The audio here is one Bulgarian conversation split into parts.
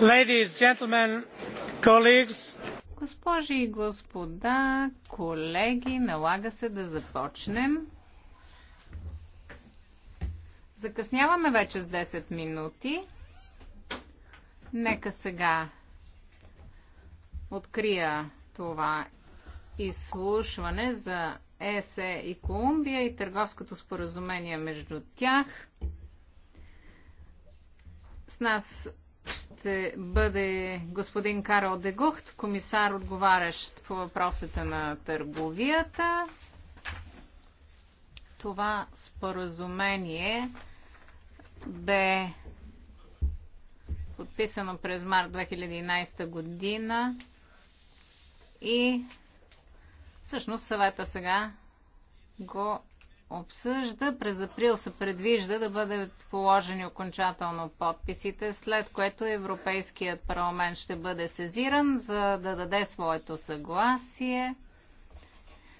Ladies, gentlemen, colleagues. Госпожи и господа, колеги, налага се да започнем. Закъсняваме вече с 10 минути. Нека сега открия това изслушване за ЕСЕ и Колумбия и търговското споразумение между тях. С нас ще бъде господин Карл Дегухт, комисар отговарящ по въпросите на търговията. Това споразумение бе подписано през март 2011 година и Всъщност съвета сега го обсъжда. През април се предвижда да бъдат положени окончателно подписите, след което Европейският парламент ще бъде сезиран, за да даде своето съгласие.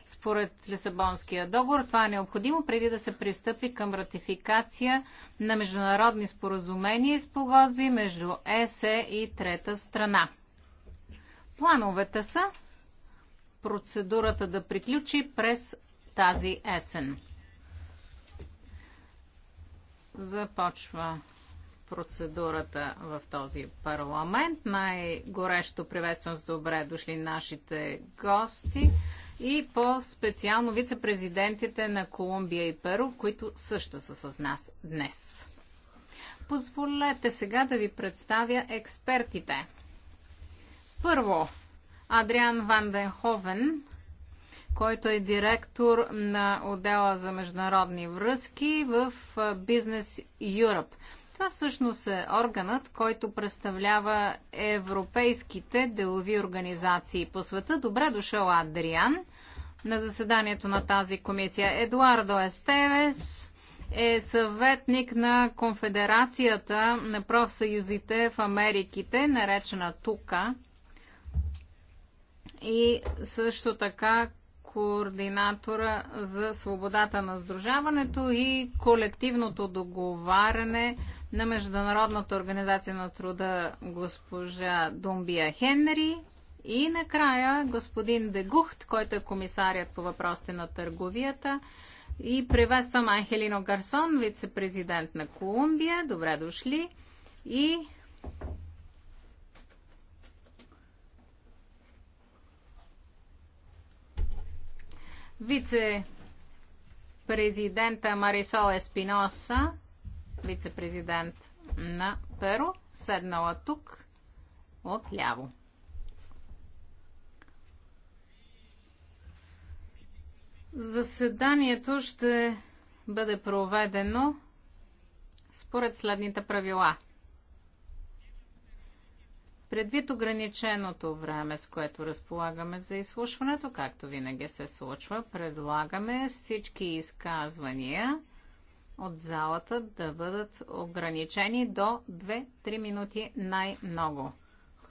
Според Лисабонския договор това е необходимо преди да се пристъпи към ратификация на международни споразумения и спогодби между ЕСЕ и трета страна. Плановете са процедурата да приключи през тази есен. Започва процедурата в този парламент. Най-горещо приветствам с добре дошли нашите гости и по-специално вице-президентите на Колумбия и Перу, които също са с нас днес. Позволете сега да ви представя експертите. Първо, Адриан Ван Денховен, който е директор на отдела за международни връзки в Business Europe. Това всъщност е органът, който представлява европейските делови организации по света. Добре дошъл, Адриан, на заседанието на тази комисия. Едуардо Естевес е съветник на Конфедерацията на профсъюзите в Америките, наречена ТУКА и също така координатора за свободата на сдружаването и колективното договаряне на Международната организация на труда госпожа Думбия Хенри и накрая господин Дегухт, който е комисарият по въпросите на търговията. И приветствам Анхелино Гарсон, вице-президент на Колумбия. Добре дошли. И вице-президента Марисол Еспиноса, вице-президент на Перо, седнала тук от ляво. Заседанието ще бъде проведено според следните правила – Предвид ограниченото време, с което разполагаме за изслушването, както винаги се случва, предлагаме всички изказвания от залата да бъдат ограничени до 2-3 минути най-много.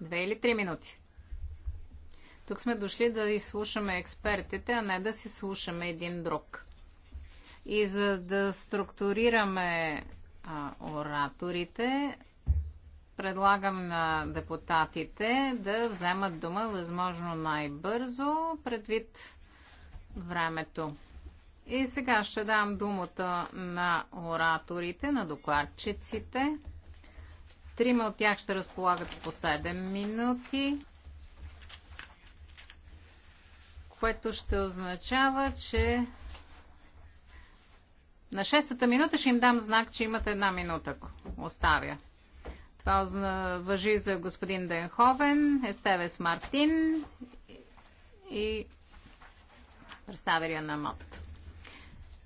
2 или 3 минути. Тук сме дошли да изслушаме експертите, а не да си слушаме един друг. И за да структурираме а, ораторите, Предлагам на депутатите да вземат дума възможно най-бързо, предвид времето. И сега ще дам думата на ораторите, на докладчиците. Трима от тях ще разполагат с по 7 минути, което ще означава, че на шестата минута ще им дам знак, че имат една минута, ако оставя. Това въжи за господин Денховен, Естевес Мартин и представяря на МОД.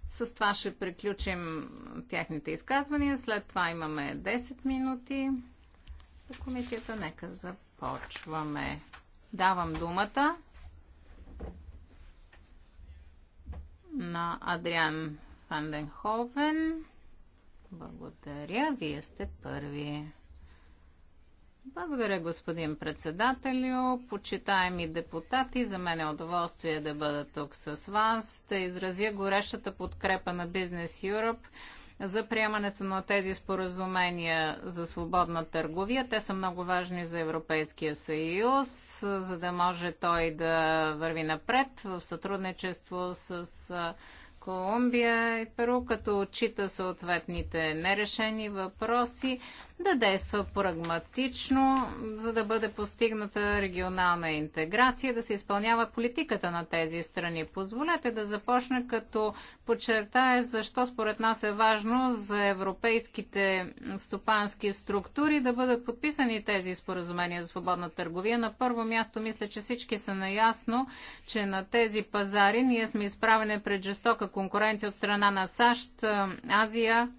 С това ще приключим тяхните изказвания. След това имаме 10 минути. Комисията нека започваме. Давам думата на Адриан Фанденховен. Благодаря, вие сте първи. Благодаря, господин председателю. Почитаеми депутати, за мен е удоволствие да бъда тук с вас, да изразя горещата подкрепа на Business Europe за приемането на тези споразумения за свободна търговия. Те са много важни за Европейския съюз, за да може той да върви напред в сътрудничество с Колумбия и Перу, като отчита съответните нерешени въпроси да действа прагматично, за да бъде постигната регионална интеграция, да се изпълнява политиката на тези страни. Позволете да започна като подчертая защо според нас е важно за европейските стопански структури да бъдат подписани тези споразумения за свободна търговия. На първо място мисля, че всички са наясно, че на тези пазари ние сме изправени пред жестока конкуренция от страна на САЩ, Азия,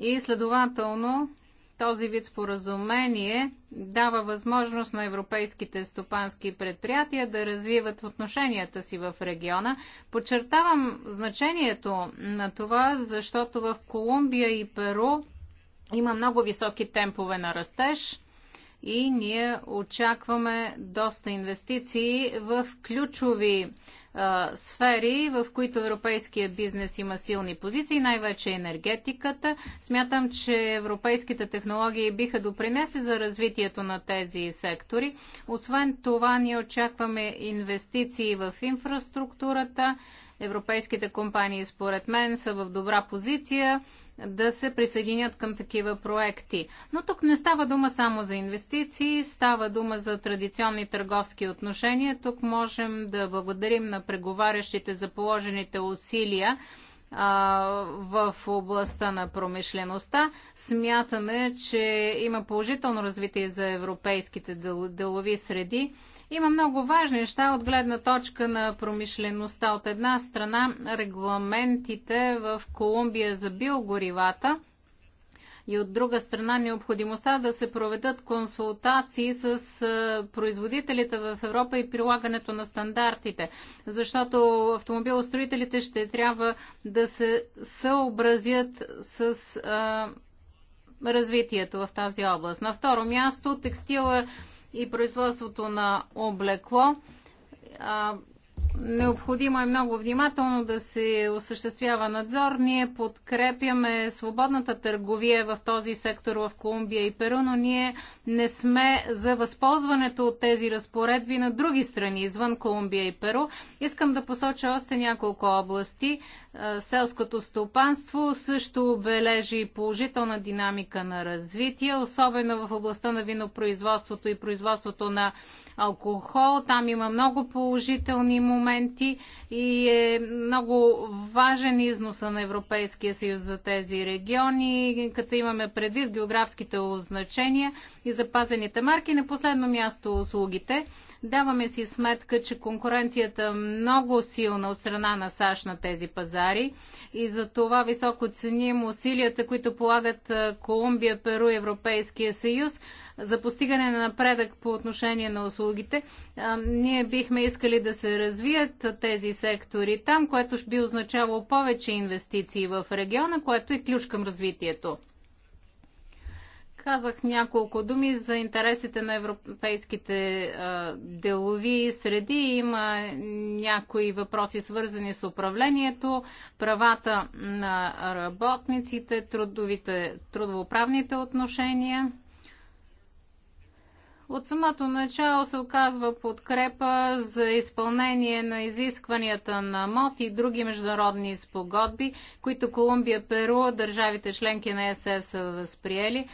и следователно този вид споразумение дава възможност на европейските стопански предприятия да развиват отношенията си в региона. Подчертавам значението на това, защото в Колумбия и Перу има много високи темпове на растеж и ние очакваме доста инвестиции в ключови а, сфери, в които европейския бизнес има силни позиции, най-вече енергетиката. Смятам, че европейските технологии биха допринесли за развитието на тези сектори. Освен това, ние очакваме инвестиции в инфраструктурата, европейските компании, според мен, са в добра позиция да се присъединят към такива проекти. Но тук не става дума само за инвестиции, става дума за традиционни търговски отношения. Тук можем да благодарим на преговарящите за положените усилия в областта на промишлеността. Смятаме, че има положително развитие за европейските делови среди. Има много важни неща от гледна точка на промишлеността. От една страна регламентите в Колумбия за биогоривата и от друга страна необходимостта да се проведат консултации с производителите в Европа и прилагането на стандартите, защото автомобилостроителите ще трябва да се съобразят с а, развитието в тази област. На второ място текстила и производството на облекло. Необходимо е много внимателно да се осъществява надзор. Ние подкрепяме свободната търговия в този сектор в Колумбия и Перу, но ние не сме за възползването от тези разпоредби на други страни извън Колумбия и Перу. Искам да посоча още няколко области. Е, селското стопанство също обележи положителна динамика на развитие, особено в областта на винопроизводството и производството на алкохол. Там има много положителни моменти и е много важен износа на Европейския съюз за тези региони, като имаме предвид географските означения и запазените марки. На последно място услугите. Даваме си сметка, че конкуренцията е много силна от страна на САЩ на тези пазари и за това високо ценим усилията, които полагат Колумбия, Перу и Европейския съюз за постигане на напредък по отношение на услугите. Ние бихме искали да се развият тези сектори там, което би означавало повече инвестиции в региона, което е ключ към развитието казах няколко думи за интересите на европейските а, делови среди. Има някои въпроси свързани с управлението, правата на работниците, трудовите, трудовоправните отношения. От самото начало се оказва подкрепа за изпълнение на изискванията на МОТ и други международни спогодби, които Колумбия, Перу, държавите членки на ЕСС са възприели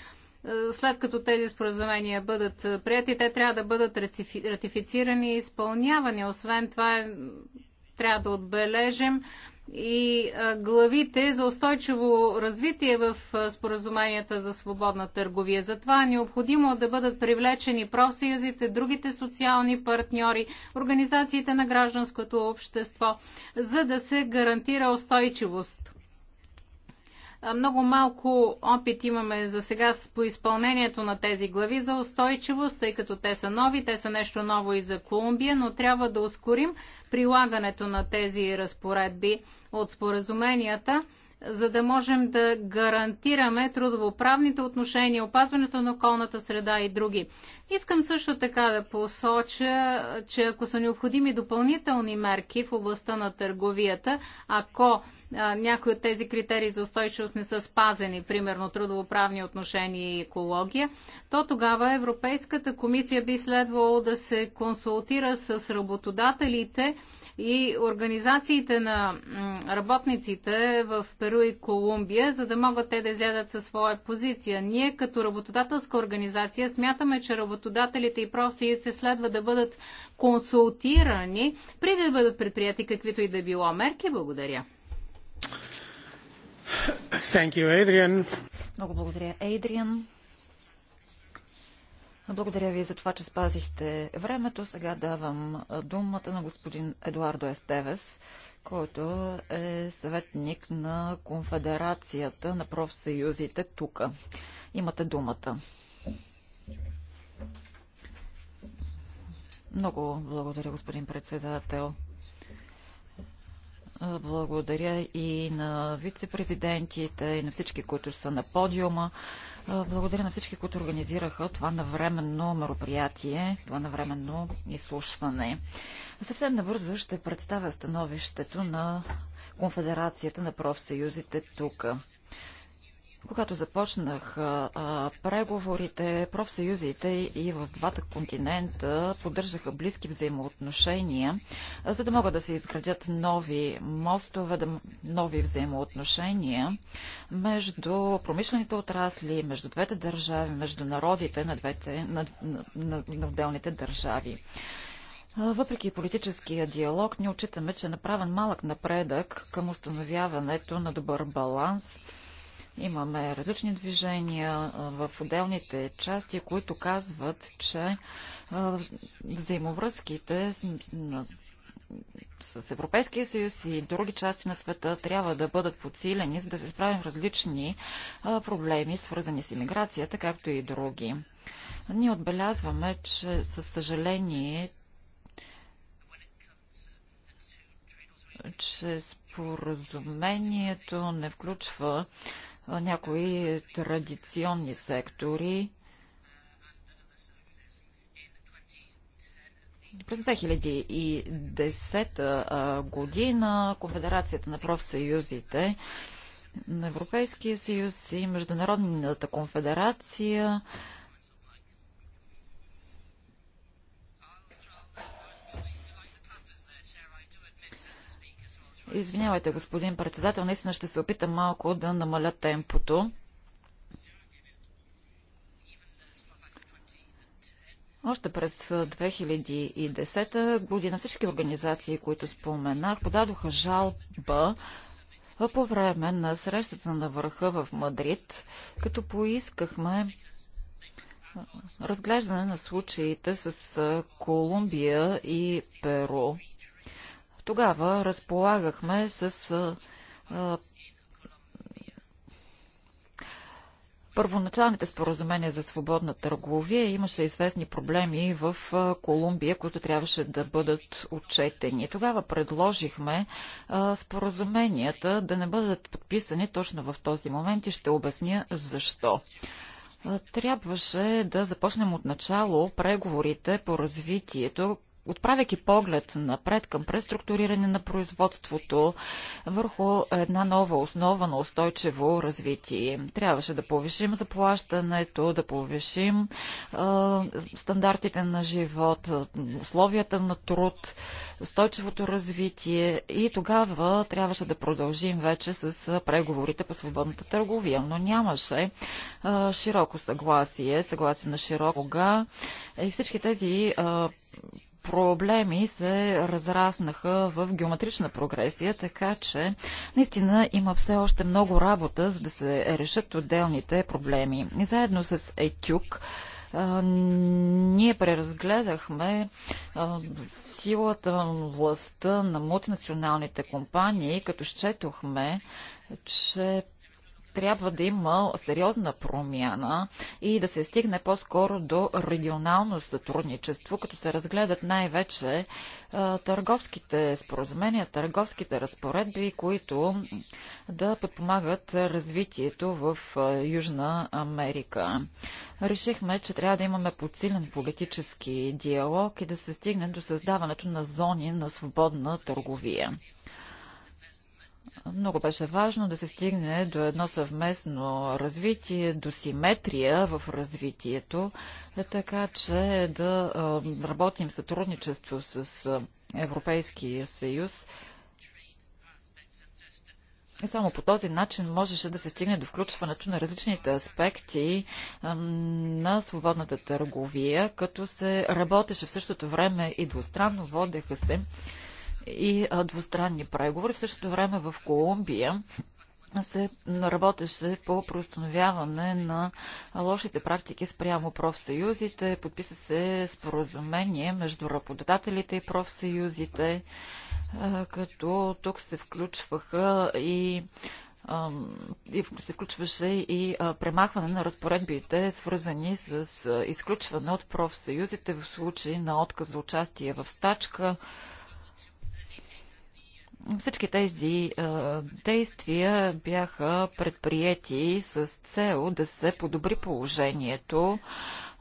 след като тези споразумения бъдат прияти, те трябва да бъдат ратифицирани и изпълнявани. Освен това, трябва да отбележим и главите за устойчиво развитие в споразуменията за свободна търговия. Затова е необходимо да бъдат привлечени профсъюзите, другите социални партньори, организациите на гражданското общество, за да се гарантира устойчивост. Много малко опит имаме за сега по изпълнението на тези глави за устойчивост, тъй като те са нови, те са нещо ново и за Колумбия, но трябва да ускорим прилагането на тези разпоредби от споразуменията, за да можем да гарантираме трудовоправните отношения, опазването на околната среда и други. Искам също така да посоча, че ако са необходими допълнителни мерки в областта на търговията, ако някои от тези критерии за устойчивост не са спазени, примерно трудовоправни отношения и екология, то тогава Европейската комисия би следвало да се консултира с работодателите и организациите на работниците в Перу и Колумбия, за да могат те да излядат със своя позиция. Ние като работодателска организация смятаме, че работодателите и профсъюзите следва да бъдат консултирани, преди да бъдат предприяти каквито и да било мерки. Благодаря. Thank you, Adrian. Много благодаря, Ейдриан. Благодаря ви за това, че спазихте времето. Сега давам думата на господин Едуардо Естевес, който е съветник на Конфедерацията на профсъюзите тук. Имате думата. Много благодаря, господин председател. Благодаря и на вице-президентите, и на всички, които са на подиума. Благодаря на всички, които организираха това навременно мероприятие, това навременно изслушване. Съвсем набързо ще представя становището на Конфедерацията на профсъюзите тук. Когато започнах а, преговорите, профсъюзите и в двата континента поддържаха близки взаимоотношения, а, за да могат да се изградят нови мостове, да, нови взаимоотношения между промишлените отрасли, между двете държави, между народите на, двете, на, на, на, на отделните държави. Въпреки политическия диалог, ние отчитаме, че е направен малък напредък към установяването на добър баланс Имаме различни движения в отделните части, които казват, че взаимовръзките с Европейския съюз и други части на света трябва да бъдат подсилени, за да се справим в различни проблеми, свързани с иммиграцията, както и други. Ние отбелязваме, че със съжаление, че споразумението не включва някои традиционни сектори. През 2010 година Конфедерацията на профсъюзите на Европейския съюз и Международната конфедерация Извинявайте, господин председател, наистина ще се опитам малко да намаля темпото. Още през 2010 година всички организации, които споменах, подадоха жалба по време на срещата на върха в Мадрид, като поискахме разглеждане на случаите с Колумбия и Перу. Тогава разполагахме с първоначалните споразумения за свободна търговия имаше известни проблеми в Колумбия, които трябваше да бъдат отчетени. Тогава предложихме а, споразуменията да не бъдат подписани точно в този момент и ще обясня защо. Трябваше да започнем от начало преговорите по развитието, отправяйки поглед напред към преструктуриране на производството върху една нова основа на устойчиво развитие. Трябваше да повишим заплащането, да повишим е, стандартите на живот, условията на труд, устойчивото развитие и тогава трябваше да продължим вече с преговорите по свободната търговия. Но нямаше е, широко съгласие, съгласие на широко и всички тези е, проблеми се разраснаха в геометрична прогресия, така че наистина има все още много работа, за да се решат отделните проблеми. И заедно с ЕТЮК ние преразгледахме силата, властта на мултинационалните компании, като счетохме, че трябва да има сериозна промяна и да се стигне по-скоро до регионално сътрудничество, като се разгледат най-вече търговските споразумения, търговските разпоредби, които да подпомагат развитието в Южна Америка. Решихме, че трябва да имаме подсилен политически диалог и да се стигне до създаването на зони на свободна търговия. Много беше важно да се стигне до едно съвместно развитие, до симетрия в развитието, е така че да работим в сътрудничество с Европейския съюз. И само по този начин можеше да се стигне до включването на различните аспекти на свободната търговия, като се работеше в същото време и двустранно водеха се и двустранни преговори. В същото време в Колумбия се работеше по проустановяване на лошите практики спрямо профсъюзите. Подписа се споразумение между работодателите и профсъюзите, като тук се включваха и и се включваше и премахване на разпоредбите, свързани с изключване от профсъюзите в случай на отказ за участие в стачка, всички тези а, действия бяха предприяти с цел да се подобри положението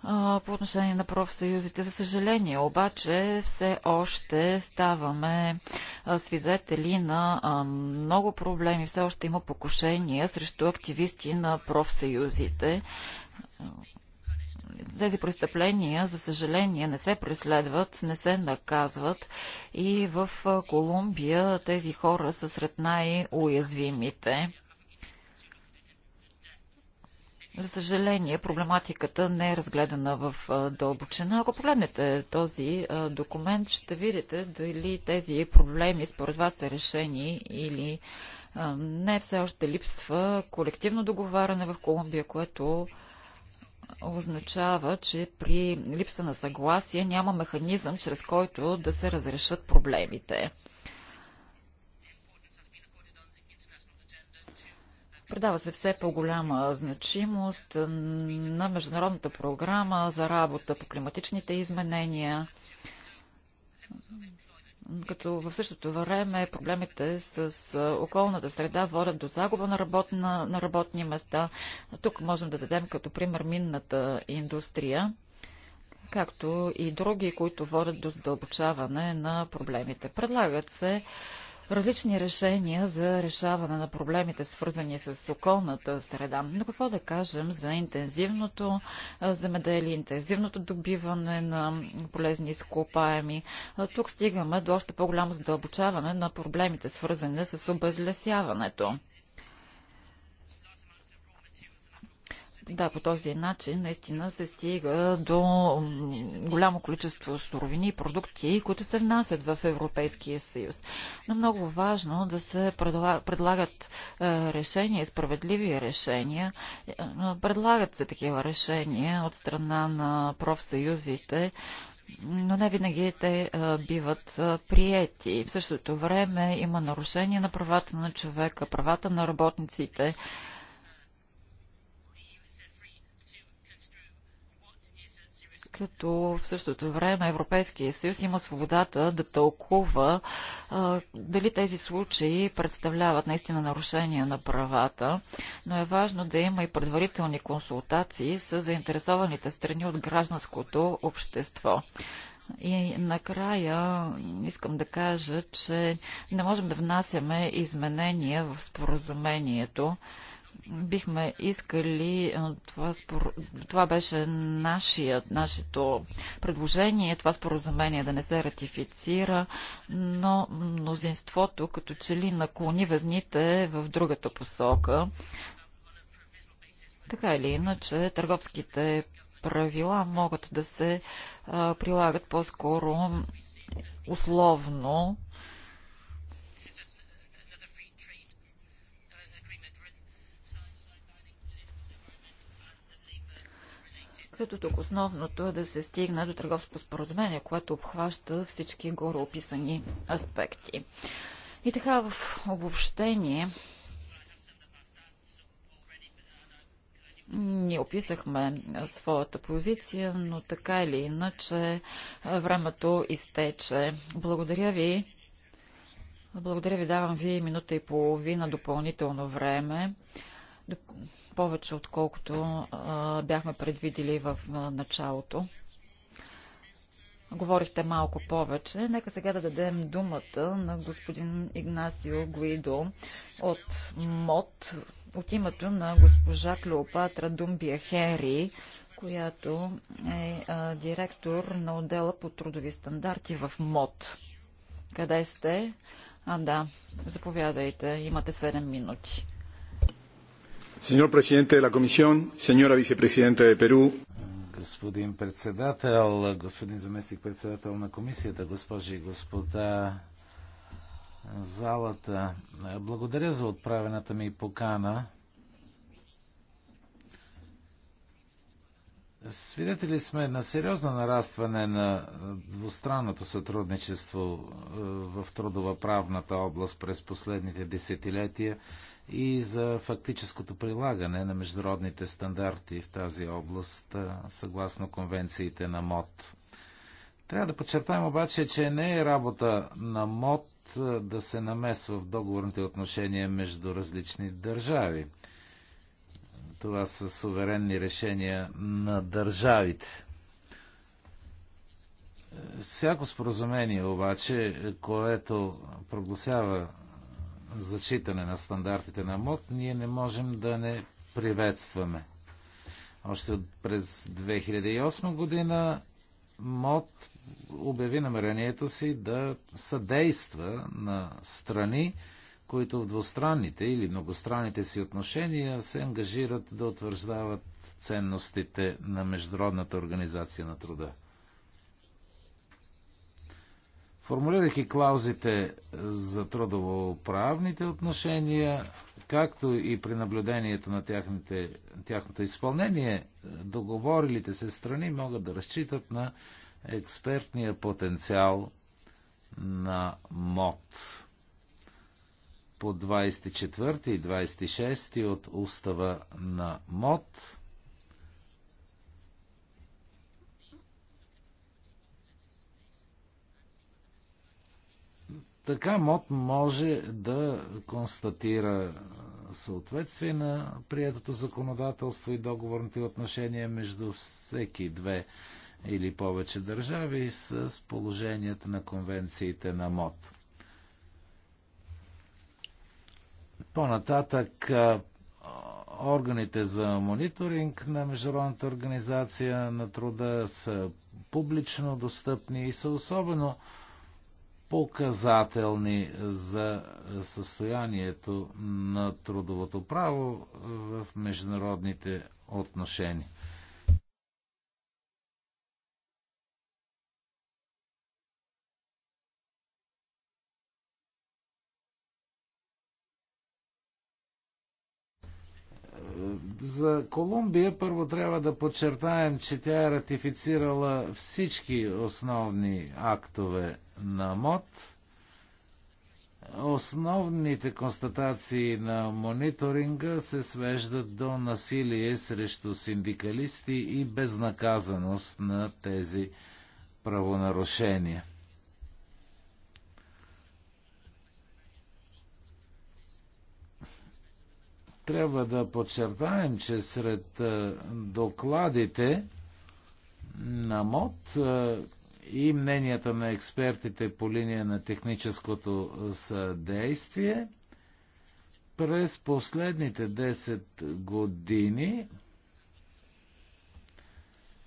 а, по отношение на профсъюзите. За съжаление, обаче, все още ставаме а, свидетели на а, много проблеми. Все още има покушения срещу активисти на профсъюзите тези престъпления, за съжаление, не се преследват, не се наказват и в Колумбия тези хора са сред най-уязвимите. За съжаление, проблематиката не е разгледана в дълбочина. Ако погледнете този документ, ще видите дали тези проблеми според вас са решени или не. Все още липсва колективно договаряне в Колумбия, което означава, че при липса на съгласие няма механизъм, чрез който да се разрешат проблемите. Предава се все по-голяма значимост на Международната програма за работа по климатичните изменения като в същото време проблемите с околната среда водят до загуба на, работна, на работни места. Тук можем да дадем като пример минната индустрия както и други, които водят до задълбочаване на проблемите. Предлагат се различни решения за решаване на проблемите, свързани с околната среда. Но какво да кажем за интензивното земеделие, интензивното добиване на полезни изкопаеми? Тук стигаме до още по-голямо задълбочаване на проблемите, свързани с обезлесяването. Да, по този начин наистина се стига до голямо количество суровини и продукти, които се внасят в Европейския съюз. Но много важно да се предлагат е, решения, справедливи решения. Е, предлагат се такива решения от страна на профсъюзите, но не винаги те е, биват приети. В същото време има нарушение на правата на човека, правата на работниците като в същото време Европейския съюз има свободата да тълкува а, дали тези случаи представляват наистина нарушение на правата, но е важно да има и предварителни консултации с заинтересованите страни от гражданското общество. И накрая искам да кажа, че не можем да внасяме изменения в споразумението, бихме искали, е, това, спор... това беше нашият, нашето предложение, това споразумение да не се ратифицира, но мнозинството като че ли наклони възните в другата посока. Така или иначе, търговските правила могат да се а, прилагат по-скоро условно като тук основното е да се стигне до търговско споразумение, което обхваща всички горе описани аспекти. И така в обобщение Ние описахме своята позиция, но така или иначе времето изтече. Благодаря ви. Благодаря ви, давам ви минута и половина допълнително време повече отколкото а, бяхме предвидели в а, началото. Говорихте малко повече. Нека сега да дадем думата на господин Игнасио Гуидо от МОД от името на госпожа Клеопатра Думбия Хенри, която е а, директор на отдела по трудови стандарти в МОД. Къде сте? А, да, заповядайте. Имате 7 минути. Señor presidente de la Comisión, señora vicepresidenta de Perú. Господин председател, господин заместник председател на комисията, госпожи и господа в залата, благодаря за отправената ми покана. Свидетели сме на сериозно нарастване на двустранното сътрудничество е, в правната област през последните десетилетия и за фактическото прилагане на международните стандарти в тази област, съгласно конвенциите на МОД. Трябва да подчертаем обаче, че не е работа на МОД да се намесва в договорните отношения между различни държави. Това са суверенни решения на държавите. Всяко споразумение обаче, което прогласява зачитане на стандартите на МОД, ние не можем да не приветстваме. Още през 2008 година МОД обяви намерението си да съдейства на страни, които в двустранните или многостранните си отношения се ангажират да утвърждават ценностите на Международната организация на труда формулирайки клаузите за трудово-правните отношения, както и при наблюдението на тяхните, тяхното изпълнение, договорилите се страни могат да разчитат на експертния потенциал на МОД по 24 и 26 от устава на МОД Така МОД може да констатира съответствие на приятото законодателство и договорните отношения между всеки две или повече държави с положенията на конвенциите на МОД. По-нататък органите за мониторинг на Международната организация на труда са публично достъпни и са особено показателни за състоянието на трудовото право в международните отношения. За Колумбия първо трябва да подчертаем, че тя е ратифицирала всички основни актове на МОД. Основните констатации на мониторинга се свеждат до насилие срещу синдикалисти и безнаказаност на тези правонарушения. Трябва да подчертаем, че сред докладите на МОД и мненията на експертите по линия на техническото съдействие. През последните 10 години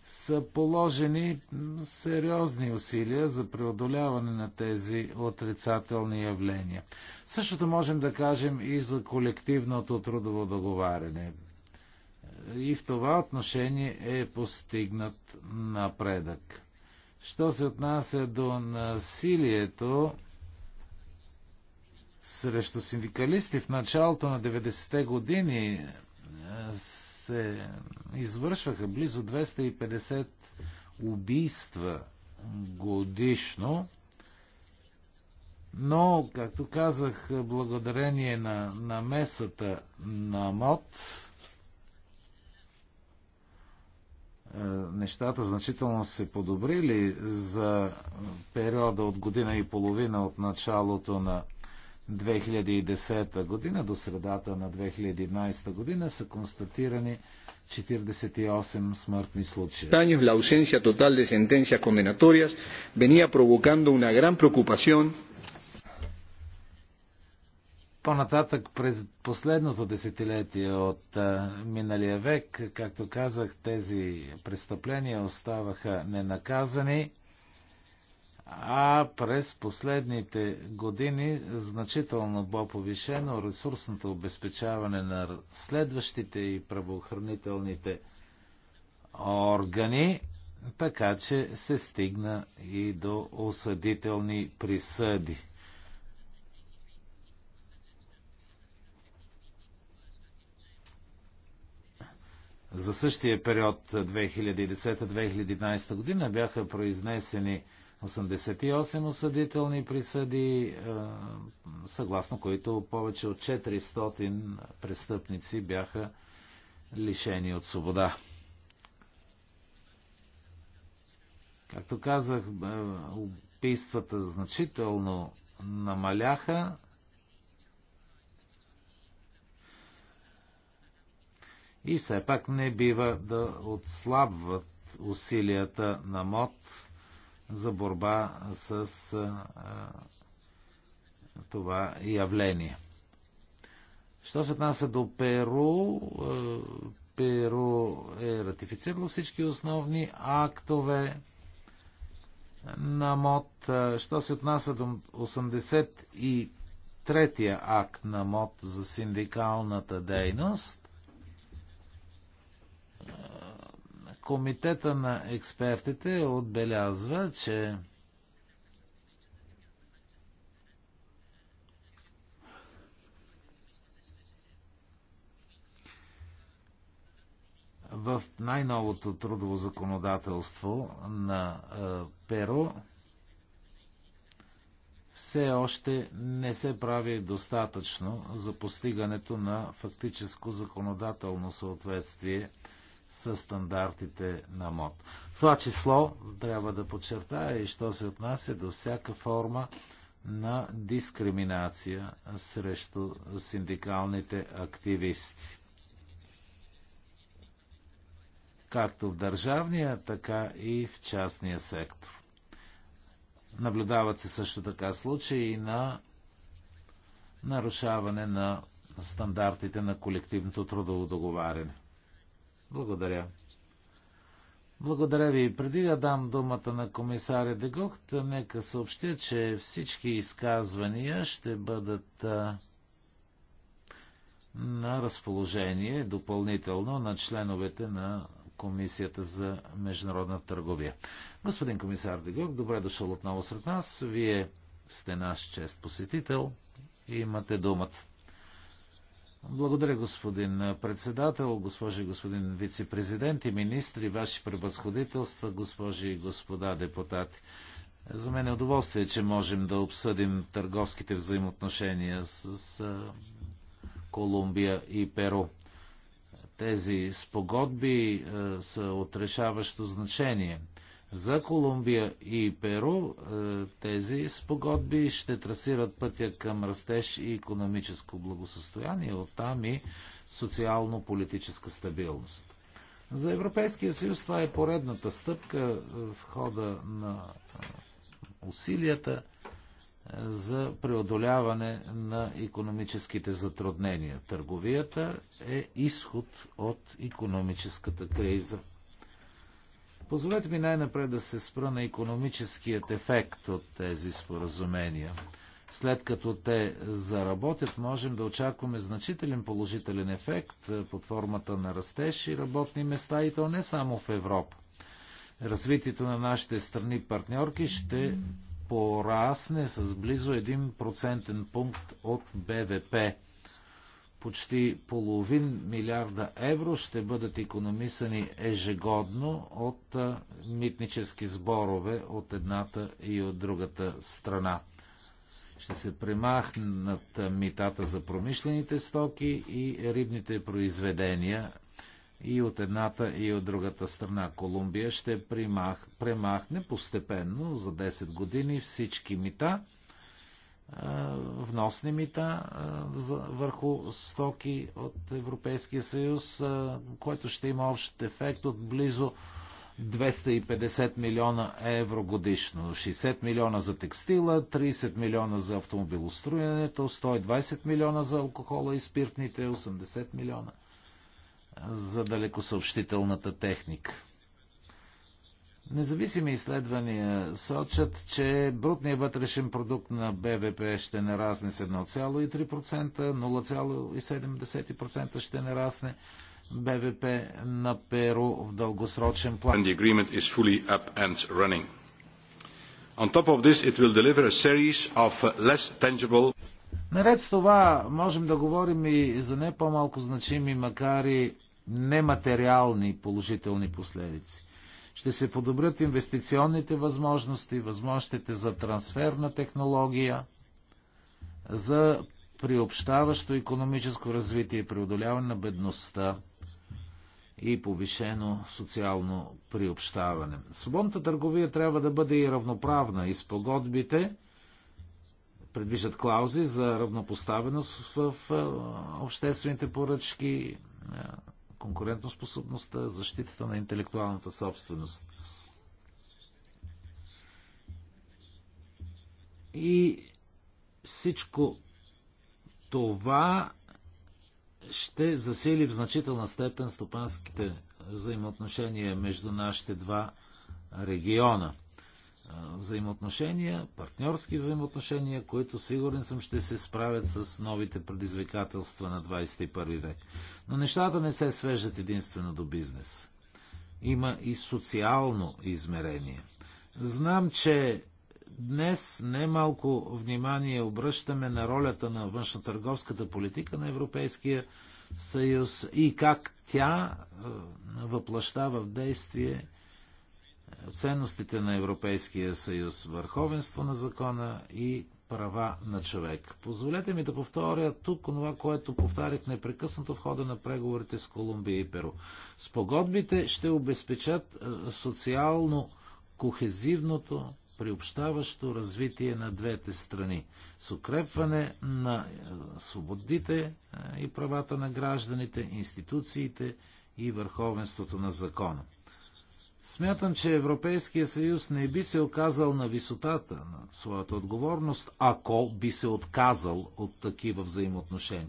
са положени сериозни усилия за преодоляване на тези отрицателни явления. Същото можем да кажем и за колективното трудово договаряне. И в това отношение е постигнат напредък. Що се отнася до насилието срещу синдикалисти в началото на 90-те години е, се извършваха близо 250 убийства годишно. Но, както казах, благодарение на намесата на МОД, Е, нещата значително се подобрили за периода от година и половина от началото на 2010 година до средата на 2011 година са констатирани 48 смъртни случая. Años la ausencia total de sentencias condenatorias venía provocando una gran preocupación по-нататък през последното десетилетие от миналия век, както казах, тези престъпления оставаха ненаказани, а през последните години значително бо повишено ресурсното обезпечаване на следващите и правоохранителните органи, така че се стигна и до осъдителни присъди. За същия период 2010-2011 година бяха произнесени 88 осъдителни присъди, е, съгласно които повече от 400 престъпници бяха лишени от свобода. Както казах, е, убийствата значително намаляха И все пак не бива да отслабват усилията на МОД за борба с това явление. Що се отнася до Перу, Перу е ратифицирало всички основни актове на МОД. Що се отнася до 83-я акт на МОД за синдикалната дейност, Комитета на експертите отбелязва, че в най-новото трудово законодателство на е, Перо все още не се прави достатъчно за постигането на фактическо законодателно съответствие със стандартите на МОД. В това число трябва да подчертая и що се отнася до всяка форма на дискриминация срещу синдикалните активисти. Както в държавния, така и в частния сектор. Наблюдават се също така случаи и на нарушаване на стандартите на колективното трудово договаряне. Благодаря. Благодаря ви. Преди да дам думата на комисаря Дегохт, нека съобщя, че всички изказвания ще бъдат на разположение допълнително на членовете на Комисията за международна търговия. Господин комисар Дегок, добре дошъл отново сред нас. Вие сте наш чест посетител и имате думата. Благодаря, господин председател, госпожи и господин вице-президент и министри, ваши превъзходителства, госпожи и господа депутати. За мен е удоволствие, че можем да обсъдим търговските взаимоотношения с, с Колумбия и Перу. Тези спогодби е, са отрешаващо значение – за Колумбия и Перу е, тези спогодби ще трасират пътя към растеж и економическо благосъстояние, оттам и социално-политическа стабилност. За Европейския съюз това е поредната стъпка в хода на е, усилията е, за преодоляване на економическите затруднения. Търговията е изход от економическата криза. Позволете ми най-напред да се спра на економическият ефект от тези споразумения. След като те заработят, можем да очакваме значителен положителен ефект е, под формата на растеж и работни места, и то не само в Европа. Развитието на нашите страни партньорки ще порасне с близо 1 процентен пункт от БВП почти половин милиарда евро ще бъдат економисани ежегодно от митнически сборове от едната и от другата страна. Ще се премахнат митата за промишлените стоки и рибните произведения и от едната и от другата страна. Колумбия ще премах, премахне постепенно за 10 години всички мита – вносни мита върху стоки от Европейския съюз, което ще има общ ефект от близо 250 милиона евро годишно. 60 милиона за текстила, 30 милиона за автомобилостроенето, 120 милиона за алкохола и спиртните, 80 милиона за далекосъобщителната техника. Независими изследвания сочат, че брутният вътрешен продукт на БВП ще нарасне с 1,3%, 0,7% ще нарасне БВП на Перу в дългосрочен план. Tangible... Наред с това можем да говорим и за не по-малко значими, макар и нематериални положителни последици. Ще се подобрят инвестиционните възможности, възможностите за трансферна технология, за приобщаващо економическо развитие и преодоляване на бедността и повишено социално приобщаване. Свободната търговия трябва да бъде и равноправна и спогодбите предвиждат клаузи за равнопоставеност в обществените поръчки, конкурентоспособността, защитата на интелектуалната собственост. И всичко това ще засили в значителна степен стопанските взаимоотношения между нашите два региона – взаимоотношения, партньорски взаимоотношения, които сигурен съм ще се справят с новите предизвикателства на 21 век. Но нещата не се свежат единствено до бизнес. Има и социално измерение. Знам, че днес немалко внимание обръщаме на ролята на търговската политика на Европейския съюз и как тя въплащава в действие ценностите на Европейския съюз, върховенство на закона и права на човек. Позволете ми да повторя тук това, което повтарях непрекъснато в хода на преговорите с Колумбия и Перу. Спогодбите ще обезпечат е, социално кохезивното приобщаващо развитие на двете страни, с укрепване на е, свободите е, и правата на гражданите, институциите и върховенството на закона. Смятам, че Европейския съюз не би се оказал на висотата на своята отговорност, ако би се отказал от такива взаимоотношения.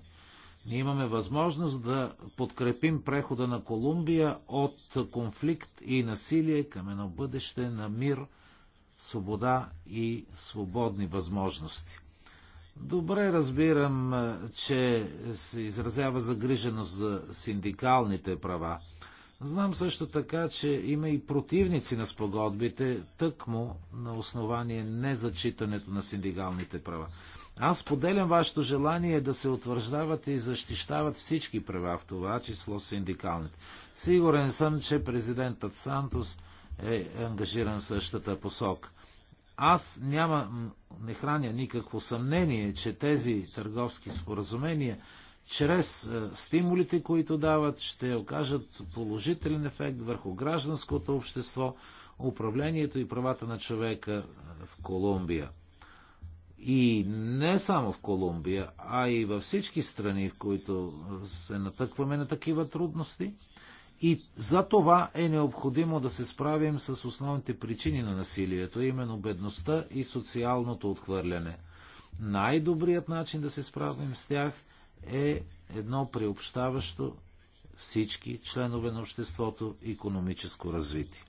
Ние имаме възможност да подкрепим прехода на Колумбия от конфликт и насилие към едно бъдеще на мир, свобода и свободни възможности. Добре разбирам, че се изразява загриженост за синдикалните права. Знам също така, че има и противници на спогодбите, тъкмо на основание незачитането на синдигалните права. Аз поделям вашето желание да се утвърждават и защищават всички права, в това число синдикалните. Сигурен съм, че президентът Сантос е ангажиран в същата посока. Аз няма, не храня никакво съмнение, че тези търговски споразумения чрез е, стимулите, които дават, ще окажат положителен ефект върху гражданското общество, управлението и правата на човека е, в Колумбия. И не само в Колумбия, а и във всички страни, в които се натъкваме на такива трудности. И за това е необходимо да се справим с основните причини на насилието, именно бедността и социалното отхвърляне. Най-добрият начин да се справим с тях – е едно приобщаващо всички членове на обществото економическо развитие.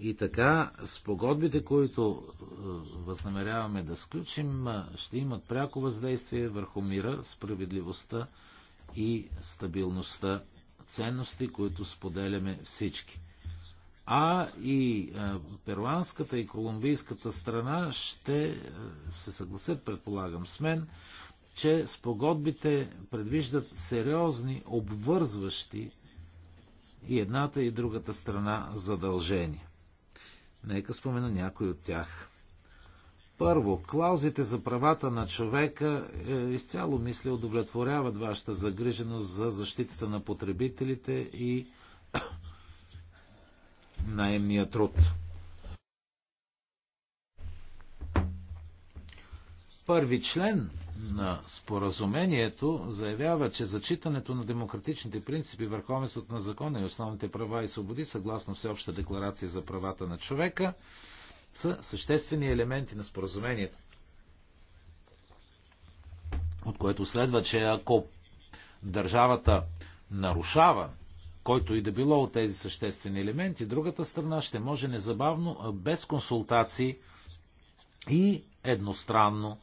И така, спогодбите, които е, възнамеряваме да сключим, е, ще имат пряко въздействие върху мира, справедливостта и стабилността, ценности, които споделяме всички – а и перуанската и колумбийската страна ще се съгласят, предполагам с мен, че спогодбите предвиждат сериозни, обвързващи и едната и другата страна задължения. Нека спомена някой от тях. Първо, клаузите за правата на човека е, изцяло, мисля, удовлетворяват вашата загриженост за защитата на потребителите и наемния труд. Първи член на споразумението заявява, че зачитането на демократичните принципи, върховенството на закона и основните права и свободи, съгласно Всеобща декларация за правата на човека, са съществени елементи на споразумението. От което следва, че ако държавата нарушава който и да било от тези съществени елементи, другата страна ще може незабавно, без консултации и едностранно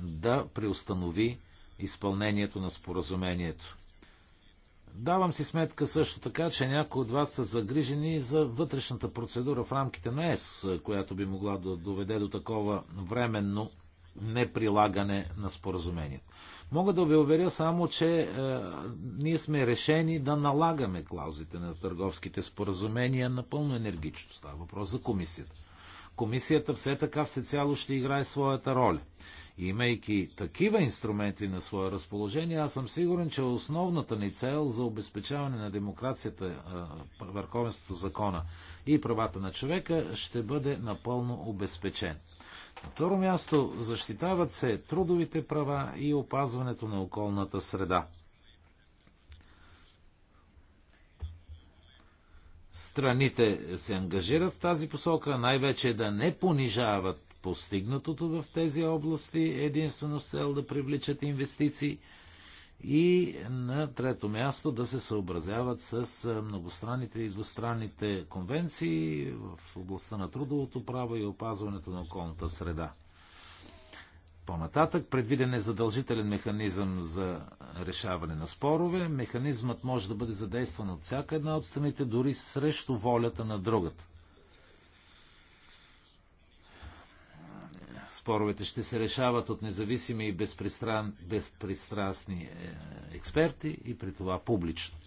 да преустанови изпълнението на споразумението. Давам си сметка също така, че някои от вас са загрижени за вътрешната процедура в рамките на ЕС, която би могла да доведе до такова временно неприлагане на споразумението. Мога да ви уверя само, че е, ние сме решени да налагаме клаузите на търговските споразумения напълно енергично. Става въпрос за комисията. Комисията все така всецяло ще играе своята роля. И имайки такива инструменти на свое разположение, аз съм сигурен, че основната ни цел за обезпечаване на демокрацията, е, върховенството закона и правата на човека ще бъде напълно обезпечен. На второ място защитават се трудовите права и опазването на околната среда. Страните се ангажират в тази посока, най-вече да не понижават постигнатото в тези области, единствено с цел да привличат инвестиции – и на трето място да се съобразяват с многостранните и двустранните конвенции в областта на трудовото право и опазването на околната среда. По-нататък предвиден е задължителен механизъм за решаване на спорове. Механизмът може да бъде задействан от всяка една от страните, дори срещу волята на другата. Споровете ще се решават от независими и безпристран... безпристрастни е, експерти и при това публично.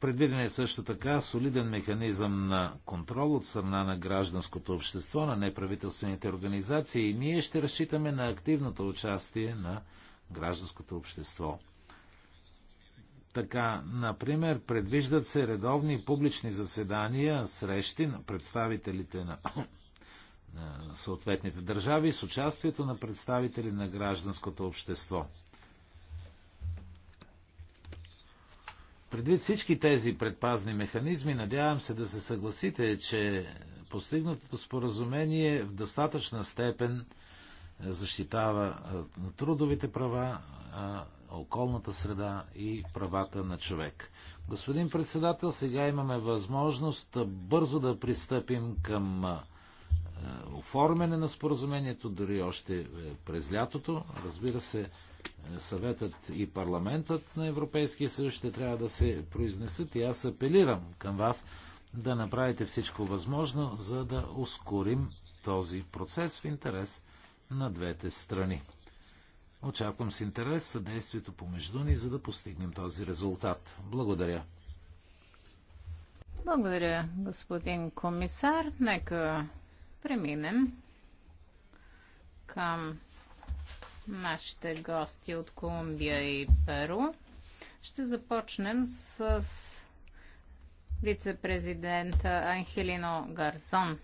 Предвиден е също така солиден механизъм на контрол от страна на гражданското общество, на неправителствените организации и ние ще разчитаме на активното участие на гражданското общество. Така, например, предвиждат се редовни публични заседания, срещи на представителите на, съответните държави с участието на представители на гражданското общество. Предвид всички тези предпазни механизми, надявам се да се съгласите, че постигнатото споразумение в достатъчна степен защитава трудовите права, околната среда и правата на човек. Господин председател, сега имаме възможност бързо да пристъпим към е, оформяне на споразумението, дори още е, през лятото. Разбира се, е, съветът и парламентът на Европейския съюз ще трябва да се произнесат и аз апелирам към вас да направите всичко възможно, за да ускорим този процес в интерес на двете страни. Очаквам с интерес съдействието помежду ни, за да постигнем този резултат. Благодаря. Благодаря, господин комисар. Нека преминем към нашите гости от Колумбия и Перу. Ще започнем с вице-президента Анхелино Гарсон,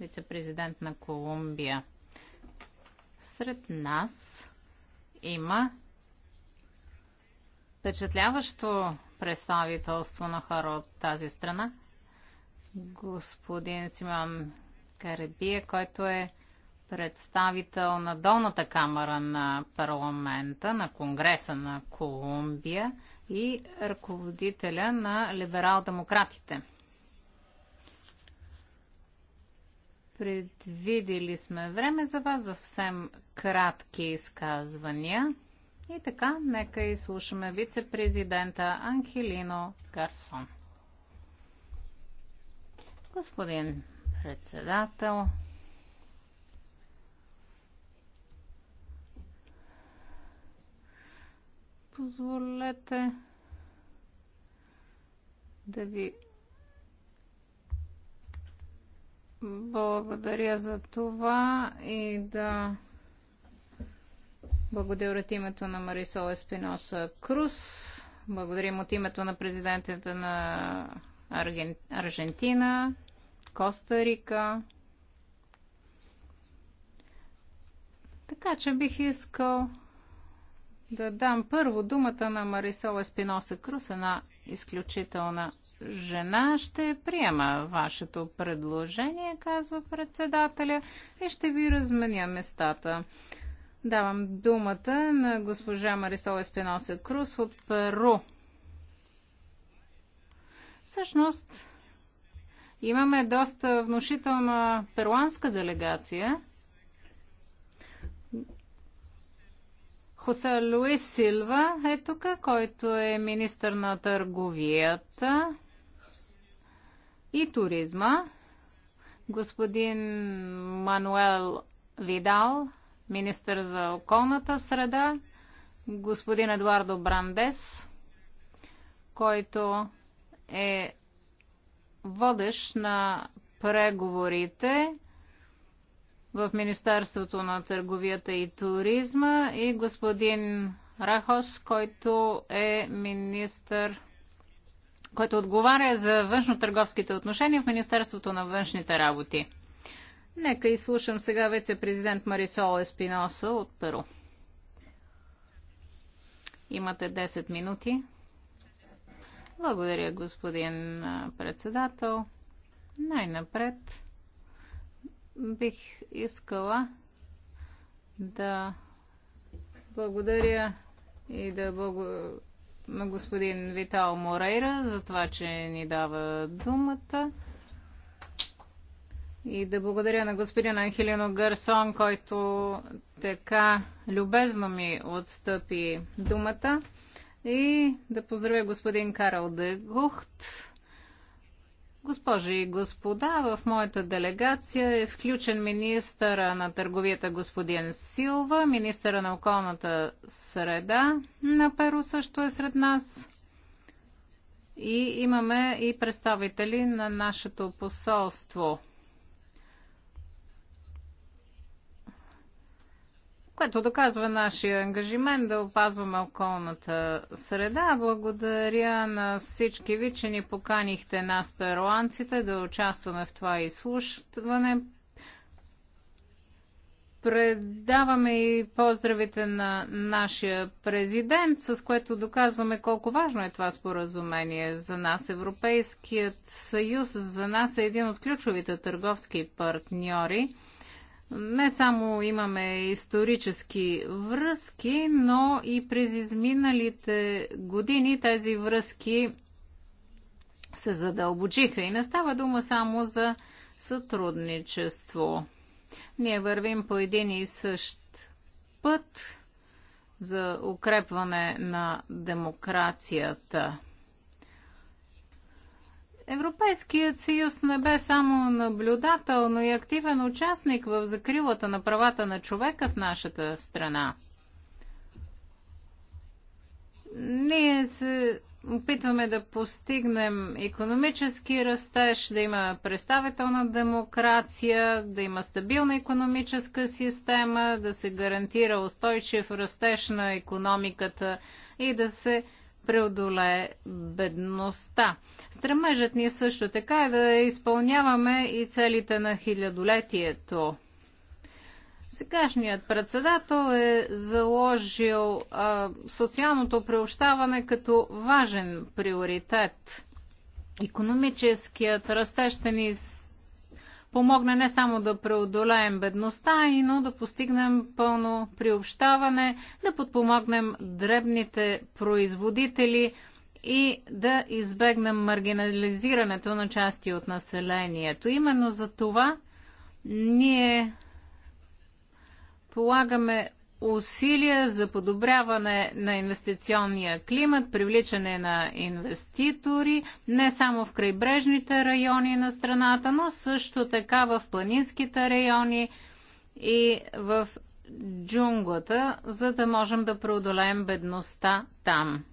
вице-президент на Колумбия. Сред нас има впечатляващо представителство на хора от тази страна. Господин Симеон Карибия, който е представител на долната камера на парламента, на Конгреса на Колумбия и ръководителя на либерал-демократите – Предвидели сме време за вас за съвсем кратки изказвания. И така, нека слушаме вице-президента Анхелино Гарсон. Господин председател, позволете да ви Благодаря за това и да благодаря от името на Марисол Еспиноса Крус. Благодарим от името на президентите на Арген... Аржентина, Коста Рика. Така че бих искал да дам първо думата на Марисола Спиноса Крус, една изключителна жена, ще приема вашето предложение, казва председателя, и ще ви разменя местата. Давам думата на госпожа Марисол Еспиноса Крус от Перу. Всъщност, имаме доста внушителна перуанска делегация. Хосе Луис Силва е тук, който е министър на търговията и туризма, господин Мануел Видал, министър за околната среда, господин Едуардо Брандес, който е водещ на преговорите в Министерството на търговията и туризма и господин Рахос, който е министър който отговаря за външно-търговските отношения в Министерството на външните работи. Нека изслушам сега вице-президент Марисол Еспиноса от Перу. Имате 10 минути. Благодаря, господин председател. Най-напред бих искала да благодаря и да благо на господин Витал Морейра за това, че ни дава думата. И да благодаря на господин Анхелино Гърсон, който така любезно ми отстъпи думата. И да поздравя господин Карл Дегухт Госпожи и господа, в моята делегация е включен министъра на търговията господин Силва, министъра на околната среда на Перу също е сред нас. И имаме и представители на нашето посолство. което доказва нашия ангажимент да опазваме околната среда. Благодаря на всички ви, че ни поканихте нас, перуанците, да участваме в това изслушване. Предаваме и поздравите на нашия президент, с което доказваме колко важно е това споразумение за нас. Европейският съюз за нас е един от ключовите търговски партньори. Не само имаме исторически връзки, но и през изминалите години тези връзки се задълбочиха и не става дума само за сътрудничество. Ние вървим по един и същ път за укрепване на демокрацията. Европейският съюз не бе само наблюдател, но и активен участник в закрилата на правата на човека в нашата страна. Ние се опитваме да постигнем економически растеж, да има представителна демокрация, да има стабилна економическа система, да се гарантира устойчив растеж на економиката и да се преодолее бедността. Стремежът ни е също така е да изпълняваме и целите на хилядолетието. Сегашният председател е заложил а, социалното преобщаване като важен приоритет. Економическият растеж ще ни помогне не само да преодолеем бедността, но да постигнем пълно приобщаване, да подпомогнем дребните производители и да избегнем маргинализирането на части от населението. Именно за това ние полагаме усилия за подобряване на инвестиционния климат, привличане на инвеститори, не само в крайбрежните райони на страната, но също така в планинските райони и в джунглата, за да можем да преодолеем бедността там.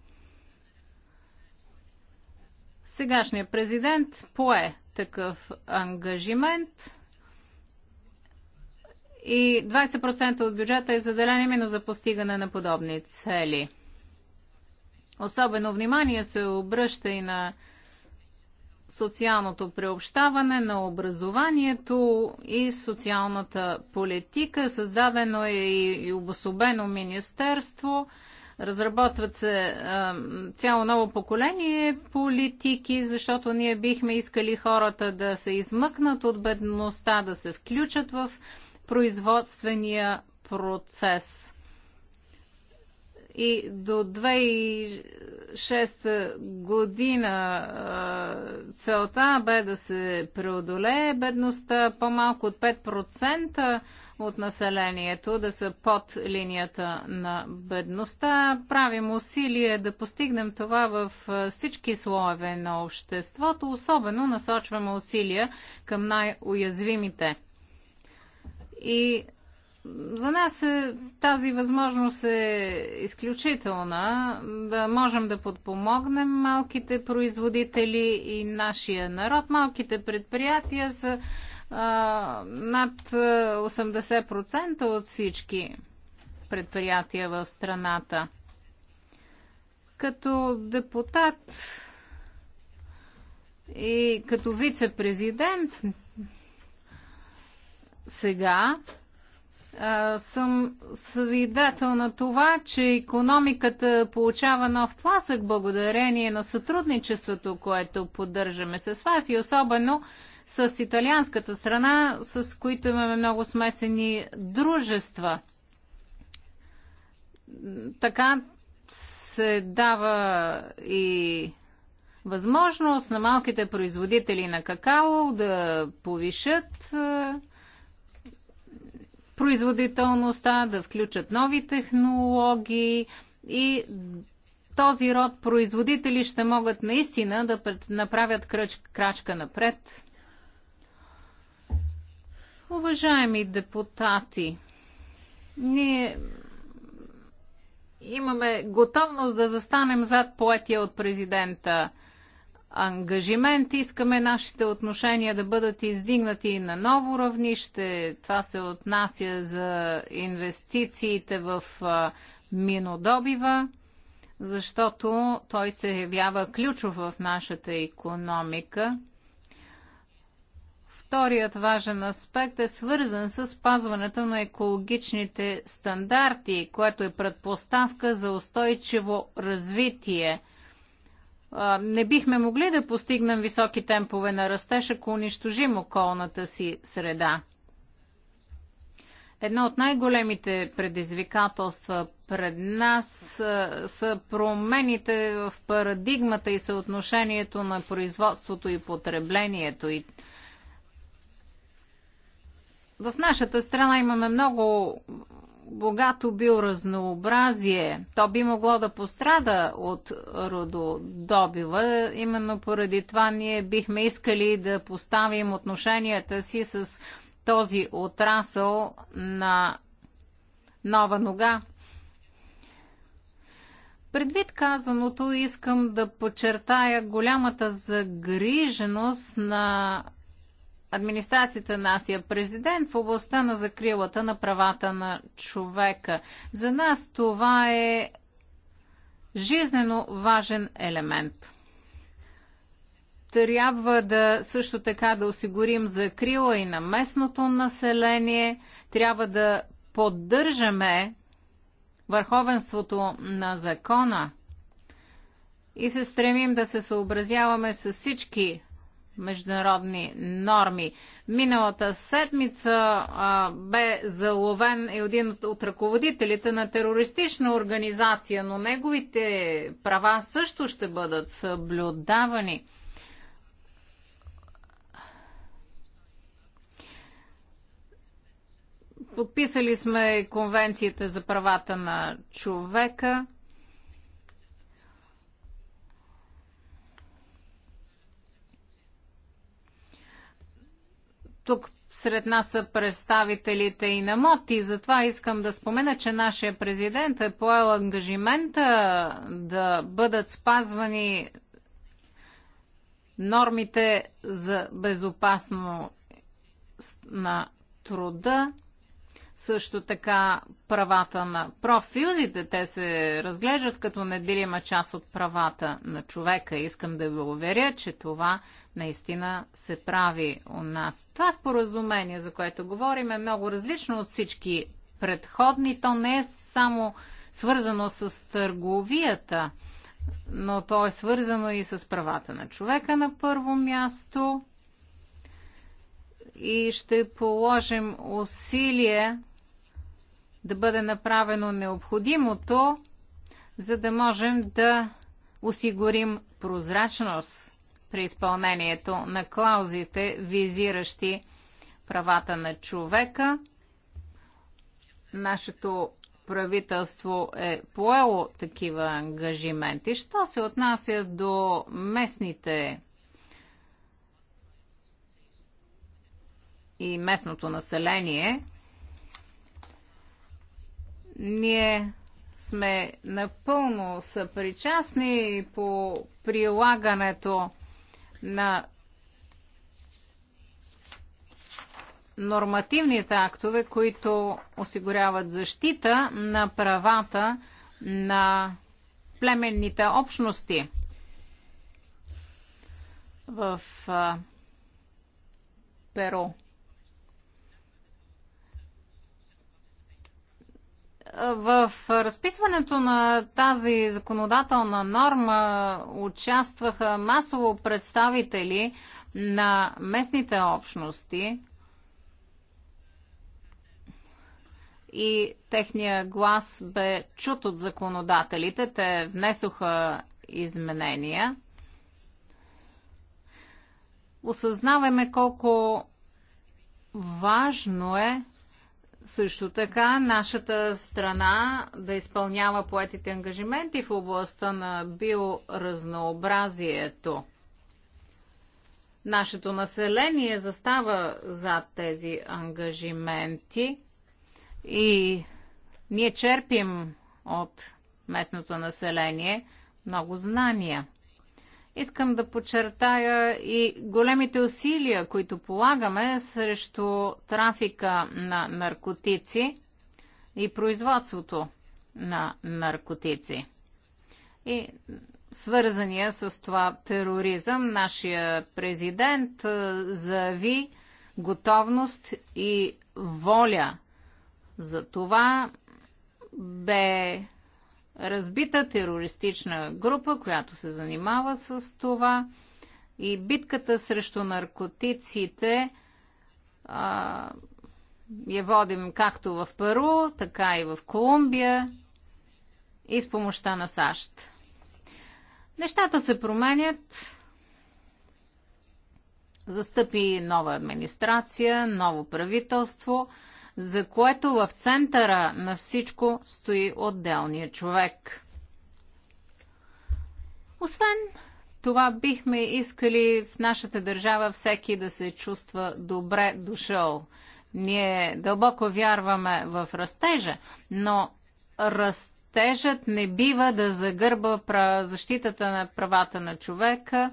Сегашният президент пое такъв ангажимент – и 20% от бюджета е заделен именно за постигане на подобни цели. Особено внимание се обръща и на социалното преобщаване, на образованието и социалната политика. Създадено е и обособено министерство. Разработват се е, цяло ново поколение политики, защото ние бихме искали хората да се измъкнат от бедността, да се включат в производствения процес. И до 2006 година целта бе да се преодолее бедността по-малко от 5% от населението да са под линията на бедността. Правим усилие да постигнем това в всички слоеве на обществото, особено насочваме усилия към най-уязвимите и за нас е, тази възможност е изключителна да можем да подпомогнем малките производители и нашия народ. Малките предприятия са а, над 80% от всички предприятия в страната. Като депутат и като вице-президент сега а, съм свидетел на това, че економиката получава нов тласък благодарение на сътрудничеството, което поддържаме с вас и особено с италианската страна, с които имаме много смесени дружества. Така се дава и възможност на малките производители на какао да повишат производителността, да включат нови технологии и този род производители ще могат наистина да направят кръч, крачка напред. Уважаеми депутати, ние имаме готовност да застанем зад поетия от президента ангажимент. Искаме нашите отношения да бъдат издигнати на ново равнище. Това се отнася за инвестициите в минодобива, защото той се явява ключов в нашата економика. Вторият важен аспект е свързан с спазването на екологичните стандарти, което е предпоставка за устойчиво развитие – не бихме могли да постигнем високи темпове на растеж, ако унищожим околната си среда. Едно от най-големите предизвикателства пред нас са промените в парадигмата и съотношението на производството и потреблението. И в нашата страна имаме много богато биоразнообразие, то би могло да пострада от рододобива. Именно поради това ние бихме искали да поставим отношенията си с този отрасъл на нова нога. Предвид казаното, искам да подчертая голямата загриженост на администрацията на Асия президент в областта на закрилата на правата на човека. За нас това е жизнено важен елемент. Трябва да също така да осигурим закрила и на местното население. Трябва да поддържаме върховенството на закона и се стремим да се съобразяваме с всички международни норми. Миналата седмица а, бе заловен един от ръководителите на терористична организация, но неговите права също ще бъдат съблюдавани. Подписали сме конвенцията за правата на човека. Тук сред нас са представителите и на МОД и затова искам да спомена, че нашия президент е поел ангажимента да бъдат спазвани нормите за безопасно на труда също така правата на профсъюзите. Те се разглеждат като неделима част от правата на човека. Искам да ви уверя, че това наистина се прави у нас. Това споразумение, за което говорим, е много различно от всички предходни. То не е само свързано с търговията, но то е свързано и с правата на човека на първо място и ще положим усилие да бъде направено необходимото, за да можем да осигурим прозрачност при изпълнението на клаузите, визиращи правата на човека. Нашето правителство е поело такива ангажименти. Що се отнася до местните и местното население, ние сме напълно съпричастни по прилагането на нормативните актове, които осигуряват защита на правата на племенните общности. В Перо. В разписването на тази законодателна норма участваха масово представители на местните общности и техния глас бе чут от законодателите. Те внесоха изменения. Осъзнаваме колко важно е също така, нашата страна да изпълнява поетите ангажименти в областта на биоразнообразието. Нашето население застава зад тези ангажименти и ние черпим от местното население много знания. Искам да подчертая и големите усилия, които полагаме срещу трафика на наркотици и производството на наркотици. И свързания с това тероризъм, нашия президент заяви готовност и воля. За това бе разбита терористична група, която се занимава с това. И битката срещу наркотиците а, я водим както в Перу, така и в Колумбия и с помощта на САЩ. Нещата се променят. Застъпи нова администрация, ново правителство – за което в центъра на всичко стои отделния човек. Освен това, бихме искали в нашата държава всеки да се чувства добре дошъл. Ние дълбоко вярваме в растежа, но растежът не бива да загърба защитата на правата на човека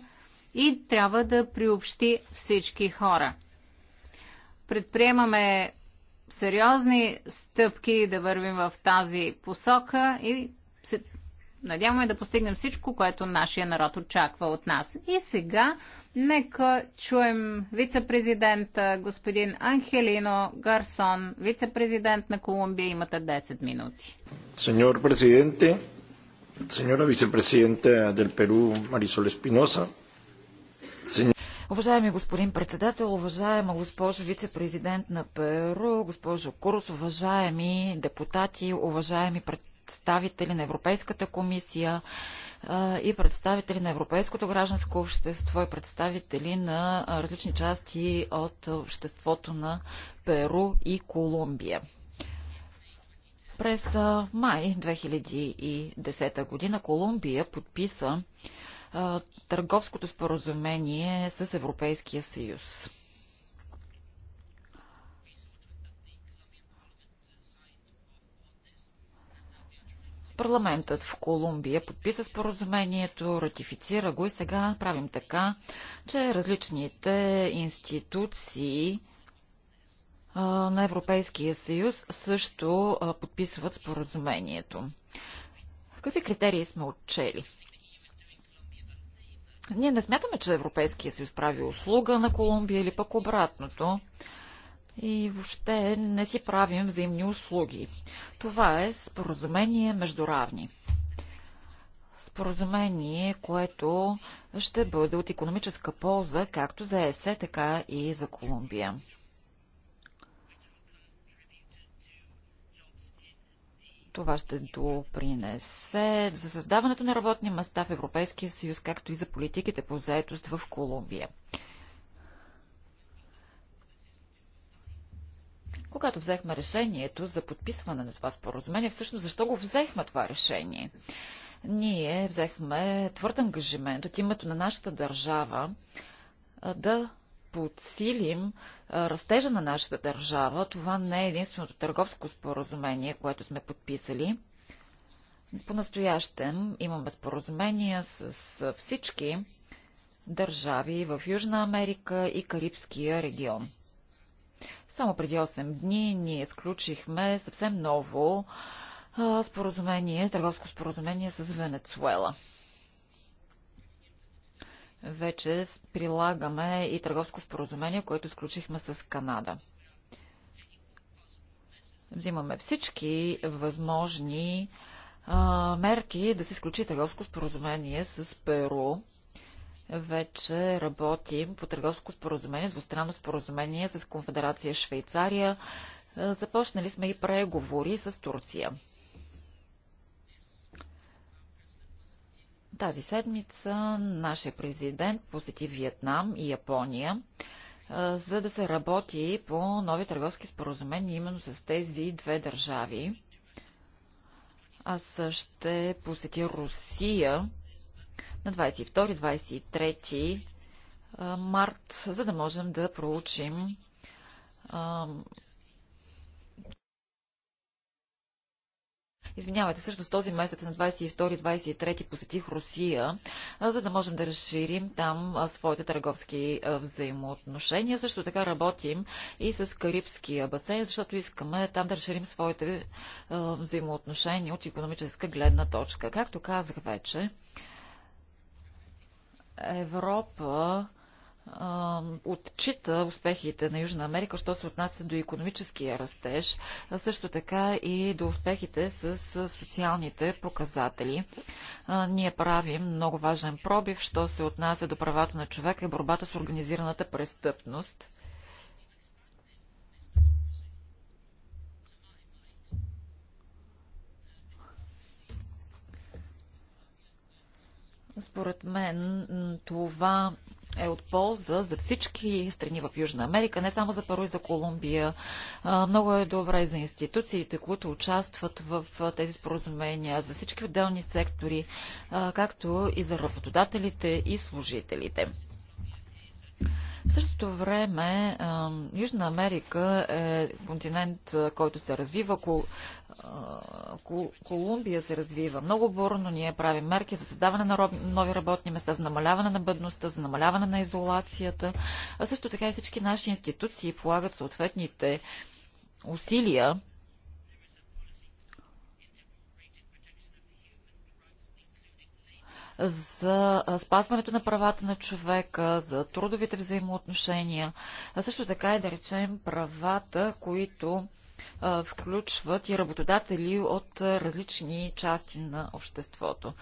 и трябва да приобщи всички хора. Предприемаме сериозни стъпки да вървим в тази посока и се надяваме да постигнем всичко, което нашия народ очаква от нас. И сега нека чуем вице-президента господин Анхелино Гарсон, вице-президент на Колумбия. Имате 10 минути. Сеньор президенте, сеньора вице-президента del Перу Марисол Espinosa, Уважаеми господин председател, уважаема госпожо вице-президент на Перу, госпожо Курс, уважаеми депутати, уважаеми представители на Европейската комисия, и представители на Европейското гражданско общество и представители на различни части от обществото на Перу и Колумбия. През май 2010 година Колумбия подписа търговското споразумение с Европейския съюз. Парламентът в Колумбия подписа споразумението, ратифицира го и сега правим така, че различните институции на Европейския съюз също подписват споразумението. Какви критерии сме отчели? Ние не смятаме, че Европейския съюз прави услуга на Колумбия или пък обратното. И въобще не си правим взаимни услуги. Това е споразумение между равни. Споразумение, което ще бъде от економическа полза както за ЕСЕ, така и за Колумбия. Това ще допринесе за създаването на работни места в Европейския съюз, както и за политиките по заетост в Колумбия. Когато взехме решението за подписване на това споразумение, всъщност защо го взехме това решение? Ние взехме твърд ангажимент от името на нашата държава да подсилим растежа на нашата държава. Това не е единственото търговско споразумение, което сме подписали. По-настоящем имаме споразумения с всички държави в Южна Америка и Карибския регион. Само преди 8 дни ние сключихме съвсем ново споразумение, търговско споразумение с Венецуела вече прилагаме и търговско споразумение, което сключихме с Канада. Взимаме всички възможни а, мерки да се сключи търговско споразумение с Перу. Вече работим по търговско споразумение, двустранно споразумение с Конфедерация Швейцария. Започнали сме и преговори с Турция. Тази седмица нашия президент посети Виетнам и Япония, за да се работи по нови търговски споразумения именно с тези две държави. Аз ще посетя Русия на 22-23 март, за да можем да проучим Извинявайте, всъщност този месец на 22-23 посетих Русия, за да можем да разширим там своите търговски взаимоотношения. Също така работим и с Карибския басейн, защото искаме там да разширим своите взаимоотношения от економическа гледна точка. Както казах вече, Европа отчита успехите на Южна Америка, що се отнася до економическия растеж, а също така и до успехите с, социалните показатели. ние правим много важен пробив, що се отнася до правата на човека и борбата с организираната престъпност. Според мен това е от полза за всички страни в Южна Америка, не само за Перу и за Колумбия. Много е добре и за институциите, които участват в тези споразумения, за всички отделни сектори, както и за работодателите и служителите. В същото време Южна Америка е континент, който се развива. Колумбия се развива много бурно. Ние правим мерки за създаване на нови работни места, за намаляване на бедността, за намаляване на изолацията. А също така и всички наши институции полагат съответните усилия за спазването на правата на човека, за трудовите взаимоотношения, а също така и да речем правата, които включват и работодатели от различни части на обществото.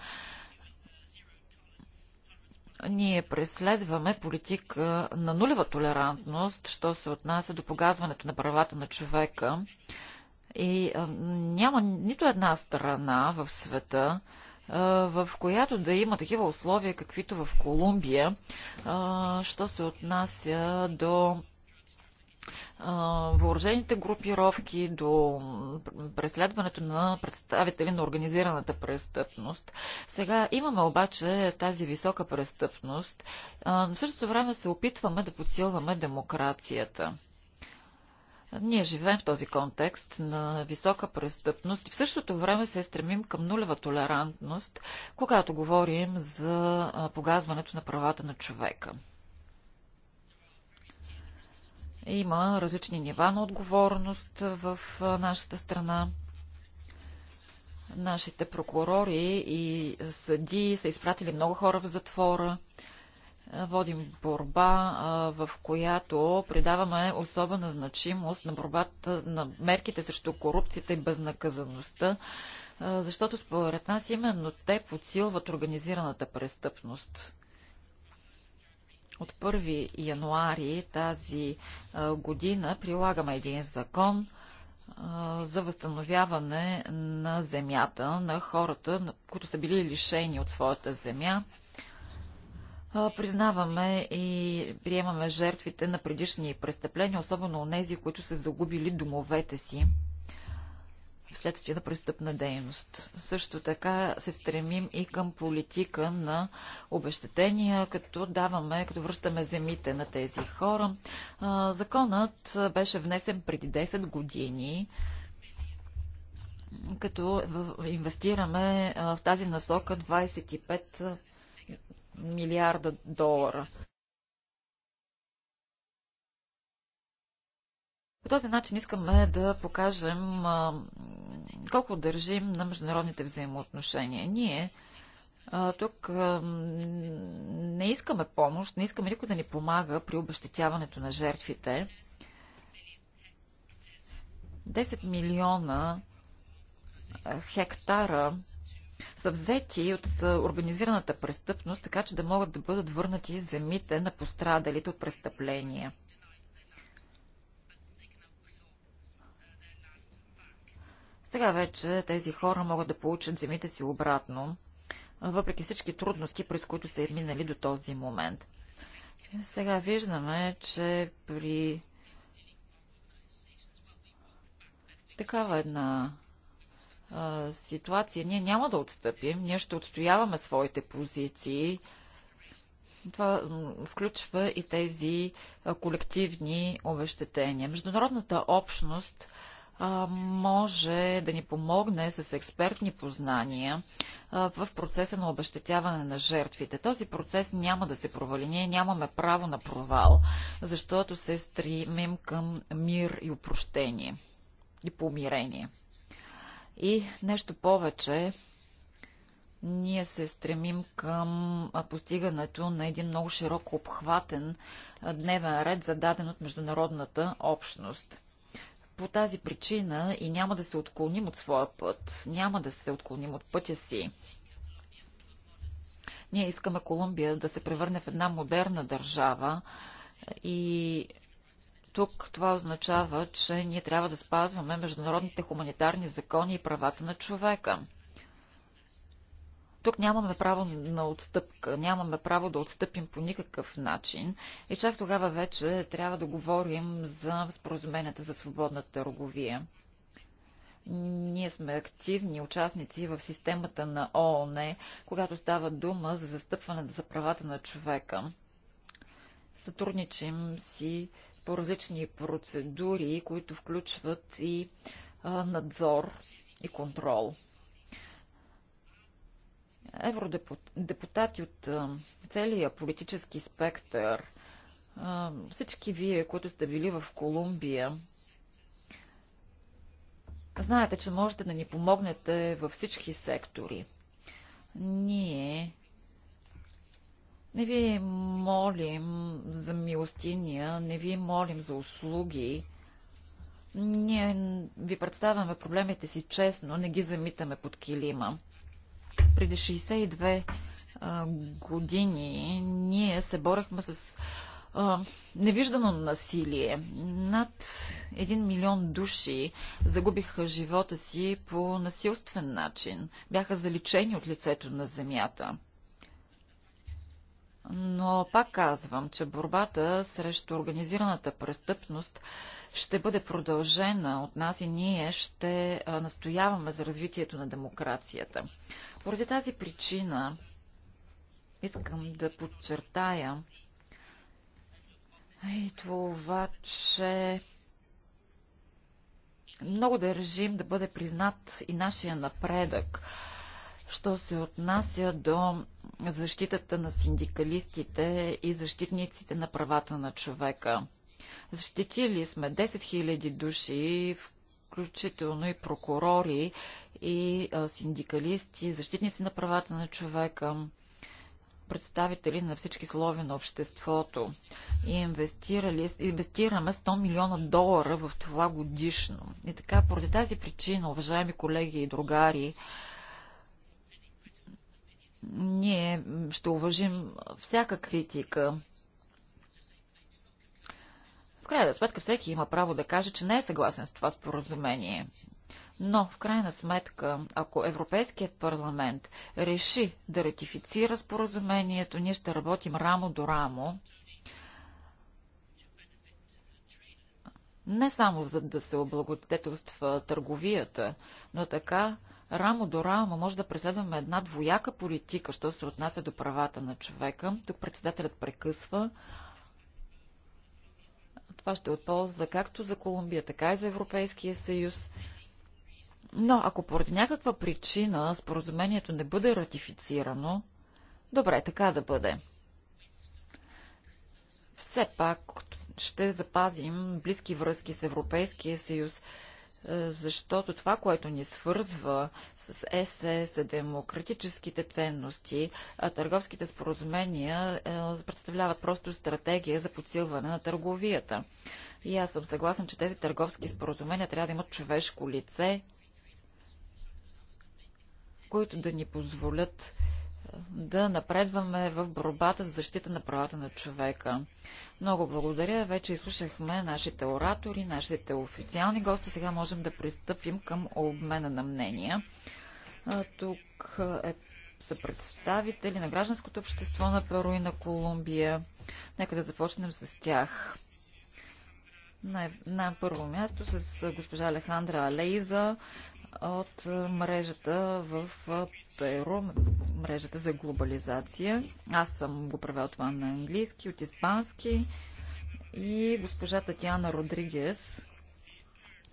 Ние преследваме политика на нулева толерантност, що се отнася до погазването на правата на човека. И няма нито една страна в света, в която да има такива условия, каквито в Колумбия, що се отнася до въоръжените групировки до преследването на представители на организираната престъпност. Сега имаме обаче тази висока престъпност. В същото време се опитваме да подсилваме демокрацията. Ние живеем в този контекст на висока престъпност и в същото време се стремим към нулева толерантност, когато говорим за погазването на правата на човека. Има различни нива на отговорност в нашата страна. Нашите прокурори и съди са изпратили много хора в затвора водим борба, в която придаваме особена значимост на борбата на мерките срещу корупцията и безнаказаността, защото според нас именно те подсилват организираната престъпност. От 1 януари тази година прилагаме един закон – за възстановяване на земята на хората, които са били лишени от своята земя Признаваме и приемаме жертвите на предишни престъпления, особено у нези, които са загубили домовете си вследствие на престъпна дейност. Също така се стремим и към политика на обещетения, като даваме, като връщаме земите на тези хора. Законът беше внесен преди 10 години като инвестираме в тази насока 25 милиарда долара. По този начин искаме да покажем колко държим на международните взаимоотношения. Ние тук не искаме помощ, не искаме никой да ни помага при обещетяването на жертвите. 10 милиона хектара са взети от е, организираната престъпност, така че да могат да бъдат върнати земите на пострадалите от престъпления. Сега вече тези хора могат да получат земите си обратно, въпреки всички трудности, през които са минали до този момент. Сега виждаме, че при такава една ситуация. Ние няма да отстъпим, ние ще отстояваме своите позиции. Това включва и тези колективни обещетения. Международната общност може да ни помогне с експертни познания в процеса на обещетяване на жертвите. Този процес няма да се провали. Ние нямаме право на провал, защото се стремим към мир и упрощение и помирение. И нещо повече, ние се стремим към постигането на един много широко обхватен дневен ред, зададен от международната общност. По тази причина и няма да се отклоним от своя път, няма да се отклоним от пътя си. Ние искаме Колумбия да се превърне в една модерна държава и тук това означава, че ние трябва да спазваме международните хуманитарни закони и правата на човека. Тук нямаме право на отстъпка, нямаме право да отстъпим по никакъв начин и чак тогава вече трябва да говорим за споразуменията за свободна търговия. Ние сме активни участници в системата на ООН, когато става дума за застъпване за правата на човека. Сътрудничим си по различни процедури, които включват и надзор и контрол. Евродепутати от целия политически спектър, всички вие, които сте били в Колумбия, знаете, че можете да ни помогнете във всички сектори. Ние не ви молим за милостиния, не ви молим за услуги. Ние ви представяме проблемите си честно, не ги замитаме под килима. Преди 62 а, години ние се борехме с а, невиждано насилие. Над 1 милион души загубиха живота си по насилствен начин. Бяха заличени от лицето на земята. Но пак казвам, че борбата срещу организираната престъпност ще бъде продължена от нас и ние ще настояваме за развитието на демокрацията. Поради тази причина искам да подчертая и това, че много държим да бъде признат и нашия напредък, що се отнася до защитата на синдикалистите и защитниците на правата на човека. Защитили сме 10 000 души, включително и прокурори и синдикалисти, защитници на правата на човека, представители на всички слови на обществото. И инвестирали, инвестираме 100 милиона долара в това годишно. И така, поради тази причина, уважаеми колеги и другари, ние ще уважим всяка критика. В крайна сметка всеки има право да каже, че не е съгласен с това споразумение. Но, в крайна сметка, ако Европейският парламент реши да ратифицира споразумението, ние ще работим рамо до рамо, не само за да се облагодетелства търговията, но така рамо до рамо може да преследваме една двояка политика, що се отнася до правата на човека. Тук председателят прекъсва. Това ще е от полза както за Колумбия, така и за Европейския съюз. Но ако поради някаква причина споразумението не бъде ратифицирано, добре, така да бъде. Все пак ще запазим близки връзки с Европейския съюз. Е, защото това, което ни свързва с ЕСЕ, демократическите ценности, а търговските споразумения е, представляват просто стратегия за подсилване на търговията. И аз съм съгласен, че тези търговски споразумения трябва да имат човешко лице, които да ни позволят да напредваме в борбата за защита на правата на човека. Много благодаря. Вече изслушахме нашите оратори, нашите официални гости. Сега можем да пристъпим към обмена на мнения. Тук е, са представители на гражданското общество на Перу и на Колумбия. Нека да започнем с тях. На, на първо място с госпожа Алехандра Алейза, от мрежата в Перу, мрежата за глобализация. Аз съм го правил това на английски, от испански и госпожа Татьяна Родригес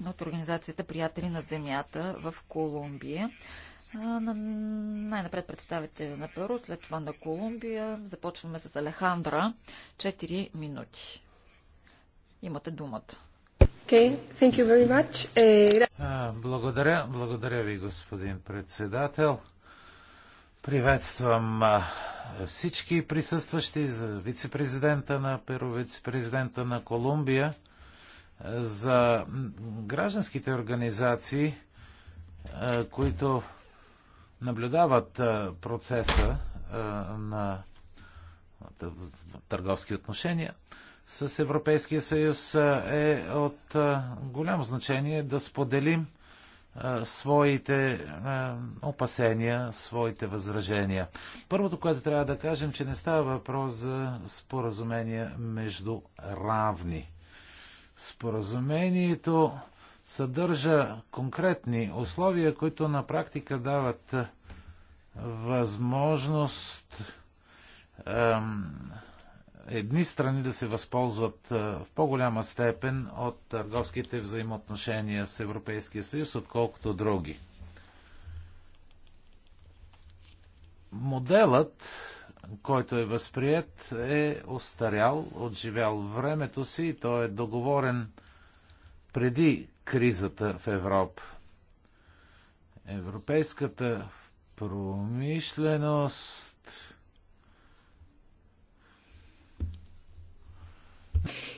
от организацията Приятели на земята в Колумбия. На, най-напред представите на Перу, след това на Колумбия. Започваме с Алехандра. Четири минути. Имате думата. Okay, thank you very much. Eh, благодаря, благодаря ви, господин председател. Приветствам всички присъстващи, за вице-президента на Перу, вице-президента на Колумбия, за гражданските организации, които наблюдават процеса на търговски отношения с Европейския съюз е от голямо значение да споделим своите опасения, своите възражения. Първото, което трябва да кажем, че не става въпрос за споразумения между равни. Споразумението съдържа конкретни условия, които на практика дават възможност ем, едни страни да се възползват в по-голяма степен от търговските взаимоотношения с Европейския съюз, отколкото други. Моделът, който е възприят, е остарял, отживял времето си и той е договорен преди кризата в Европа. Европейската промишленост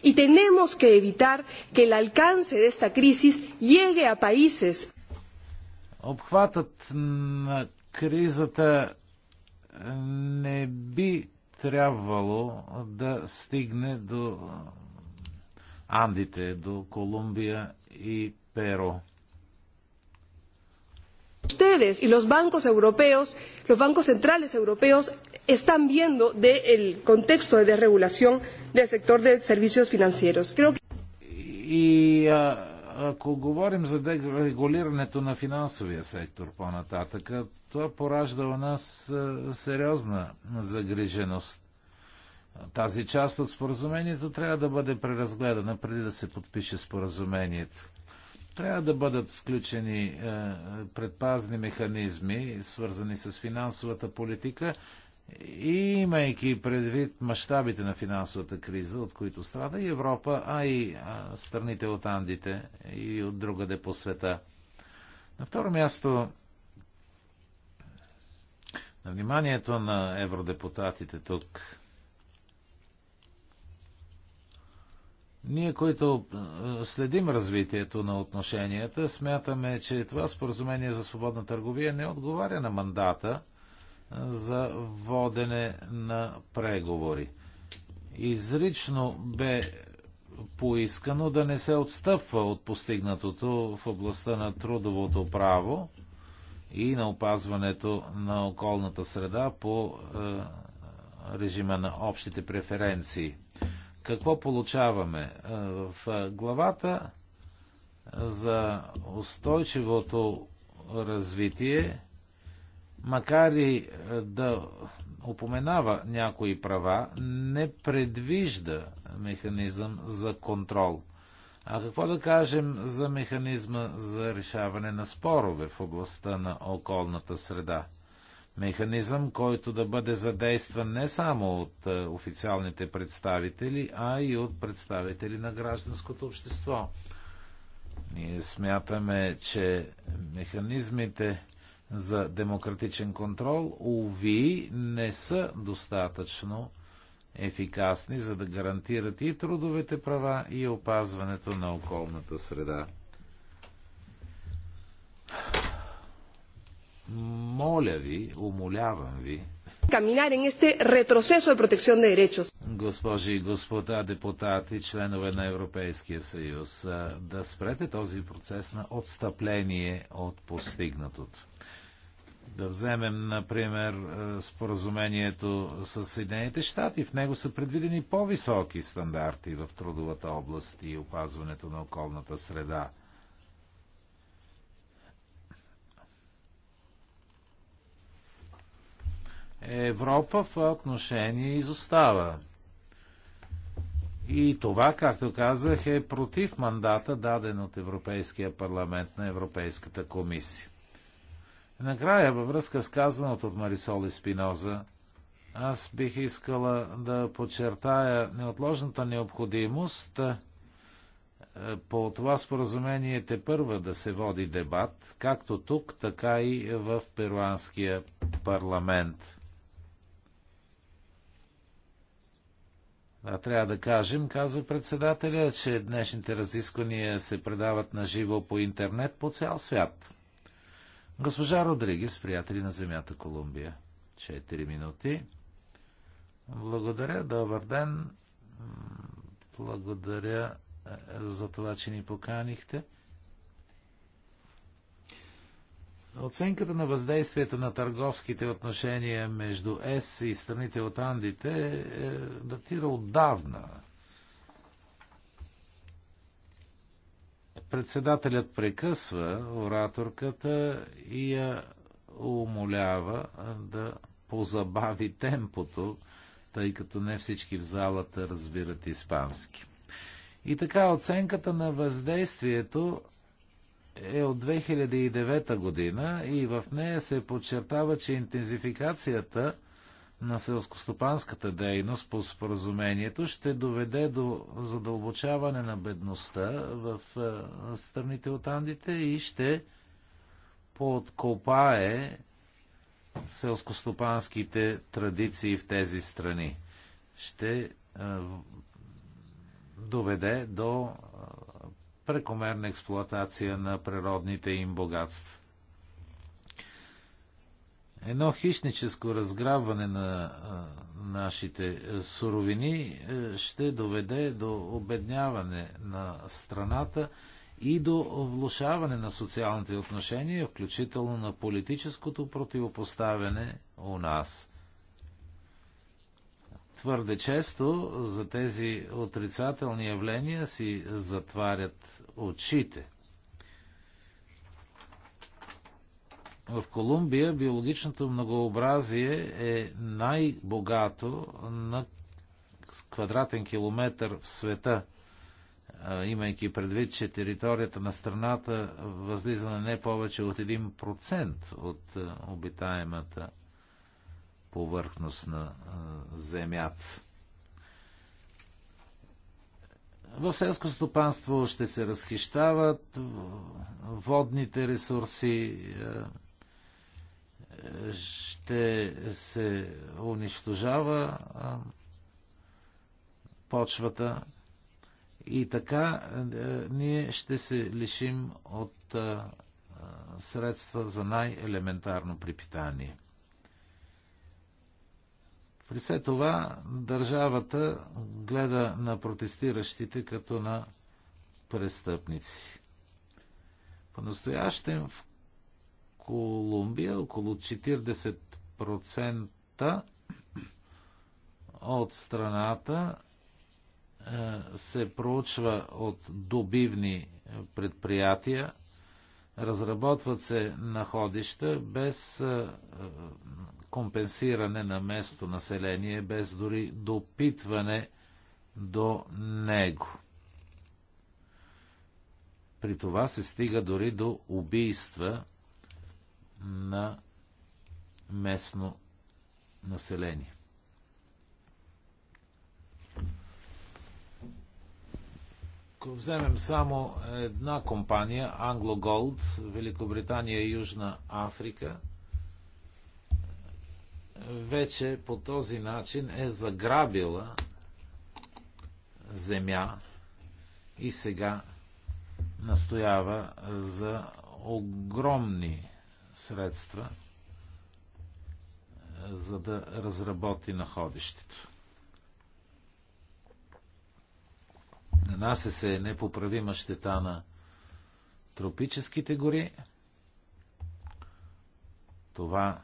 Y tenemos que evitar que el alcance de esta crisis llegue a países. Обхватът на кризата не би трябвало да стигне до Андите, до Колумбия и Перо. Ustedes y los bancos europeos, los bancos centrales europeos están viendo del contexto de desregulación del sector de servicios financieros. Creo que... И а, ако говорим за регулирането на финансовия сектор по-нататък, това поражда у нас сериозна загриженост. Тази част от споразумението трябва да бъде преразгледана преди да се подпише споразумението. Трябва да бъдат включени предпазни механизми, свързани с финансовата политика, и имайки предвид мащабите на финансовата криза, от които страда и Европа, а и страните от Андите и от другаде по света. На второ място, на вниманието на евродепутатите тук, Ние, които следим развитието на отношенията, смятаме, че това споразумение за свободна търговия не отговаря на мандата, за водене на преговори. Изрично бе поискано да не се отстъпва от постигнатото в областта на трудовото право и на опазването на околната среда по е, режима на общите преференции. Какво получаваме? Е, в главата за устойчивото развитие макар и е, да упоменава някои права, не предвижда механизъм за контрол. А какво да кажем за механизма за решаване на спорове в областта на околната среда? Механизъм, който да бъде задействан не само от е, официалните представители, а и от представители на гражданското общество. Ние смятаме, че механизмите за демократичен контрол, уви, не са достатъчно ефикасни, за да гарантират и трудовете права, и опазването на околната среда. Моля ви, умолявам ви, caminar en este retroceso de protección de derechos. Госпожи и господа депутати, членове на Европейския съюз, да спрете този процес на отстъпление от постигнатото. Да вземем, например, е, споразумението с Съединените щати. В него са предвидени по-високи стандарти в трудовата област и опазването на околната среда. Европа в това отношение изостава. И това, както казах, е против мандата, даден от Европейския парламент на Европейската комисия. Накрая, във връзка с казаното от Марисол Спиноза, аз бих искала да подчертая неотложната необходимост е, по това споразумение те първа да се води дебат, както тук, така и в перуанския парламент. А трябва да кажем, казва председателя, че днешните разисквания се предават на живо по интернет по цял свят. Госпожа Родригес, приятели на земята Колумбия. 4 минути. Благодаря, добър ден. Благодаря е, за това, че ни поканихте. Оценката на въздействието на търговските отношения между ЕС и страните от Андите е датира отдавна Председателят прекъсва ораторката и я умолява да позабави темпото, тъй като не всички в залата разбират испански. И така оценката на въздействието е от 2009 година и в нея се подчертава, че интензификацията – на селскостопанската дейност по споразумението ще доведе до задълбочаване на бедността в е, страните от Андите и ще подкопае селскостопанските традиции в тези страни. Ще е, доведе до е, прекомерна експлоатация на природните им богатства. Едно хищническо разграбване на нашите е, суровини е, ще доведе до обедняване на страната и до влушаване на социалните отношения, включително на политическото противопоставяне у нас. Твърде често за тези отрицателни явления си затварят очите – В Колумбия биологичното многообразие е най-богато на квадратен километър в света, имайки предвид, че територията на страната възлиза на не повече от 1% от обитаемата повърхност на Земята. В селско стопанство ще се разхищават водните ресурси, ще се унищожава почвата и така ние ще се лишим от средства за най-елементарно припитание. При все това държавата гледа на протестиращите като на престъпници. По-настоящем в Колумбия около 40% от страната е, се проучва от добивни предприятия, разработват се находища без е, компенсиране на место население, без дори допитване до него. При това се стига дори до убийства на местно население. Ако вземем само една компания, Anglo Gold, Великобритания и Южна Африка, вече по този начин е заграбила земя и сега настоява за огромни средства, е, за да разработи находището. Нанася е се е непоправима щета на тропическите гори. Това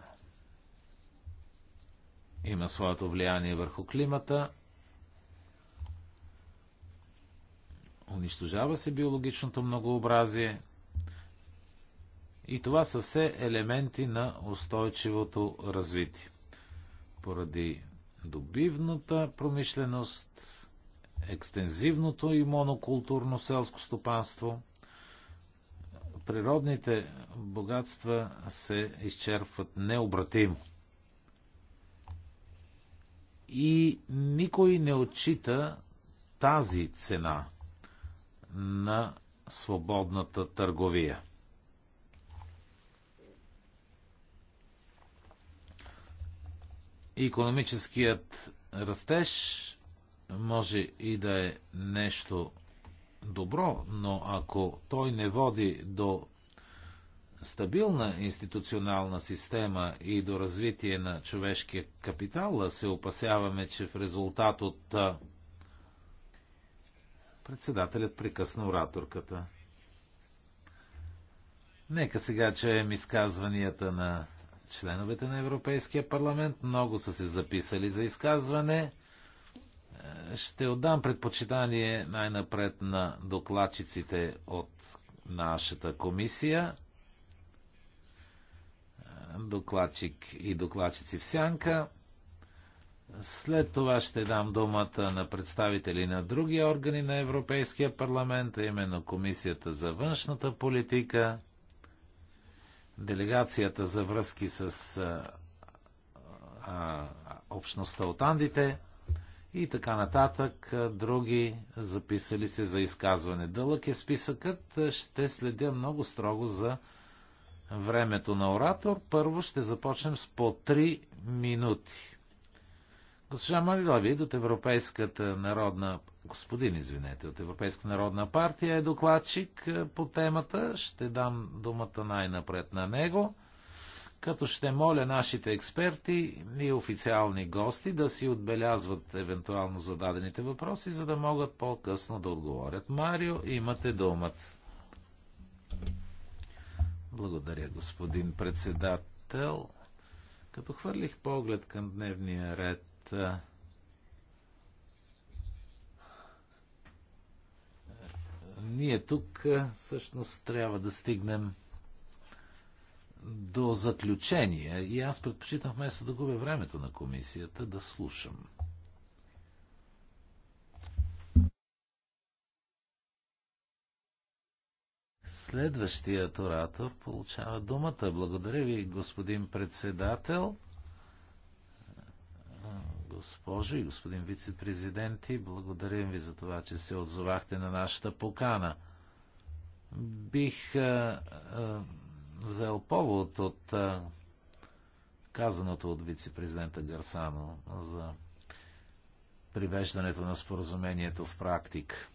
има своето влияние върху климата. Унищожава се биологичното многообразие. И това са все елементи на устойчивото развитие. Поради добивната промишленост, екстензивното и монокултурно селско стопанство, природните богатства се изчерпват необратимо. И никой не отчита тази цена на свободната търговия. Економическият растеж може и да е нещо добро, но ако той не води до стабилна институционална система и до развитие на човешкия капитал, се опасяваме, че в резултат от председателят прекъсна ораторката. Нека сега чуем изказванията на членовете на Европейския парламент. Много са се записали за изказване. Е, ще отдам предпочитание най-напред на докладчиците от нашата комисия. Е, докладчик и докладчици в сянка. След това ще дам думата на представители на други органи на Европейския парламент, а именно Комисията за външната политика делегацията за връзки с а, а, общността от Андите и така нататък. Други записали се за изказване. Дълъг е списъкът. Ще следя много строго за времето на оратор. Първо ще започнем с по 3 минути. Госпожа вие от Европейската народна господин, извинете, от Европейска народна партия е докладчик е, по темата. Ще дам думата най-напред на него, като ще моля нашите експерти и официални гости да си отбелязват евентуално зададените въпроси, за да могат по-късно да отговорят. Марио, имате думата. Благодаря, господин председател. Като хвърлих поглед към дневния ред, е, Ние тук всъщност трябва да стигнем до заключения. и аз предпочитам вместо да губя времето на комисията да слушам. Следващият оратор получава думата. Благодаря ви, господин председател. Госпожи и господин вице-президенти. Благодарим ви за това, че се отзовахте на нашата покана. Бих а, е, а, е, взел повод от а, е, казаното от вице-президента Гарсано за привеждането на споразумението в практик.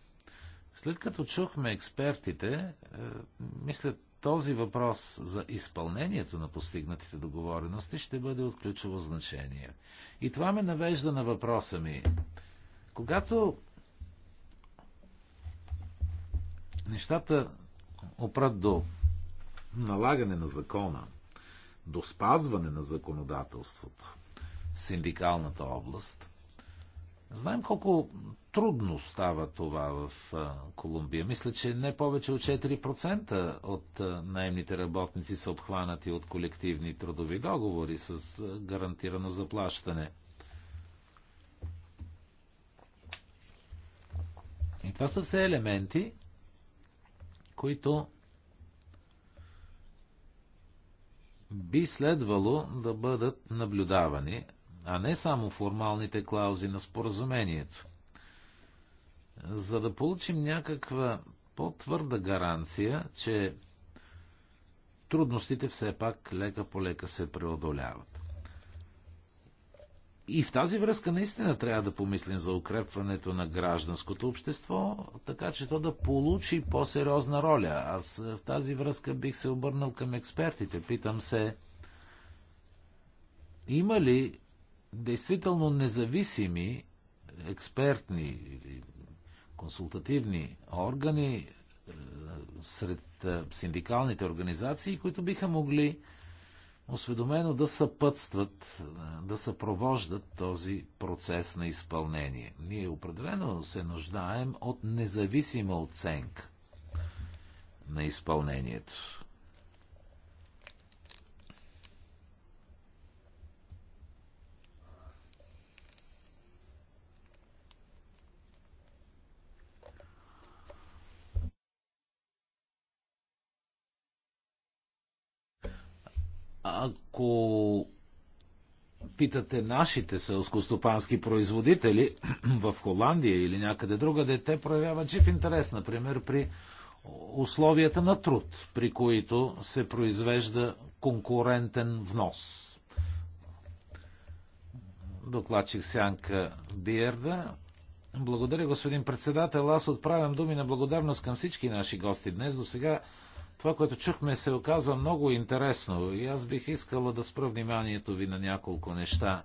След като чухме експертите, мисля, този въпрос за изпълнението на постигнатите договорености ще бъде от ключово значение. И това ме навежда на въпроса ми. Когато нещата опрат до налагане на закона, до спазване на законодателството в синдикалната област, Знаем колко трудно става това в Колумбия. Мисля, че не повече от 4% от наемните работници са обхванати от колективни трудови договори с гарантирано заплащане. И това са все елементи, които би следвало да бъдат наблюдавани а не само формалните клаузи на споразумението. За да получим някаква по-твърда гаранция, че трудностите все пак лека по лека се преодоляват. И в тази връзка наистина трябва да помислим за укрепването на гражданското общество, така че то да получи по-сериозна роля. Аз е, в тази връзка бих се обърнал към експертите. Питам се, има ли действително независими експертни или консултативни органи е, сред е, синдикалните организации, които биха могли осведомено да съпътстват, е, да съпровождат този процес на изпълнение. Ние определено се нуждаем от независима оценка на изпълнението. Ако питате нашите селскостопански производители в Холандия или някъде другаде, те проявяват жив интерес, например, при условията на труд, при които се произвежда конкурентен внос. Докладчик Сянка Биерда. Благодаря, господин председател. Аз отправям думи на благодарност към всички наши гости днес. До сега това, което чухме, се оказа много интересно и аз бих искала да спра вниманието ви на няколко неща.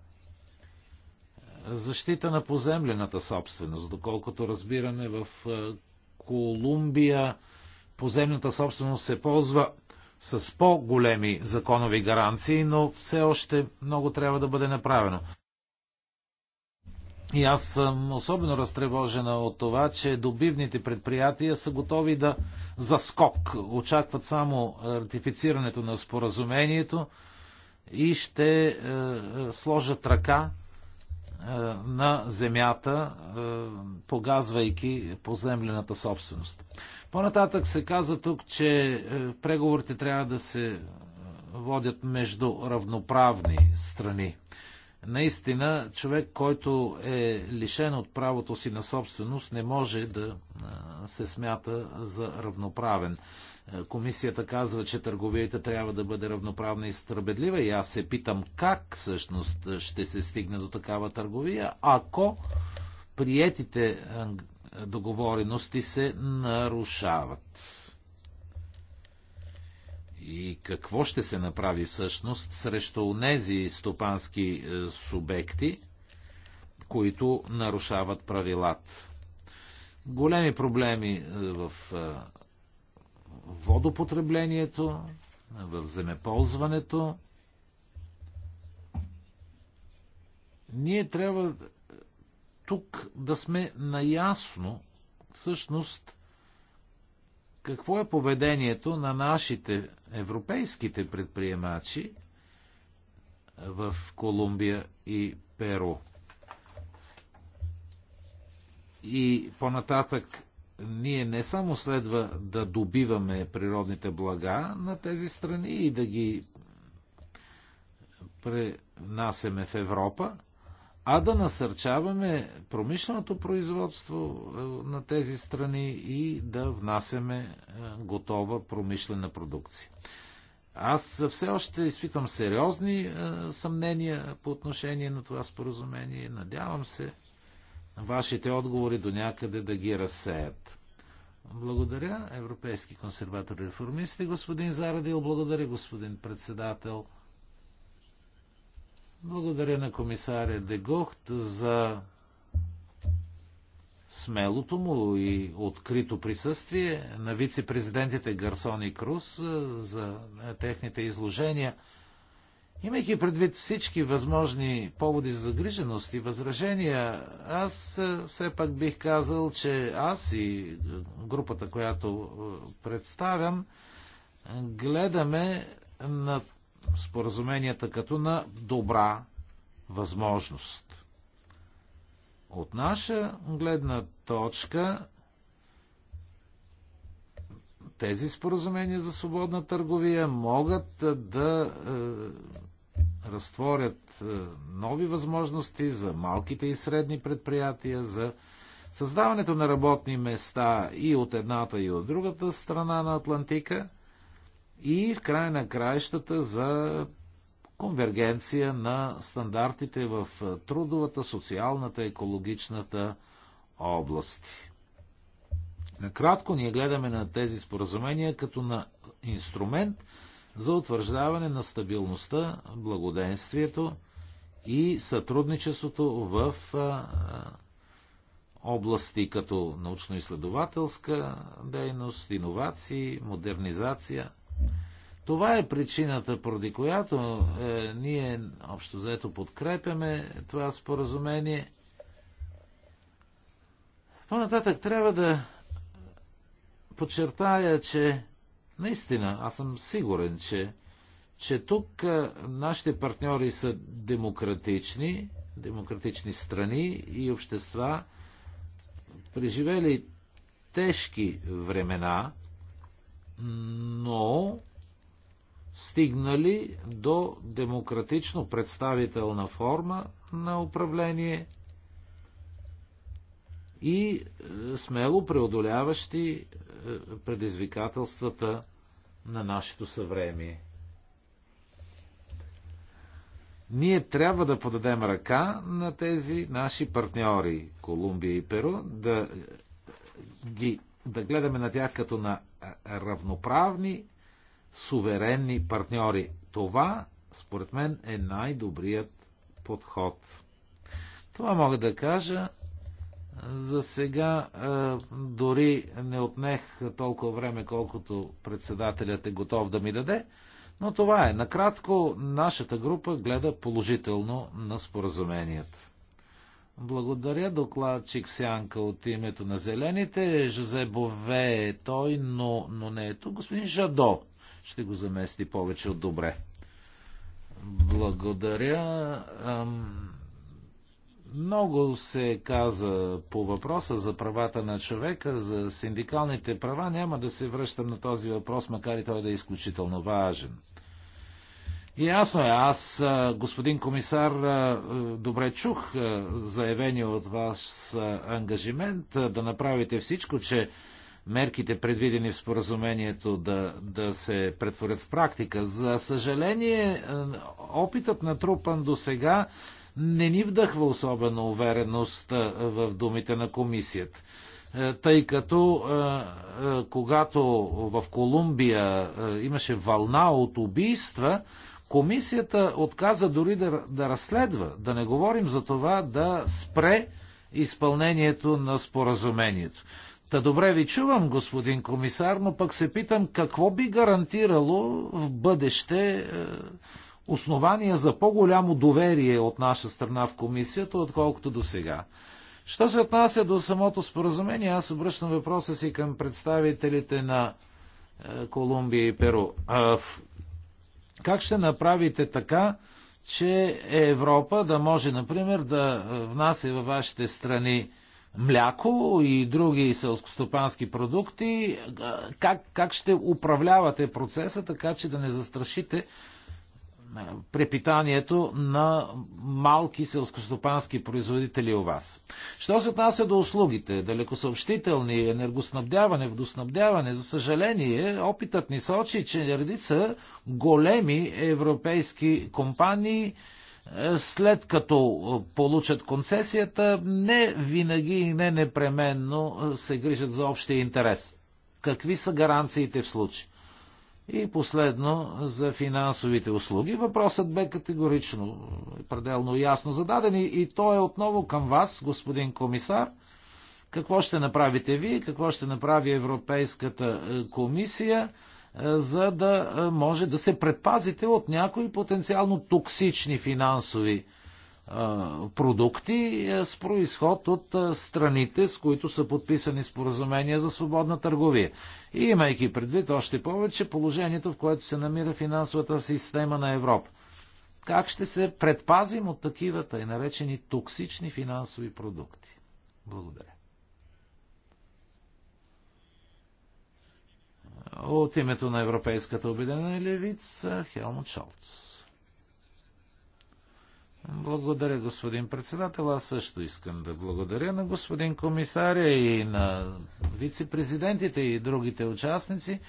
Защита на поземлената собственост, доколкото разбираме в е, Колумбия поземната собственост се ползва с по-големи законови гаранции, но все още много трябва да бъде направено. И аз съм особено разтревожена от това, че добивните предприятия са готови да заскок. Очакват само ратифицирането на споразумението и ще е, сложат ръка е, на земята, е, погазвайки поземлената собственост. По-нататък се каза тук, че е, преговорите трябва да се е, водят между равноправни страни. Наистина, човек, който е лишен от правото си на собственост, не може да се смята за равноправен. Комисията казва, че търговията трябва да бъде равноправна и справедлива и аз се питам как всъщност ще се стигне до такава търговия, ако приетите договорености се нарушават и какво ще се направи всъщност срещу тези стопански е, субекти, които нарушават правилата. Големи проблеми е, в е, водопотреблението, в земеползването. Ние трябва тук да сме наясно всъщност какво е поведението на нашите европейските предприемачи в Колумбия и Перу. И по-нататък ние не само следва да добиваме природните блага на тези страни и да ги пренасеме в Европа, а да насърчаваме промишленото производство е, на тези страни и да внасяме е, готова промишлена продукция. Аз все още изпитвам сериозни е, съмнения по отношение на това споразумение. Надявам се вашите отговори до някъде да ги разсеят. Благодаря, европейски консерватори реформисти, господин Зарадил. Благодаря, господин председател. Благодаря на комисаря Дегохт за смелото му и открито присъствие на вице-президентите Гарсон и Крус за техните изложения. Имайки предвид всички възможни поводи за загриженост и възражения, аз все пак бих казал, че аз и групата, която представям, гледаме на споразуменията като на добра възможност. От наша гледна точка тези споразумения за свободна търговия могат да е, разтворят е, нови възможности за малките и средни предприятия, за създаването на работни места и от едната и от другата страна на Атлантика, и в края на краищата за конвергенция на стандартите в трудовата, социалната, екологичната области. Накратко ние гледаме на тези споразумения като на инструмент за утвърждаване на стабилността, благоденствието и сътрудничеството в области като научно-изследователска дейност, иновации, модернизация това е причината, поради която е, ние общо заето подкрепяме това споразумение. По-нататък трябва да подчертая, че наистина аз съм сигурен, че, че тук е, нашите партньори са демократични, демократични страни и общества, преживели тежки времена – но стигнали до демократично представителна форма на управление и е, смело преодоляващи е, предизвикателствата на нашето съвремие. Ние трябва да подадем ръка на тези наши партньори Колумбия и Перу, да, е, ги, да гледаме на тях като на равноправни, суверенни партньори. Това, според мен, е най-добрият подход. Това мога да кажа. За сега е, дори не отнех толкова време, колкото председателят е готов да ми даде, но това е. Накратко, нашата група гледа положително на споразумението. Благодаря докладчик Сянка от името на Зелените. Жозе Бове е той, но, но не е тук. Господин Жадо ще го замести повече от добре. Благодаря. Много се каза по въпроса за правата на човека, за синдикалните права. Няма да се връщам на този въпрос, макар и той да е изключително важен. Ясно е, аз, господин комисар, добре чух заявения от вас ангажимент да направите всичко, че мерките, предвидени в споразумението, да, да се претворят в практика. За съжаление, опитът на трупан до сега не ни вдъхва особена увереност в думите на комисията. Тъй като когато в Колумбия имаше вълна от убийства, Комисията отказа дори да, да разследва, да не говорим за това да спре изпълнението на споразумението. Та добре ви чувам, господин комисар, но пък се питам какво би гарантирало в бъдеще е, основания за по-голямо доверие от наша страна в комисията, отколкото до сега. Що се отнася до самото споразумение, аз обръщам въпроса си към представителите на е, Колумбия и Перу. Как ще направите така, че Европа да може, например, да внася във вашите страни мляко и други селскостопански продукти? Как, как ще управлявате процеса, така че да не застрашите е, препитанието на малки селскостопански производители у вас. Що се отнася до услугите, далекосъобщителни, енергоснабдяване, водоснабдяване, за съжаление, опитът ни сочи, че редица големи европейски компании е, след като получат концесията, не винаги и не непременно се грижат за общия интерес. Какви са гаранциите в случай? И последно, за финансовите услуги. Въпросът бе категорично, пределно ясно зададен и, и той е отново към вас, господин комисар. Какво ще направите вие, какво ще направи Европейската е, комисия, е, за да е, може да се предпазите от някои потенциално токсични финансови продукти с происход от страните, с които са подписани споразумения за свободна търговия. И имайки предвид още повече положението, в което се намира финансовата система на Европа. Как ще се предпазим от такива и наречени токсични финансови продукти? Благодаря. От името на Европейската обединена левица Хелмут Шолц. Благодаря, господин председател. Аз също искам да благодаря на господин комисаря и на вице-президентите и другите участници,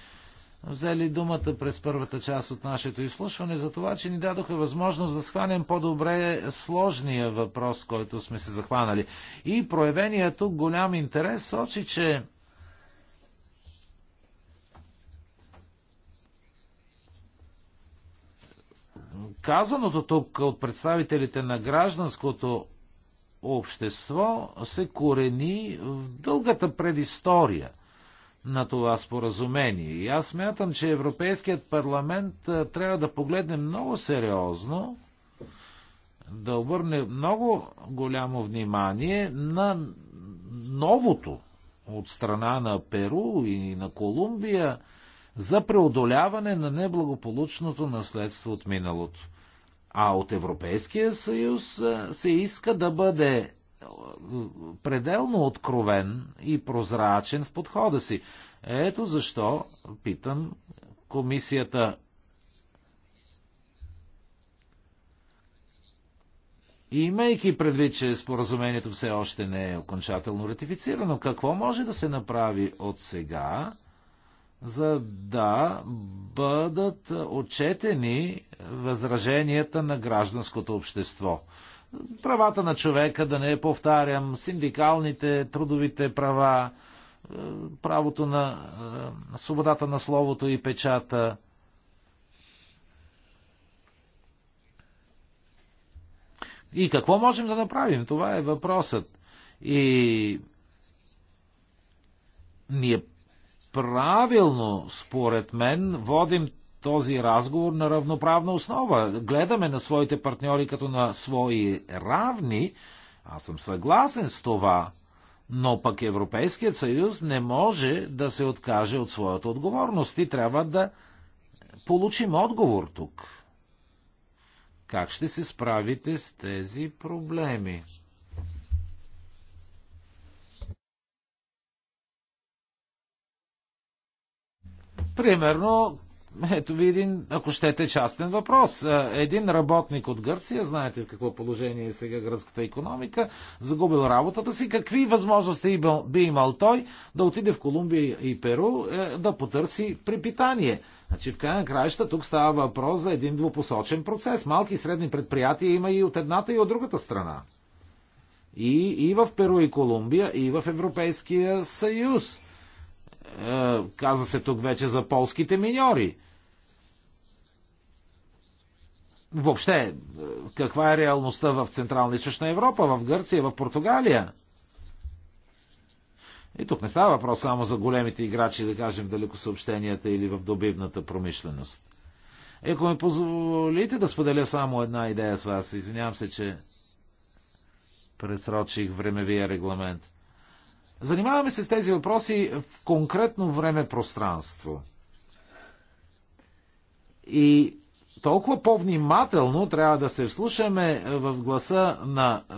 взели думата през първата част от нашето изслушване, за това, че ни дадоха възможност да схванем по-добре сложния въпрос, който сме се захванали. И проявения тук голям интерес сочи, че казаното тук от представителите на гражданското общество се корени в дългата предистория на това споразумение. И аз смятам, че Европейският парламент трябва да погледне много сериозно, да обърне много голямо внимание на новото от страна на Перу и на Колумбия за преодоляване на неблагополучното наследство от миналото. А от Европейския съюз се иска да бъде пределно откровен и прозрачен в подхода си. Ето защо питам комисията имайки предвид, че споразумението все още не е окончателно ратифицирано, какво може да се направи от сега, за да бъдат отчетени възраженията на гражданското общество. Правата на човека, да не повтарям, синдикалните, трудовите права, е, правото на е, свободата на словото и печата. И какво можем да направим? Това е въпросът. И ние правилно, според мен, водим този разговор на равноправна основа. Гледаме на своите партньори като на свои равни. Аз съм съгласен с това. Но пък Европейският съюз не може да се откаже от своята отговорност и трябва да получим отговор тук. Как ще се справите с тези проблеми? Примерно, ето ви един, ако щете, частен въпрос. Е, един работник от Гърция, знаете в какво положение е сега гръцката економика, загубил работата си. Какви възможности би имал той да отиде в Колумбия и Перу е, да потърси препитание? Значи, в крайна краища, тук става въпрос за един двупосочен процес. Малки и средни предприятия има и от едната, и от другата страна. И, и в Перу и Колумбия, и в Европейския съюз е, каза се тук вече за полските миньори. Въобще, е, каква е реалността в Централна и Източна Европа, в Гърция, в Португалия? И тук не става въпрос само за големите играчи, да кажем, в далекосъобщенията или в добивната промишленост. Е, ако ми позволите да споделя само една идея с вас, извинявам се, че пресрочих времевия регламент. Занимаваме се с тези въпроси в конкретно време-пространство. И толкова по-внимателно трябва да се вслушаме е, в гласа на е,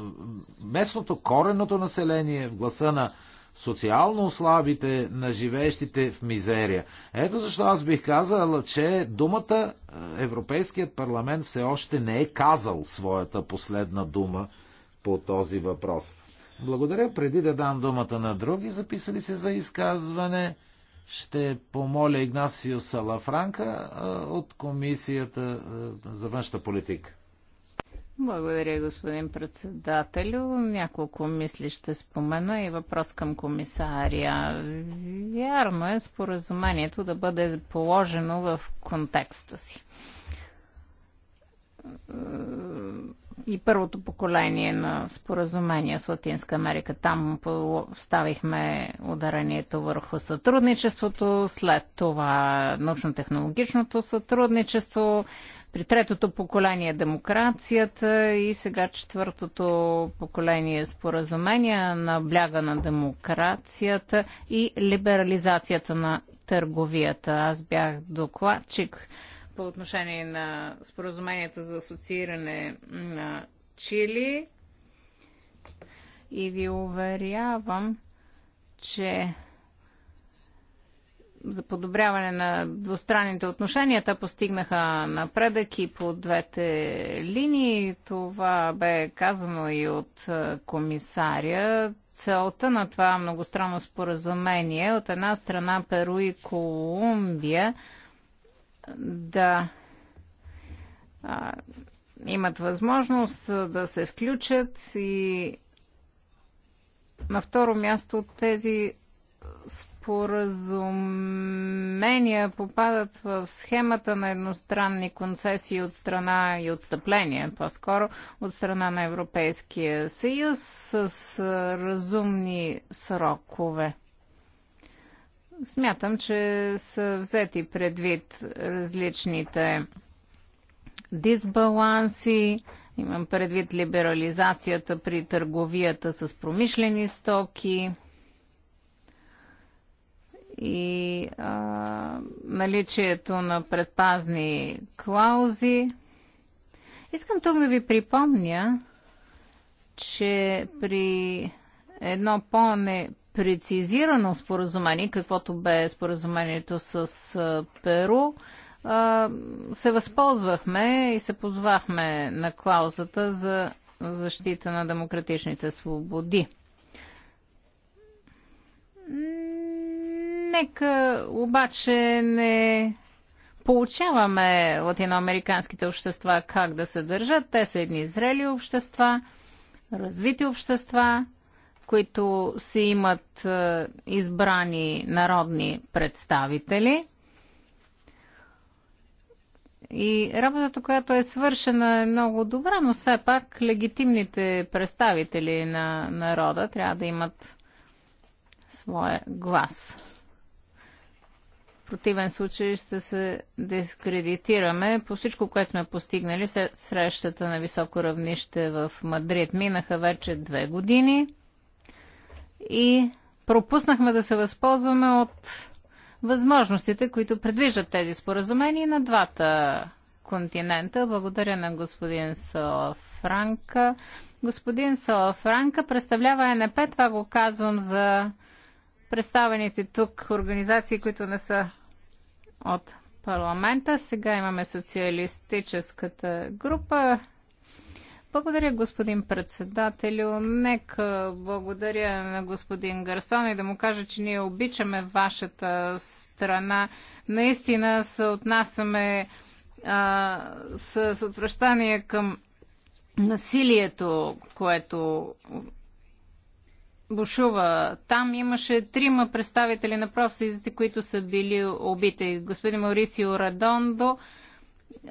местното коренното население, в гласа на социално ослабите, на живеещите в мизерия. Ето защо аз бих казал, че думата е, Европейският парламент все още не е казал своята последна дума по този въпрос. Благодаря. Преди да дам думата на други, записали се за изказване, ще помоля Игнасио Салафранка от Комисията за външна политика. Благодаря, господин председателю. Няколко мисли ще спомена и въпрос към комисария. Вярно е споразумението да бъде положено в контекста си и първото поколение на споразумения с Латинска Америка. Там ставихме ударението върху сътрудничеството, след това научно-технологичното сътрудничество, при третото поколение демокрацията и сега четвъртото поколение споразумения бляга на демокрацията и либерализацията на търговията. Аз бях докладчик по отношение на споразумението за асоцииране на Чили. И ви уверявам, че за подобряване на двустранните отношения. Те постигнаха напредък и по двете линии. Това бе казано и от комисаря. Целта на това многостранно споразумение от една страна Перу и Колумбия – да а, имат възможност да се включат и на второ място от тези споразумения попадат в схемата на едностранни концесии от страна и отстъпления, по-скоро от страна на Европейския съюз с разумни срокове. Смятам, че са взети предвид различните дисбаланси, имам предвид либерализацията при търговията с промишлени стоки и а, наличието на предпазни клаузи. Искам тук да ви припомня, че при едно по-не прецизирано споразумение, каквото бе споразумението с Перу, се възползвахме и се позвахме на клаузата за защита на демократичните свободи. Нека обаче не получаваме латиноамериканските общества как да се държат. Те са едни зрели общества, развити общества, които си имат е, избрани народни представители. И работата, която е свършена е много добра, но все пак легитимните представители на народа трябва да имат своя глас. В противен случай ще се дискредитираме по всичко, което сме постигнали след срещата на високо равнище в Мадрид. Минаха вече две години и пропуснахме да се възползваме от възможностите, които предвиждат тези споразумения на двата континента. Благодаря на господин Салафранка. Господин Салафранка представлява НП, това го казвам за представените тук организации, които не са от парламента. Сега имаме социалистическата група. Благодаря, господин председателю. Нека благодаря на господин Гарсон и да му кажа, че ние обичаме вашата страна. Наистина се отнасяме а, с отвращание към насилието, което бушува. Там имаше трима представители на профсъюзите, които са били убити. Господин Маурисио Радондо,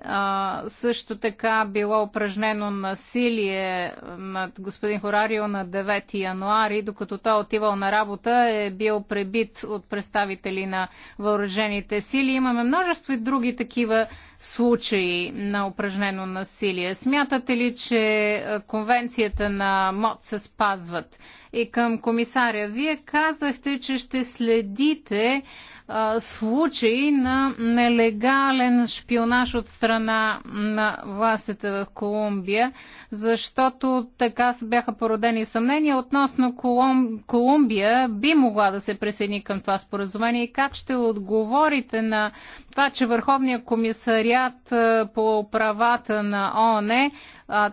а, също така било упражнено насилие над господин Хорарио на 9 януари, докато той е отивал на работа, е бил пребит от представители на въоръжените сили. Имаме множество и други такива случаи на упражнено насилие. Смятате ли, че е, конвенцията на МОД се спазват? И към комисаря, вие казахте, че ще следите а, е, случаи на нелегален шпионаж от страна на властите в Колумбия, защото така бяха породени съмнения относно Колум... Колумбия би могла да се присъедини към това споразумение и как ще отговорите на това, че Върховният комисариат е, по правата на ООН е,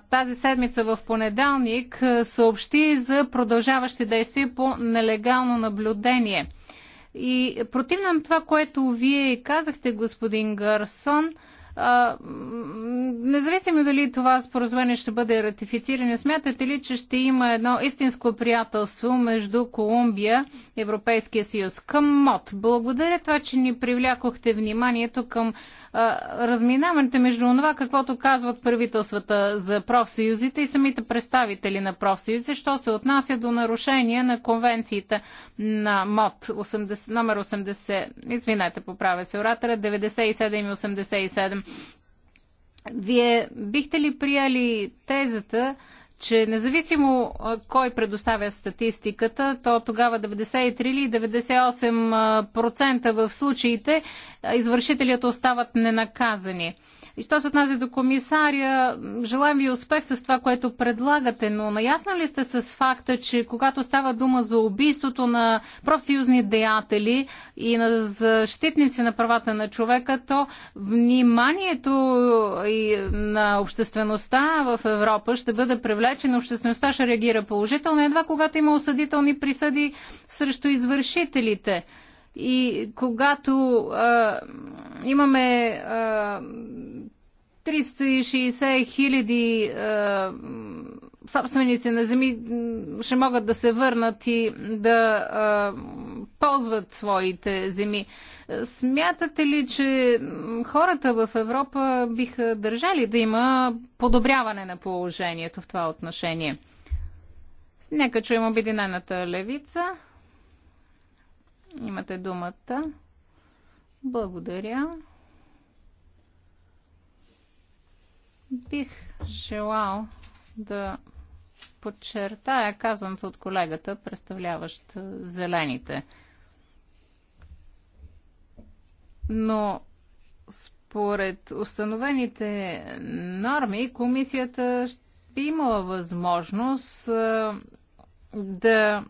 тази седмица в понеделник е, съобщи за продължаващи действия по нелегално наблюдение. И противно на това, което вие казахте, господин Гарсон, а, независимо дали това споразумение ще бъде ратифицирано, смятате ли, че ще има едно истинско приятелство между Колумбия и Европейския съюз? Към МОД. Благодаря това, че ни привлякохте вниманието към разминаването между това, каквото казват правителствата за профсъюзите и самите представители на профсъюзите, що се отнася до нарушение на конвенцията на МОД 80, номер 80, извинете, поправя се оратора, 97 и 87. Вие бихте ли приели тезата, че независимо кой предоставя статистиката, то тогава 93 или 98% в случаите извършителят остават ненаказани. И що се отнася до комисаря, желаем ви успех с това, което предлагате, но наясна ли сте с факта, че когато става дума за убийството на профсъюзни деятели и на защитници на правата на човека, то вниманието на обществеността в Европа ще бъде привлечено, обществеността ще реагира положително, едва когато има осъдителни присъди срещу извършителите. И когато а, имаме а, 360 хиляди собственици на земи ще могат да се върнат и да а, ползват своите земи. Смятате ли, че хората в Европа биха държали да има подобряване на положението в това отношение? Нека чуем обединената левица. Имате думата. Благодаря. Бих желал да подчертая казаното от колегата, представляващ зелените. Но според установените норми, комисията би имала възможност да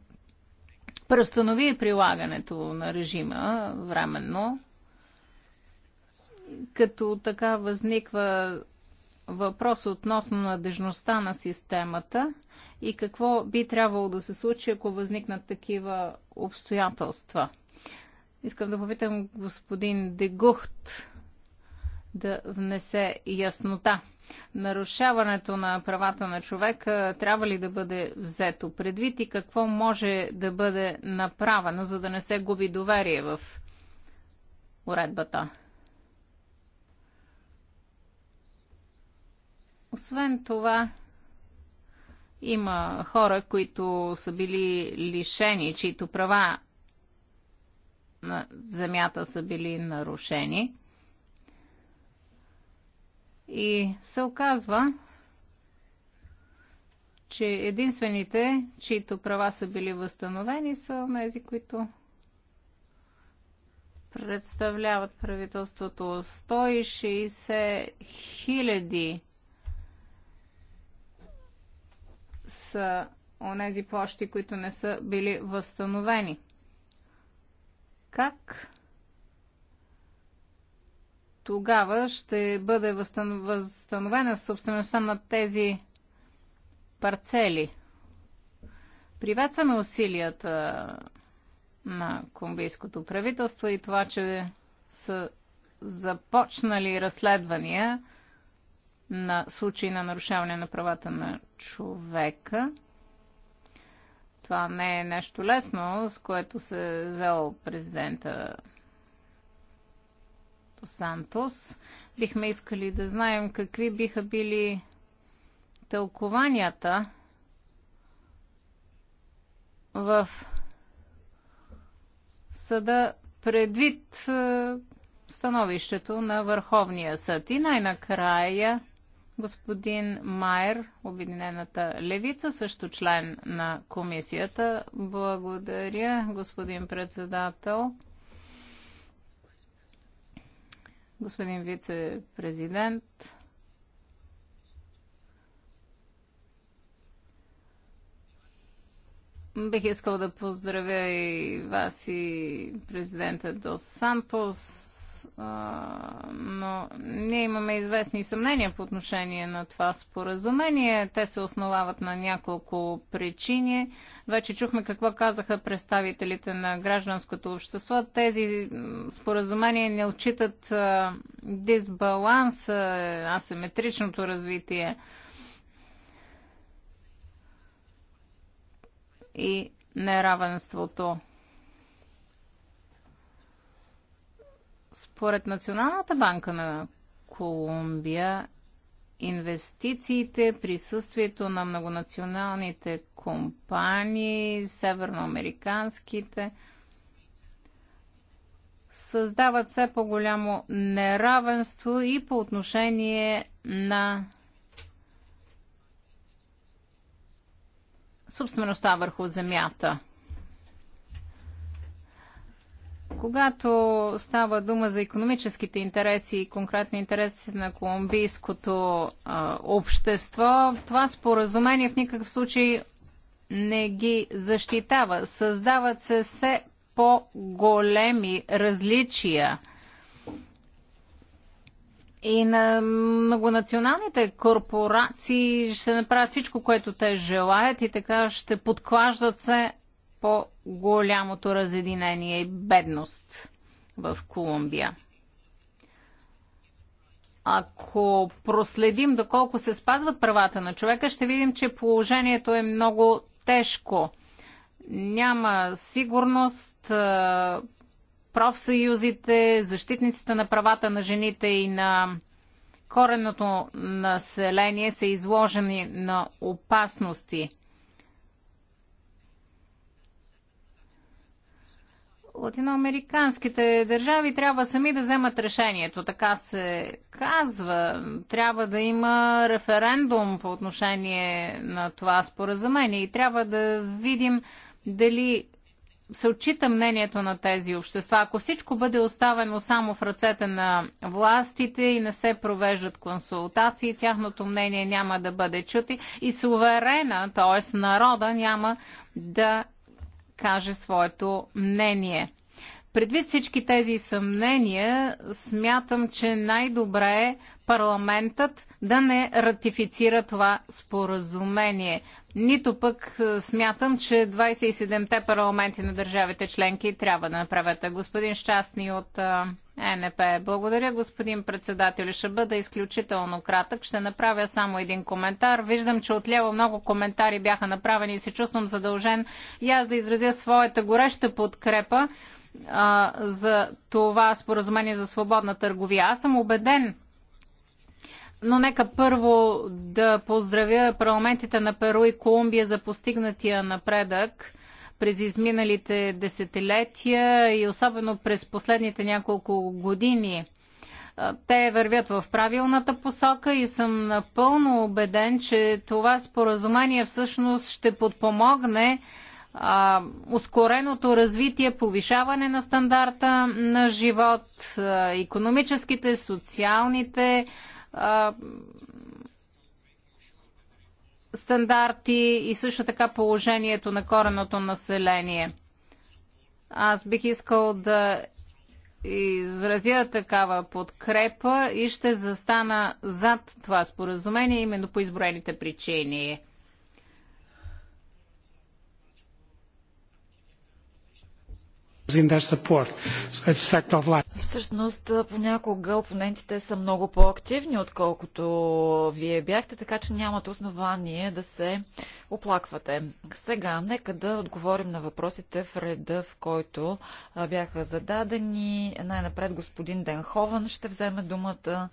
преустанови прилагането на режима временно, като така възниква въпрос относно надежността на системата и какво би трябвало да се случи, ако възникнат такива обстоятелства. Искам да попитам господин Дегухт да внесе яснота нарушаването на правата на човека трябва ли да бъде взето предвид и какво може да бъде направено, за да не се губи доверие в уредбата? Освен това, има хора, които са били лишени, чието права на земята са били нарушени. И се оказва, че единствените, чието права са били възстановени, са тези, които представляват правителството 160 хиляди са онези площи, които не са били възстановени. Как тогава ще бъде възстановена собствеността на тези парцели. Приветстваме усилията на колумбийското правителство и това, че са започнали разследвания на случаи на нарушаване на правата на човека. Това не е нещо лесно, с което се е взел президента Сантос. Бихме искали да знаем какви биха били тълкованията в съда предвид е, становището на Върховния съд. И най-накрая господин Майер, Обединената левица, също член на комисията. Благодаря, господин председател господин вице-президент. Бих искал да поздравя и вас и президента Дос Сантос но ние имаме известни съмнения по отношение на това споразумение. Те се основават на няколко причини. Вече чухме какво казаха представителите на гражданското общество. Тези споразумения не отчитат дисбаланс, асиметричното развитие. и неравенството. Според Националната банка на Колумбия, инвестициите, присъствието на многонационалните компании, северноамериканските, създават все по-голямо неравенство и по отношение на собствеността върху земята. Когато става дума за економическите интереси и конкретни интереси на колумбийското а, общество, това споразумение в никакъв случай не ги защитава. Създават се все по-големи различия. И на многонационалните корпорации ще направят всичко, което те желаят и така ще подклаждат се по-голямото разединение и бедност в Колумбия. Ако проследим доколко се спазват правата на човека, ще видим, че положението е много тежко. Няма сигурност, профсъюзите, защитниците на правата на жените и на коренното население са изложени на опасности – латиноамериканските държави трябва сами да вземат решението. Така се казва. Трябва да има референдум по отношение на това споразумение и трябва да видим дали се отчита мнението на тези общества. Ако всичко бъде оставено само в ръцете на властите и не се провеждат консултации, тяхното мнение няма да бъде чути и суверена, т.е. народа, няма да каже своето мнение. Предвид всички тези съмнения, смятам, че най-добре е парламентът да не ратифицира това споразумение. Нито пък е, смятам, че 27-те парламенти на държавите членки трябва да направят. Господин Щастни от е, НП. Благодаря, господин председател. Ще бъда изключително кратък. Ще направя само един коментар. Виждам, че отляво много коментари бяха направени и се чувствам задължен и аз да изразя своята гореща подкрепа а, за това споразумение за свободна търговия. Аз съм убеден, но нека първо да поздравя парламентите на Перу и Колумбия за постигнатия напредък през изминалите десетилетия и особено през последните няколко години. Те вървят в правилната посока и съм напълно убеден, че това споразумение всъщност ще подпомогне а, ускореното развитие, повишаване на стандарта на живот, а, економическите, социалните а, стандарти и също така положението на кореното население. Аз бих искал да изразя такава подкрепа и ще застана зад това споразумение именно по изброените причини. Всъщност, понякога опонентите са много по-активни, отколкото вие бяхте, така че нямате основание да се оплаквате. Сега, нека да отговорим на въпросите в реда, в който бяха зададени. Най-напред господин Денховен ще вземе думата,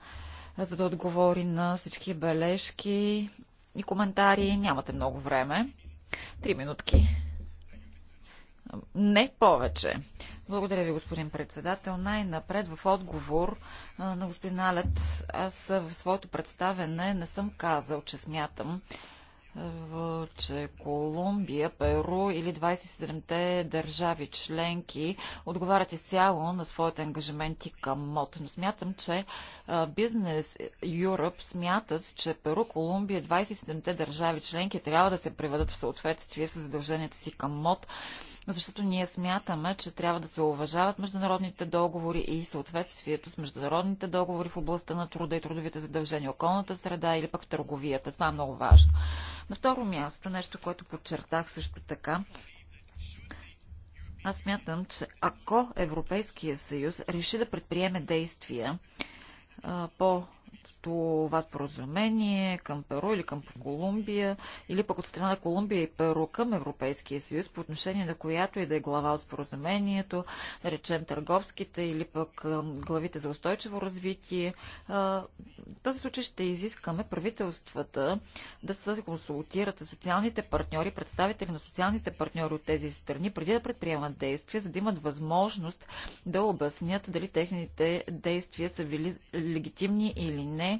за да отговори на всички бележки и коментари. Нямате много време. Три минутки. Не повече. Благодаря ви, господин председател. Най-напред в отговор на господин Алет, аз в своето представене не съм казал, че смятам, че Колумбия, Перу или 27-те държави членки отговарят изцяло на своите ангажименти към МОД. Но смятам, че Бизнес Юръп смятат, че Перу, Колумбия 27-те държави членки трябва да се приведат в съответствие с задълженията си към МОД защото ние смятаме, че трябва да се уважават международните договори и съответствието с международните договори в областта на труда и трудовите задължения, околната среда или пък търговията. Това е много важно. На второ място, нещо, което подчертах също така, аз смятам, че ако Европейския съюз реши да предприеме действия по това споразумение към Перу или към Колумбия, или пък от страна на Колумбия и Перу към Европейския съюз, по отношение на която и да е глава от споразумението, да речем търговските или пък главите за устойчиво развитие. В този случай ще изискаме правителствата да се консултират с социалните партньори, представители на социалните партньори от тези страни, преди да предприемат действия, за да имат възможност да обяснят дали техните действия са били легитимни или не,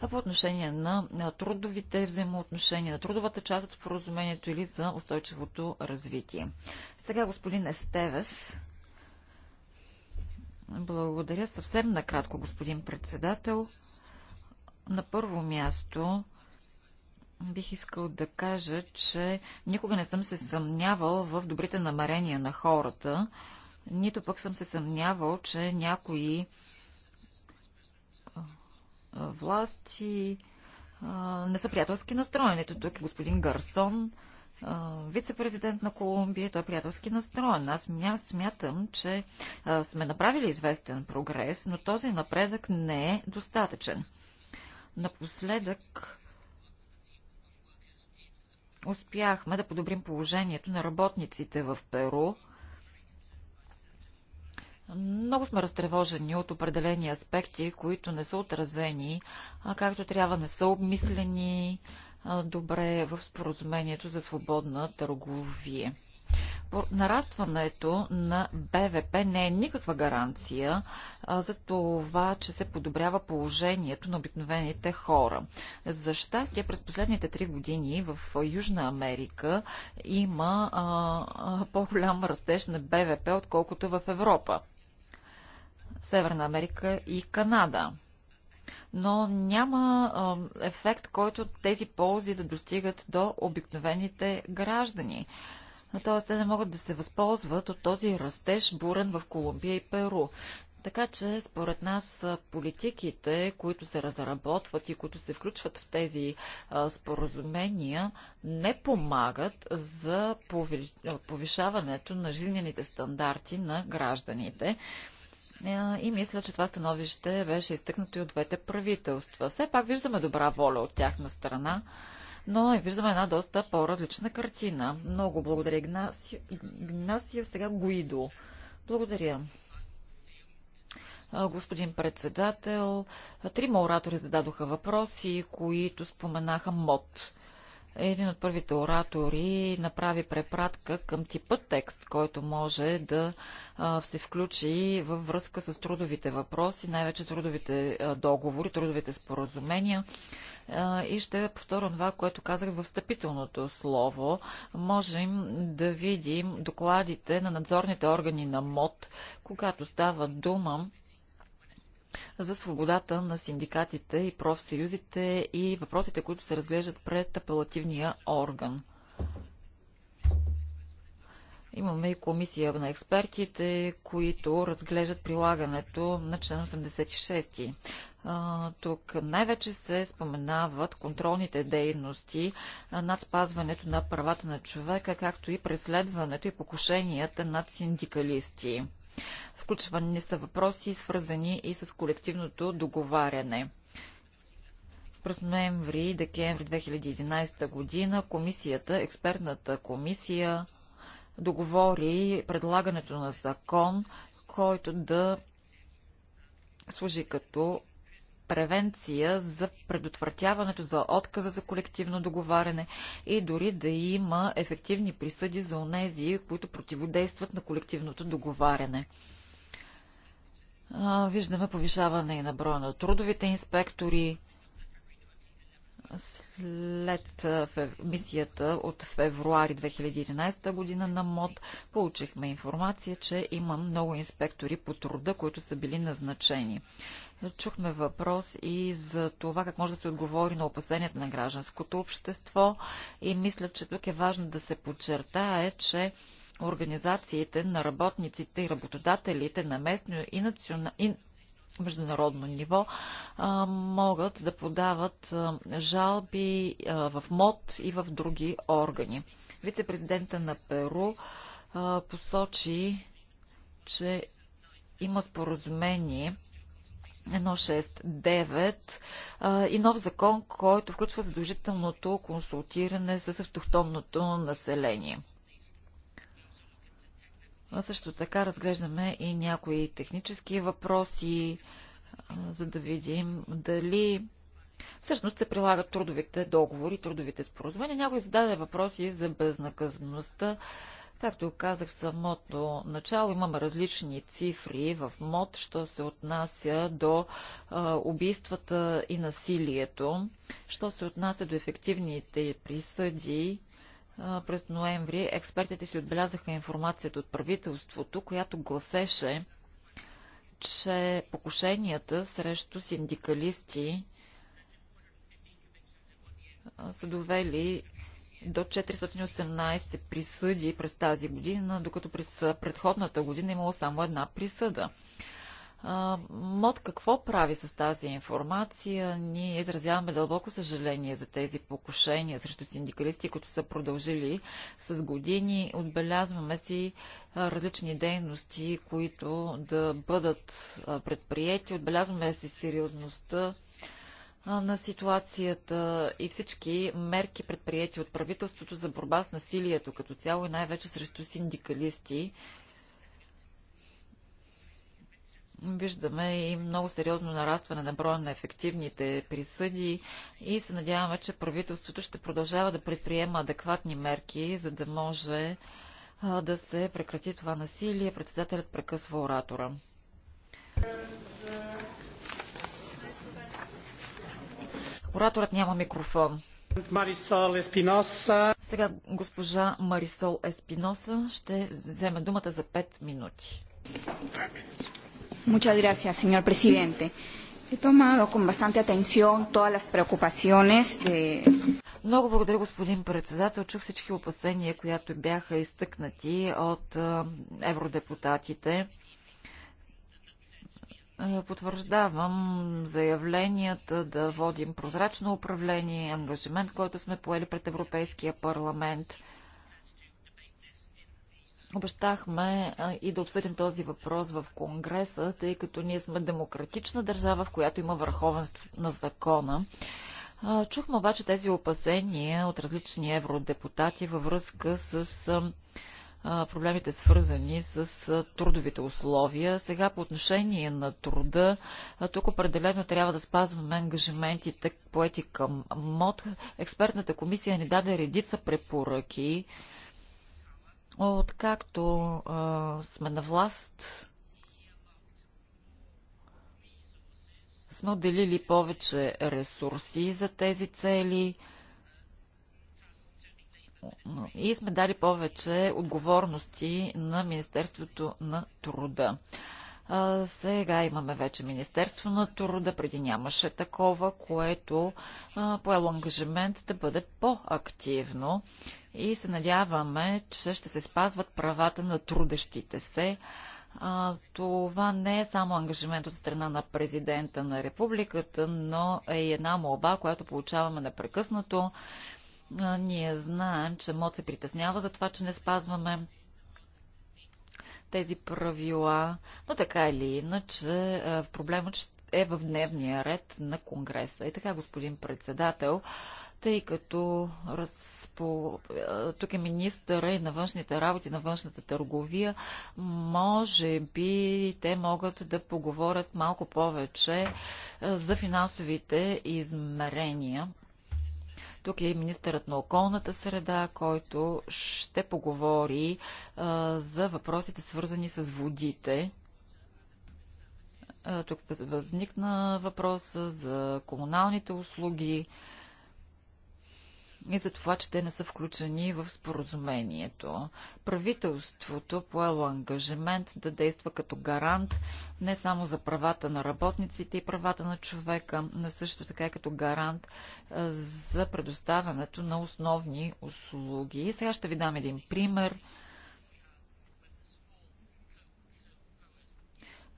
а по отношение на трудовите взаимоотношения, на трудовата част от споразумението или за устойчивото развитие. Сега господин Естевес. Благодаря съвсем накратко, господин председател. На първо място бих искал да кажа, че никога не съм се съмнявал в добрите намерения на хората, нито пък съм се съмнявал, че някои власти не са приятелски настроени. Тук е господин Гарсон, вице-президент на Колумбия, той е приятелски настроен. Аз смятам, че сме направили известен прогрес, но този напредък не е достатъчен. Напоследък успяхме да подобрим положението на работниците в Перу – много сме разтревожени от определени аспекти, които не са отразени, а както трябва не са обмислени добре е в споразумението за свободна търговия. Нарастването на БВП не е никаква гаранция за това, че се подобрява положението на обикновените хора. За щастие, през последните три години в Южна Америка има по-голям растеж на БВП, отколкото в Европа. Северна Америка и Канада. Но няма а, ефект, който тези ползи да достигат до обикновените граждани. Тоест, те не могат да се възползват от този растеж бурен в Колумбия и Перу. Така че, според нас, политиките, които се разработват и които се включват в тези а, споразумения, не помагат за повишаването на жизнените стандарти на гражданите. И мисля, че това становище беше изтъкнато и от двете правителства. Все пак виждаме добра воля от тяхна страна, но и виждаме една доста по-различна картина. Много благодаря Игнасио. сега Гуидо. Благодаря. Господин председател, трима оратори зададоха въпроси, които споменаха МОД един от първите оратори направи препратка към типа текст, който може да се включи във връзка с трудовите въпроси, най-вече трудовите договори, трудовите споразумения. И ще повторя това, което казах в встъпителното слово. Можем да видим докладите на надзорните органи на МОД, когато става дума за свободата на синдикатите и профсъюзите и въпросите, които се разглеждат пред апелативния орган. Имаме и комисия на експертите, които разглеждат прилагането на член 86. Тук най-вече се споменават контролните дейности над спазването на правата на човека, както и преследването и покушенията над синдикалисти. Включвани са въпроси, свързани и с колективното договаряне. През ноември и декември 2011 година комисията, експертната комисия, договори предлагането на закон, който да служи като превенция за предотвратяването за отказа за колективно договаряне и дори да има ефективни присъди за онези, които противодействат на колективното договаряне. Виждаме повишаване и на броя на трудовите инспектори, след мисията от февруари 2011 година на МОД получихме информация, че има много инспектори по труда, които са били назначени. Чухме въпрос и за това как може да се отговори на опасенията на гражданското общество и мисля, че тук е важно да се подчертае, че организациите на работниците и работодателите на местно и, национ... и международно ниво, могат да подават жалби в МОД и в други органи. Вице-президента на Перу посочи, че има споразумение 169 и нов закон, който включва задължителното консултиране с автохтонното население. Но също така разглеждаме и някои технически въпроси, за да видим дали всъщност се прилагат трудовите договори, трудовите споразумения. Някой зададе въпроси за безнаказаността. Както казах в самото начало, имаме различни цифри в МОД, що се отнася до а, убийствата и насилието, що се отнася до ефективните присъди през ноември експертите си отбелязаха информацията от правителството, която гласеше, че покушенията срещу синдикалисти са довели до 418 присъди през тази година, докато през предходната година имало само една присъда. МОД какво прави с тази информация? Ние изразяваме дълбоко съжаление за тези покушения срещу синдикалисти, които са продължили с години. Отбелязваме си различни дейности, които да бъдат предприяти. Отбелязваме си сериозността на ситуацията и всички мерки предприяти от правителството за борба с насилието като цяло и най-вече срещу синдикалисти Виждаме и много сериозно нарастване на броя на ефективните присъди и се надяваме, че правителството ще продължава да предприема адекватни мерки, за да може да се прекрати това насилие. Председателят прекъсва оратора. Ораторът няма микрофон. Марисол Еспиноса. Сега госпожа Марисол Еспиноса ще вземе думата за 5 минути. 5 минути. Muchas gracias, señor presidente. He tomado con bastante atención todas las preocupaciones de... Много благодаря, господин председател. Чух всички опасения, които бяха изтъкнати от евродепутатите. Потвърждавам заявленията да водим прозрачно управление, ангажимент, който сме поели пред Европейския парламент – Обещахме и да обсъдим този въпрос в Конгреса, тъй като ние сме демократична държава, в която има върховенство на закона. Чухме обаче тези опасения от различни евродепутати във връзка с проблемите свързани с трудовите условия. Сега по отношение на труда, тук определено трябва да спазваме ангажиментите поети към МОД. Експертната комисия ни даде редица препоръки. Откакто а, сме на власт, сме отделили повече ресурси за тези цели и сме дали повече отговорности на Министерството на труда. А, сега имаме вече Министерство на труда, преди нямаше такова, което а, поело ангажимент да бъде по-активно и се надяваме, че ще се спазват правата на трудещите се. А, това не е само ангажимент от страна на президента на републиката, но е и една молба, която получаваме непрекъснато. А, ние знаем, че МОД се притеснява за това, че не спазваме тези правила, но така или иначе проблемът е в дневния ред на Конгреса. И така, господин председател, тъй като раз по... Тук е министъра и на външните работи, на външната търговия. Може би те могат да поговорят малко повече за финансовите измерения. Тук е министърът на околната среда, който ще поговори а, за въпросите свързани с водите. А, тук възникна въпроса за комуналните услуги. А, и за това, че те не са включени в споразумението. Правителството поело ангажимент да действа като гарант не само за правата на работниците и правата на човека, но също така и като гарант за предоставянето на основни услуги. Сега ще ви дам един пример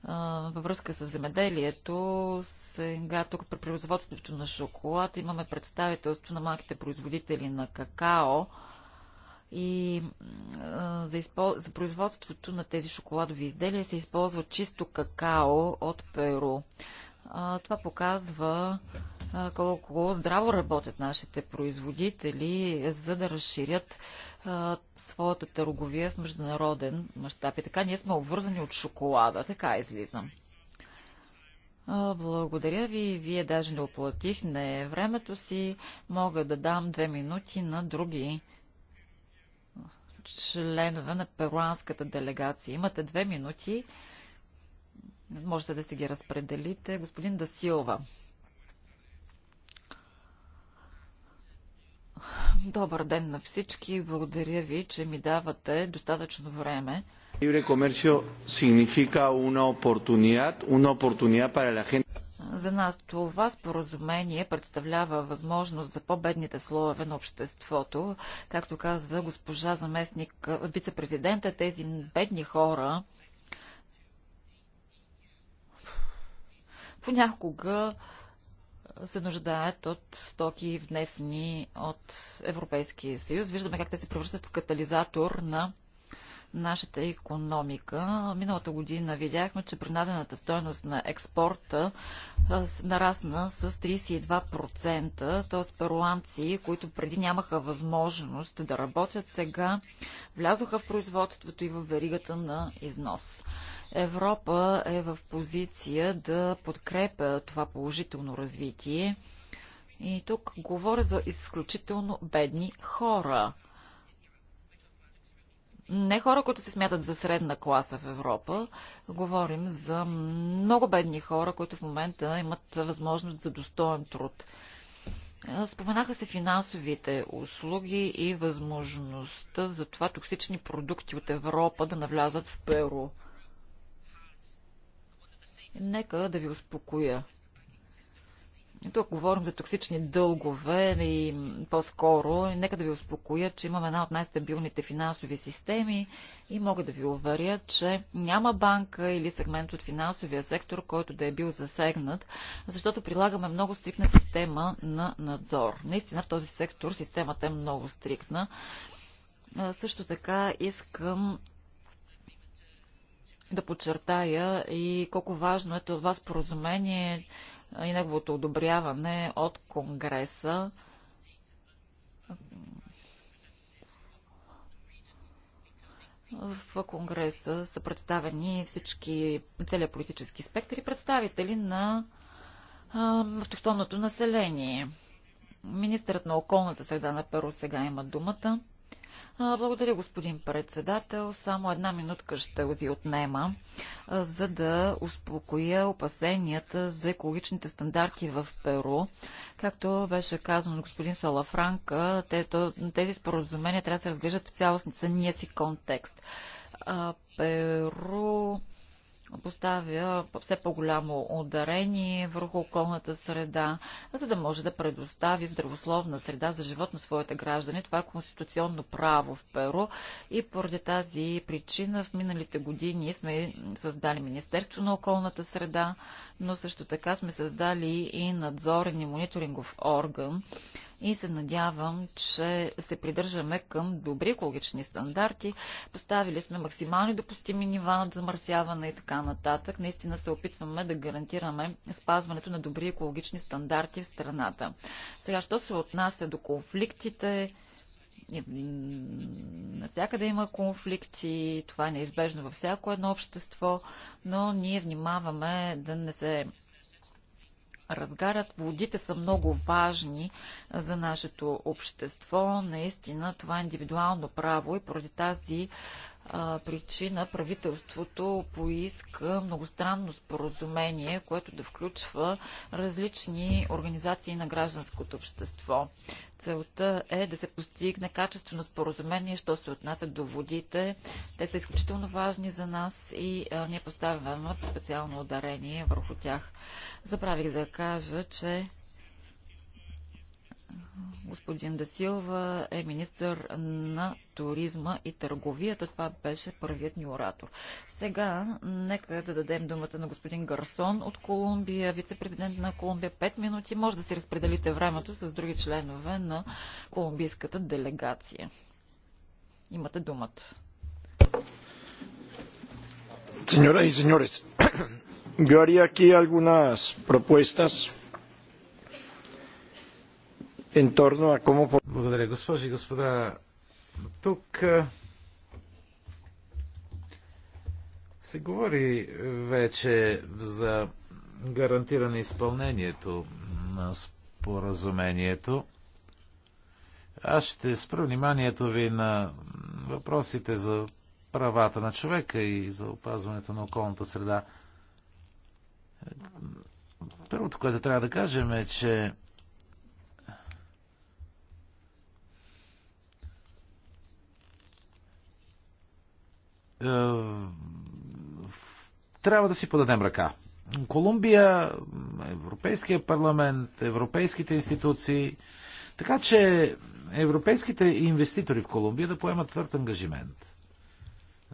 във връзка с земеделието, сега тук при производството на шоколад имаме представителство на малките производители на какао и за, изпол... за производството на тези шоколадови изделия се използва чисто какао от Перу. това показва колко здраво работят нашите производители, за да разширят своята търговия в международен мащаб. И така ние сме обвързани от шоколада. Така излизам. благодаря ви. Вие даже не оплатих на е времето си. Мога да дам две минути на други членове на перуанската делегация. Имате две минути. Можете да си ги разпределите. Господин Дасилва. Добър ден на всички. Благодаря ви, че ми давате достатъчно време. Libre comercio significa una oportunidad, una oportunidad para la gente. За нас това споразумение представлява възможност за по-бедните слоеве на обществото. Както каза госпожа заместник вице-президента, тези бедни хора понякога се нуждаят от стоки внесени от Европейския съюз. Виждаме как те се превръщат в катализатор на нашата економика. Миналата година видяхме, че принадената стоеност на експорта нарасна с 32%, т.е. перуанци, които преди нямаха възможност да работят, сега влязоха в производството и в веригата на износ. Европа е в позиция да подкрепя това положително развитие. И тук говоря за изключително бедни хора не хора, които се смятат за средна класа в Европа. Говорим за много бедни хора, които в момента имат възможност за достоен труд. Споменаха се финансовите услуги и възможността за това токсични продукти от Европа да навлязат в Перу. Нека да ви успокоя. Тук говорим за токсични дългове и по-скоро. Нека да ви успокоя, че имаме една от най-стабилните финансови системи и мога да ви уверя, че няма банка или сегмент от финансовия сектор, който да е бил засегнат, защото прилагаме много стрикна система на надзор. Наистина в този сектор системата е много стрикна. Също така искам да подчертая и колко важно е това споразумение и неговото одобряване от Конгреса. В Конгреса са представени всички, целият политически спектър и представители на автохтонното население. Министърът на околната среда на Перу сега има думата. Благодаря, господин председател. Само една минутка ще ви отнема, за да успокоя опасенията за екологичните стандарти в Перу. Както беше казано господин Салафранка, тези споразумения трябва да се разглеждат в цялостния си контекст. Перу поставя все по-голямо ударение върху околната среда, за да може да предостави здравословна среда за живот на своите граждани. Това е конституционно право в Перу и поради тази причина в миналите години сме създали Министерство на околната среда, но също така сме създали и надзорен и мониторингов орган, и се надявам, че се придържаме към добри екологични стандарти. Поставили сме максимални допустими нива на замърсяване и така нататък. Наистина се опитваме да гарантираме спазването на добри екологични стандарти в страната. Сега, що се отнася до конфликтите, Навсякъде има конфликти, това е неизбежно във всяко едно общество, но ние внимаваме да не се разгарят. Водите са много важни за нашето общество. Наистина това е индивидуално право и поради тази причина правителството поиска многостранно споразумение, което да включва различни организации на гражданското общество. Целта е да се постигне качествено споразумение, що се отнася до водите. Те са изключително важни за нас и а, ние поставяме специално ударение върху тях. Забравих да кажа, че господин Дасилва, е министър на туризма и търговията. Това беше първият ни оратор. Сега нека да дадем думата на господин Гарсон от Колумбия, вице-президент на Колумбия. Пет минути. Може да си разпределите времето с други членове на колумбийската делегация. Имате думата. Сеньора и señores, yo haría aquí algunas propuestas en torno a cómo... Благодаря, госпожи и господа. Тук се говори вече за гарантиране изпълнението на споразумението. Аз ще спра вниманието ви на въпросите за правата на човека и за опазването на околната среда. Първото, което трябва да кажем е, че Е, трябва да си подадем ръка. Колумбия, Европейския парламент, европейските институции. Така че европейските инвеститори в Колумбия да поемат твърд ангажимент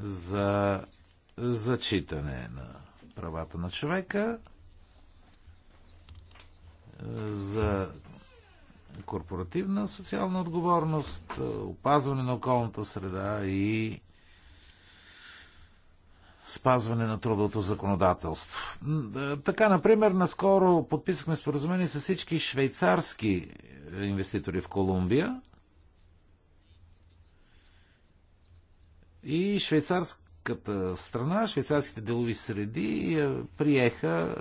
за зачитане на правата на човека, за корпоративна социална отговорност, опазване на околната среда и спазване на трудовото законодателство. Е, така, например, наскоро подписахме споразумение с всички швейцарски е, инвеститори в Колумбия и швейцарската страна, швейцарските делови среди е, приеха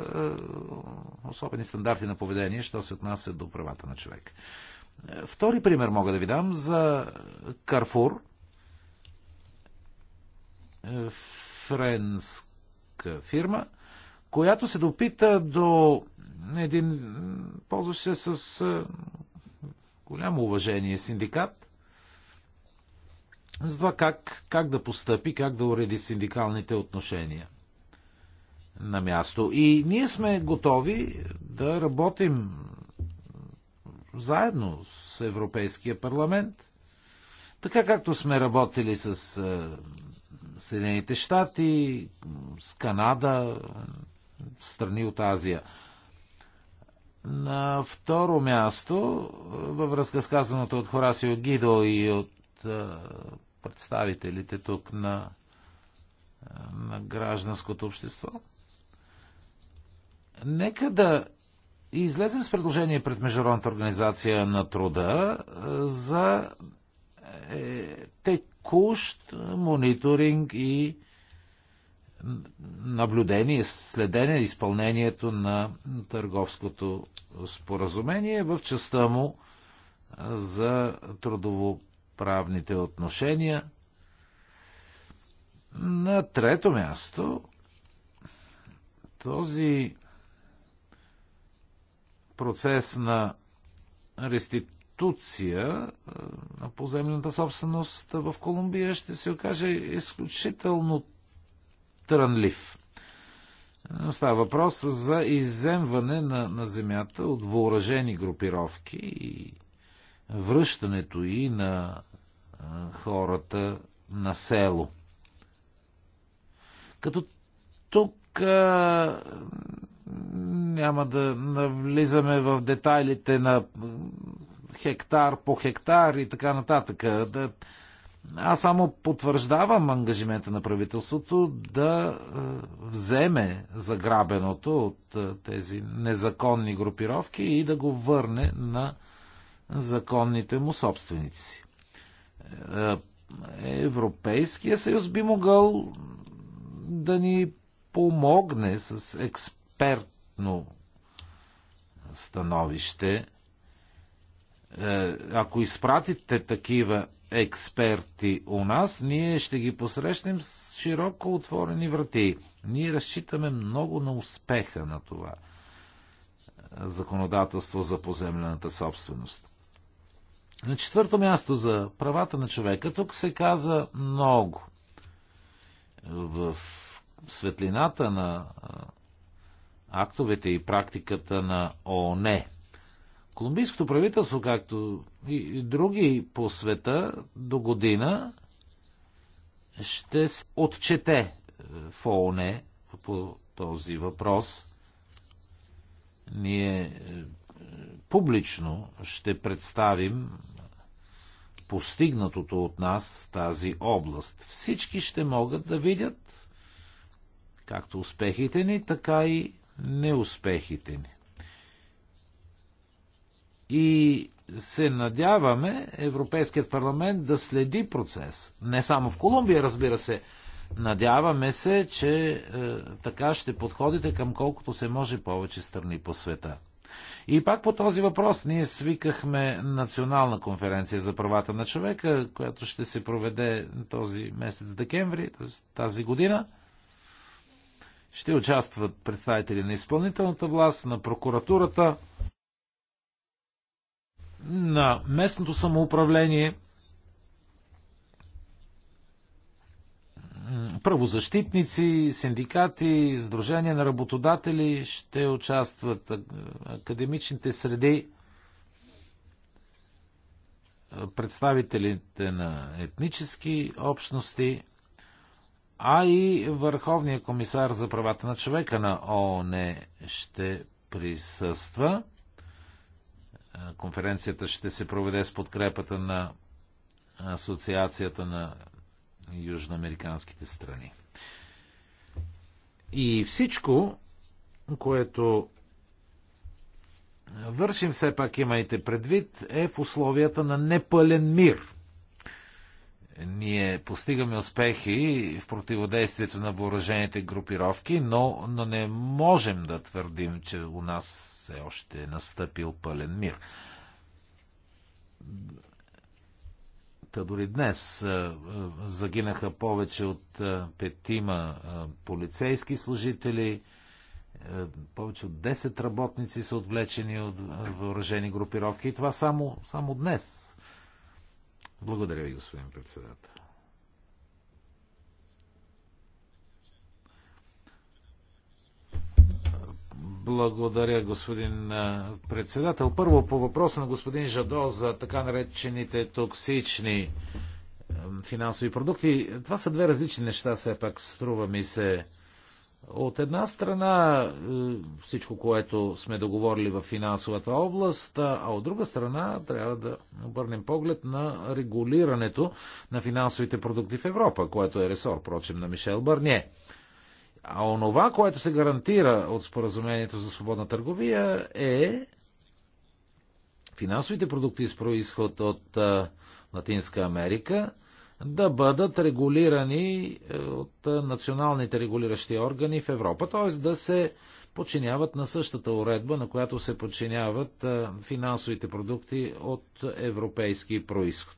особени стандарти на поведение, що се отнася до правата на човек. Втори пример мога да ви дам за Карфур френска фирма, която се допита до един, ползваше се с голямо уважение синдикат, за това как, как да постъпи, как да уреди синдикалните отношения на място. И ние сме готови да работим заедно с Европейския парламент, така както сме работили с Съединените щати, с Канада, страни от Азия. На второ място, във връзка с казаното от Хорасио Гидо и от представителите тук на, на гражданското общество, нека да излезем с предложение пред Международната организация на труда за е текущ мониторинг и наблюдение, следене изпълнението на търговското споразумение в частта му за трудовоправните отношения. На трето място този процес на рестит институция на поземлената собственост в Колумбия ще се окаже изключително трънлив. Става въпрос за иземване на, на земята от въоръжени групировки и връщането и на хората на село. Като тук а, няма да навлизаме в детайлите на хектар по хектар и така нататък. Да, аз само потвърждавам ангажимента на правителството да е, вземе заграбеното от е, тези незаконни групировки и да го върне на законните му собственици е, Европейския съюз би могъл да ни помогне с експертно становище е, ако изпратите такива експерти у нас, ние ще ги посрещнем с широко отворени врати. Ние разчитаме много на успеха на това законодателство за поземлената собственост. На четвърто място за правата на човека тук се каза много. В светлината на актовете и практиката на ОНЕ. Колумбийското правителство, както и други по света, до година ще отчете в е, ООН по този въпрос. Ние е, публично ще представим постигнатото от нас тази област. Всички ще могат да видят както успехите ни, така и неуспехите ни и се надяваме Европейският парламент да следи процес. Не само в Колумбия, разбира се. Надяваме се, че е, така ще подходите към колкото се може повече страни по света. И пак по този въпрос ние свикахме национална конференция за правата на човека, която ще се проведе този месец декември, тази година. Ще участват представители на изпълнителната власт, на прокуратурата, на местното самоуправление, правозащитници, синдикати, сдружения на работодатели ще участват, академичните среди, представителите на етнически общности, а и Върховния комисар за правата на човека на ООН ще присъства. Конференцията ще се проведе с подкрепата на Асоциацията на южноамериканските страни. И всичко, което вършим, все пак имайте предвид, е в условията на непълен мир. Ние постигаме успехи в противодействието на въоръжените групировки, но, но не можем да твърдим, че у нас все още е настъпил пълен мир. Та дори днес загинаха повече от петима полицейски служители, повече от 10 работници са отвлечени от въоръжени групировки и това само, само днес, благодаря ви, господин председател. Благодаря, господин председател. Първо по въпроса на господин Жадо за така наречените токсични финансови продукти. Това са две различни неща, все пак струва ми се. От една страна е, всичко, което сме договорили в финансовата област, а от друга страна трябва да обърнем поглед на регулирането на финансовите продукти в Европа, което е ресор, прочим, на Мишел Барние. А онова, което се гарантира от споразумението за свободна търговия е финансовите продукти с происход от Латинска Америка – да бъдат регулирани е, от е, националните регулиращи органи в Европа, т.е. да се подчиняват на същата уредба, на която се подчиняват е, финансовите продукти от европейски происход.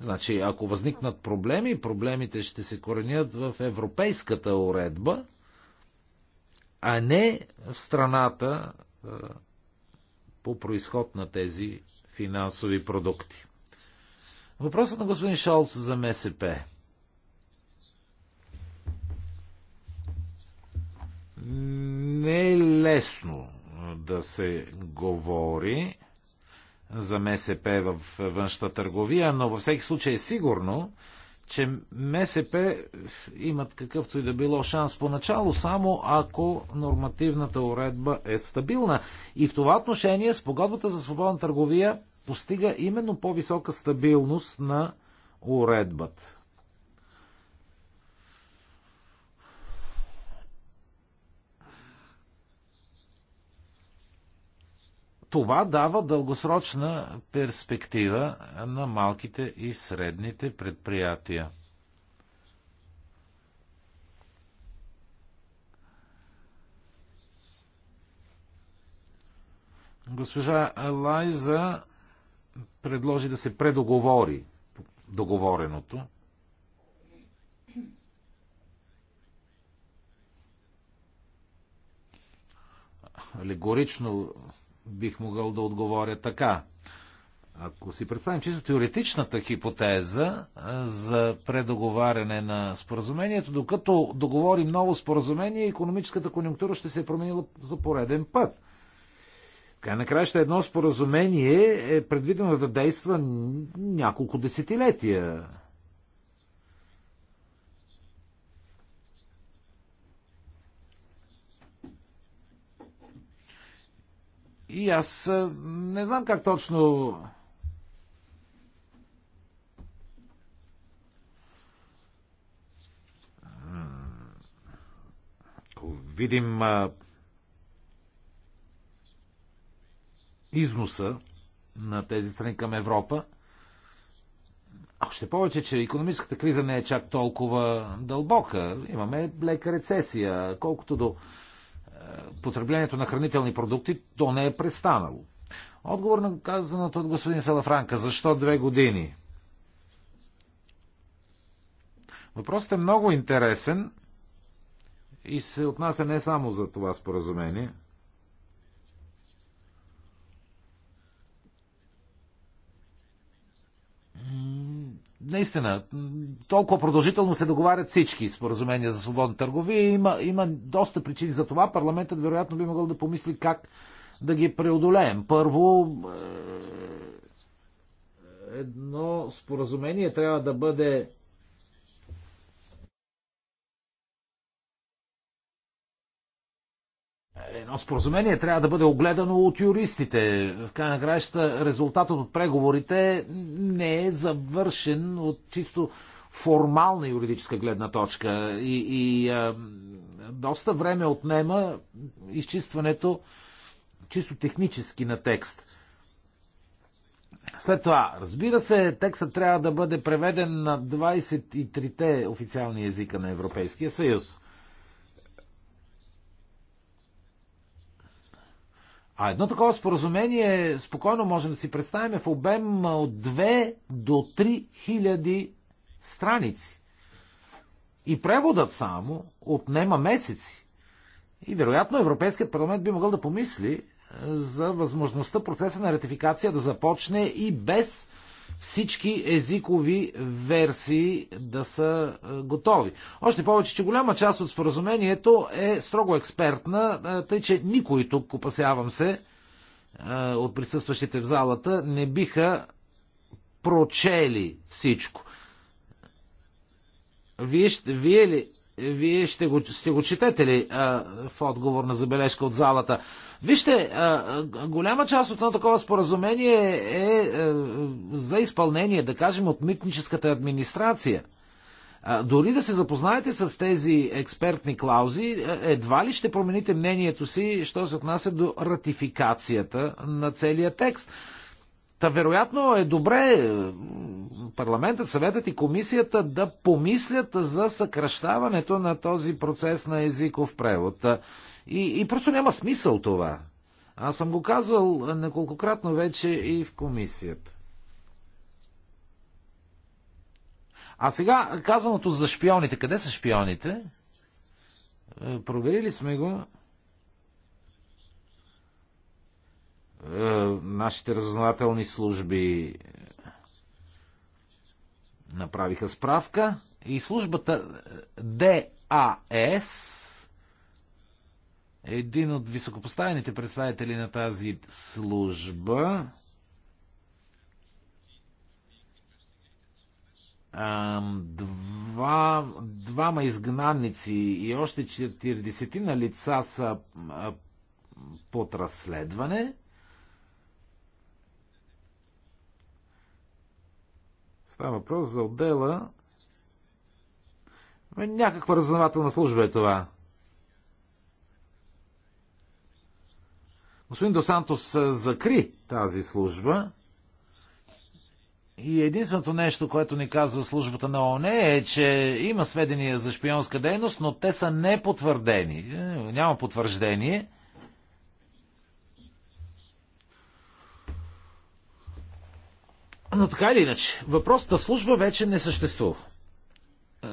Значи, ако възникнат проблеми, проблемите ще се коренят в европейската уредба, а не в страната по происход на тези финансови продукти. Въпросът на господин Шолц за МСП. Не е лесно да се говори за МСП в външната търговия, но във всеки случай е сигурно, че МСП имат какъвто и да било шанс поначало, само ако нормативната уредба е стабилна. И в това отношение спогодбата за свободна търговия постига именно по-висока стабилност на уредбата. това дава дългосрочна перспектива на малките и средните предприятия. Госпожа Лайза предложи да се предоговори договореното. Алегорично бих могъл да отговоря така. Ако си представим чисто теоретичната хипотеза за предоговаряне на споразумението, докато договорим ново споразумение, економическата конъюнктура ще се е променила за пореден път край на краща едно споразумение е предвидено да действа няколко десетилетия. И аз не знам как точно видим износа на тези страни към Европа. Още повече, че економическата криза не е чак толкова дълбока. Имаме лека рецесия. Колкото до е, потреблението на хранителни продукти, то не е престанало. Отговор на казаното от господин Салафранка. Защо две години? Въпросът е много интересен и се отнася не само за това споразумение – наистина, толкова продължително се договарят всички споразумения за свободна търговия. Има, има доста причини за това. Парламентът вероятно би могъл да помисли как да ги преодолеем. Първо, е, едно споразумение трябва да бъде едно споразумение трябва да бъде огледано от юристите. В крайна краища резултатът от преговорите не е завършен от чисто формална юридическа гледна точка. И, и а, доста време отнема изчистването чисто технически на текст. След това, разбира се, текстът трябва да бъде преведен на 23-те официални езика на Европейския съюз. А едно такова споразумение, спокойно можем да си представим, в обем от 2 до 3 хиляди страници. И преводът само отнема месеци. И вероятно Европейският парламент би могъл да помисли за възможността процеса на ратификация да започне и без всички езикови версии да са е, готови. Още повече, че голяма част от споразумението е строго експертна, е, тъй че никой тук, опасявам се, е, от присъстващите в залата, не биха прочели всичко. Вие, вие ли вие ще го, сте го четете ли а, в отговор на забележка от залата? Вижте, а, голяма част от едно такова споразумение е а, е, е, за изпълнение, да кажем, от митническата администрация. А, дори да се запознаете с тези експертни клаузи, е, едва ли ще промените мнението си, що се отнася до ратификацията на целия текст. Та вероятно е добре е, парламентът, съветът и комисията да помислят за съкръщаването на този процес на езиков превод. Е, и, и просто няма смисъл това. Аз съм го казвал неколкократно вече и в комисията. А сега казаното за шпионите. Къде са шпионите? Е, проверили сме го. Е, нашите разузнавателни служби направиха справка и службата ДАС един от високопоставените представители на тази служба два, двама изгнанници и още 40 на лица са под разследване – Става въпрос за отдела. Някаква разузнавателна служба е това. Господин Досантос закри тази служба. И единственото нещо, което ни казва службата на ОНЕ е, че има сведения за шпионска дейност, но те са непотвърдени. Е, няма потвърждение. Но така или иначе, въпросната служба вече не съществува. Е,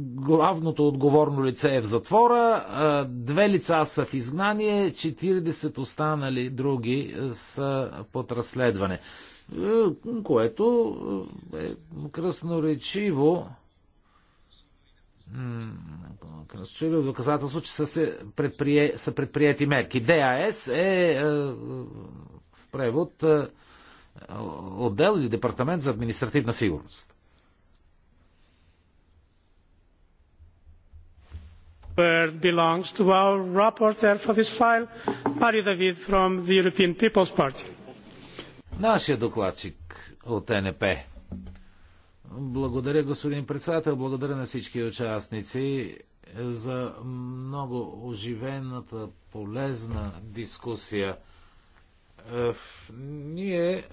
главното отговорно лице е в затвора, е, две лица са в изгнание, 40 останали други са под разследване. Е, което е кръсноречиво красноречиво доказателство, че са, се предприе, са предприяти мерки. ДАС е, в превод отдел или департамент за административна сигурност. Bird belongs to our rapporteur for this file, Mari David from the European People's Party. Нашия докладчик от НП. Благодаря, господин председател, благодаря на всички участници за много оживената, полезна дискусия. Е, ние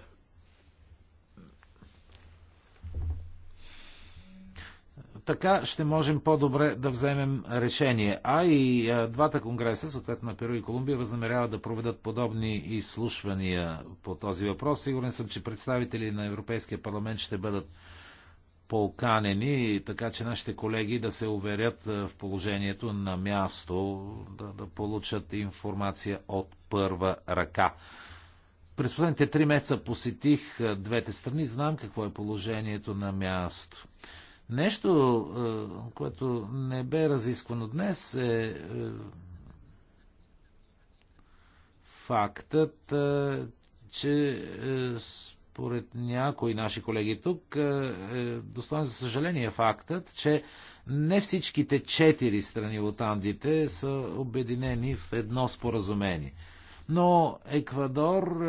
Така ще можем по-добре да вземем решение. А и е, двата конгреса, съответно на Перу и Колумбия, възнамеряват да проведат подобни изслушвания по този въпрос. Сигурен съм, че представители на Европейския парламент ще бъдат полканени, така че нашите колеги да се уверят е, в положението на място, да, да получат информация от първа ръка. През последните три месеца посетих е, двете страни, знам какво е положението на място. Нещо, е, което не бе разисквано днес е, е фактът, е, че според някои наши колеги тук е достоен за съжаление фактът, че не всичките четири страни от Андите са обединени в едно споразумение. Но Еквадор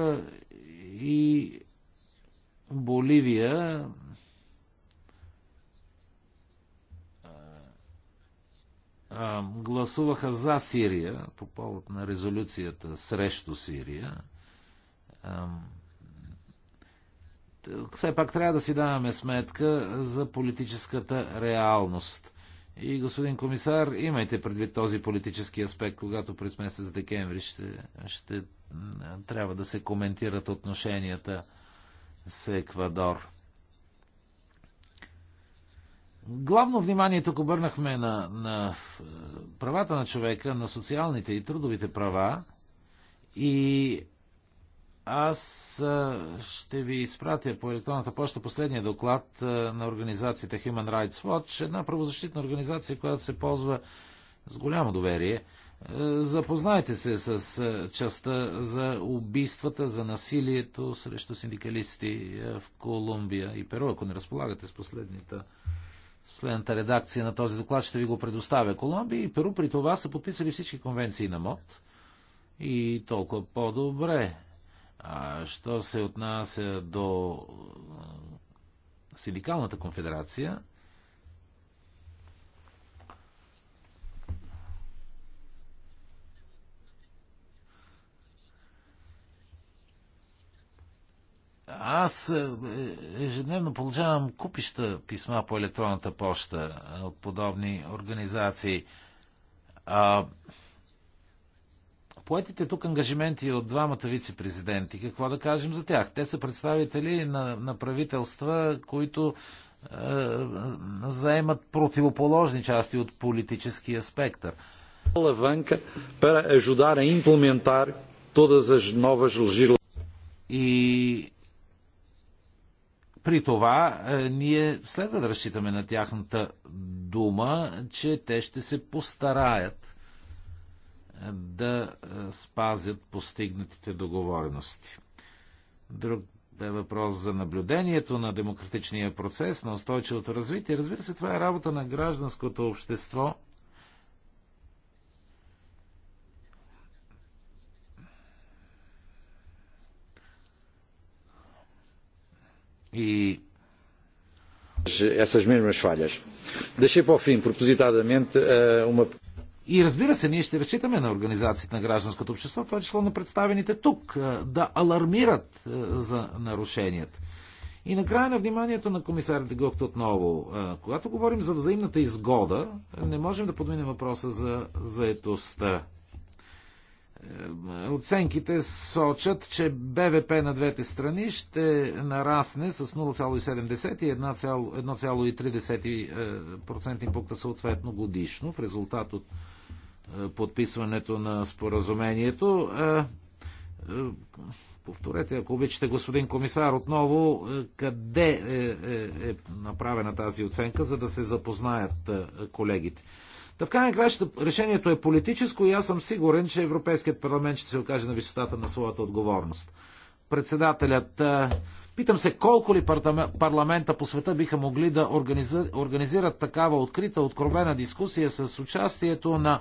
и Боливия гласуваха за Сирия по повод на резолюцията срещу Сирия. все пак трябва да си даваме сметка за политическата реалност. И, господин комисар, имайте предвид този политически аспект, когато през месец декември ще, ще трябва да се коментират отношенията с Еквадор. Главно внимание тук обърнахме на, на е, правата на човека, на социалните и трудовите права и аз е, ще ви изпратя по електронната почта последния доклад е, на организацията Human Rights Watch, една правозащитна организация, която се ползва с голямо доверие. Запознайте се с частта за убийствата, за насилието срещу синдикалисти в Колумбия и Перу, ако не разполагате с последните Следната редакция на този доклад ще ви го предоставя. Колумбия и Перу при това са подписали всички конвенции на МОД. И толкова по-добре. А що се отнася до Синдикалната конфедерация, Аз е, е, ежедневно получавам купища писма по електронната почта от подобни организации. А, поетите тук ангажименти от двамата вице-президенти, какво да кажем за тях? Те са представители на, на правителства, които е, заемат противоположни части от политическия спектър. Алаванка para ajudar a implementar todas as novas legislações. И при това е, ние следва да разчитаме на тяхната дума, че те ще се постараят е, да е, спазят постигнатите договорености. Друг е въпрос за наблюдението на демократичния процес, на устойчивото развитие. Разбира се, това е работа на гражданското общество – E essas mesmas falhas. Deixei para o fim, propositadamente, eh, uma. И e разбира се, ние ще разчитаме на организациите на гражданското общество, това число на представените тук, е, да алармират е, за нарушенията. И накрая на вниманието на комисарите Гохт отново. Е, когато говорим за взаимната изгода, не можем да подминем въпроса за заетостта. Е, оценките сочат, че БВП на двете страни ще нарасне с 0,70 и 1,3% е, пункта съответно годишно в резултат от е, подписването на споразумението. Повторете, ако обичате, господин комисар, отново къде е, е, е направена тази оценка, за да се запознаят колегите. Та в крайна краща решението е политическо и аз съм сигурен, че Европейският парламент ще се окаже на висотата на своята отговорност. Председателят, питам се колко ли парламента по света биха могли да организират такава открита, откровена дискусия с участието на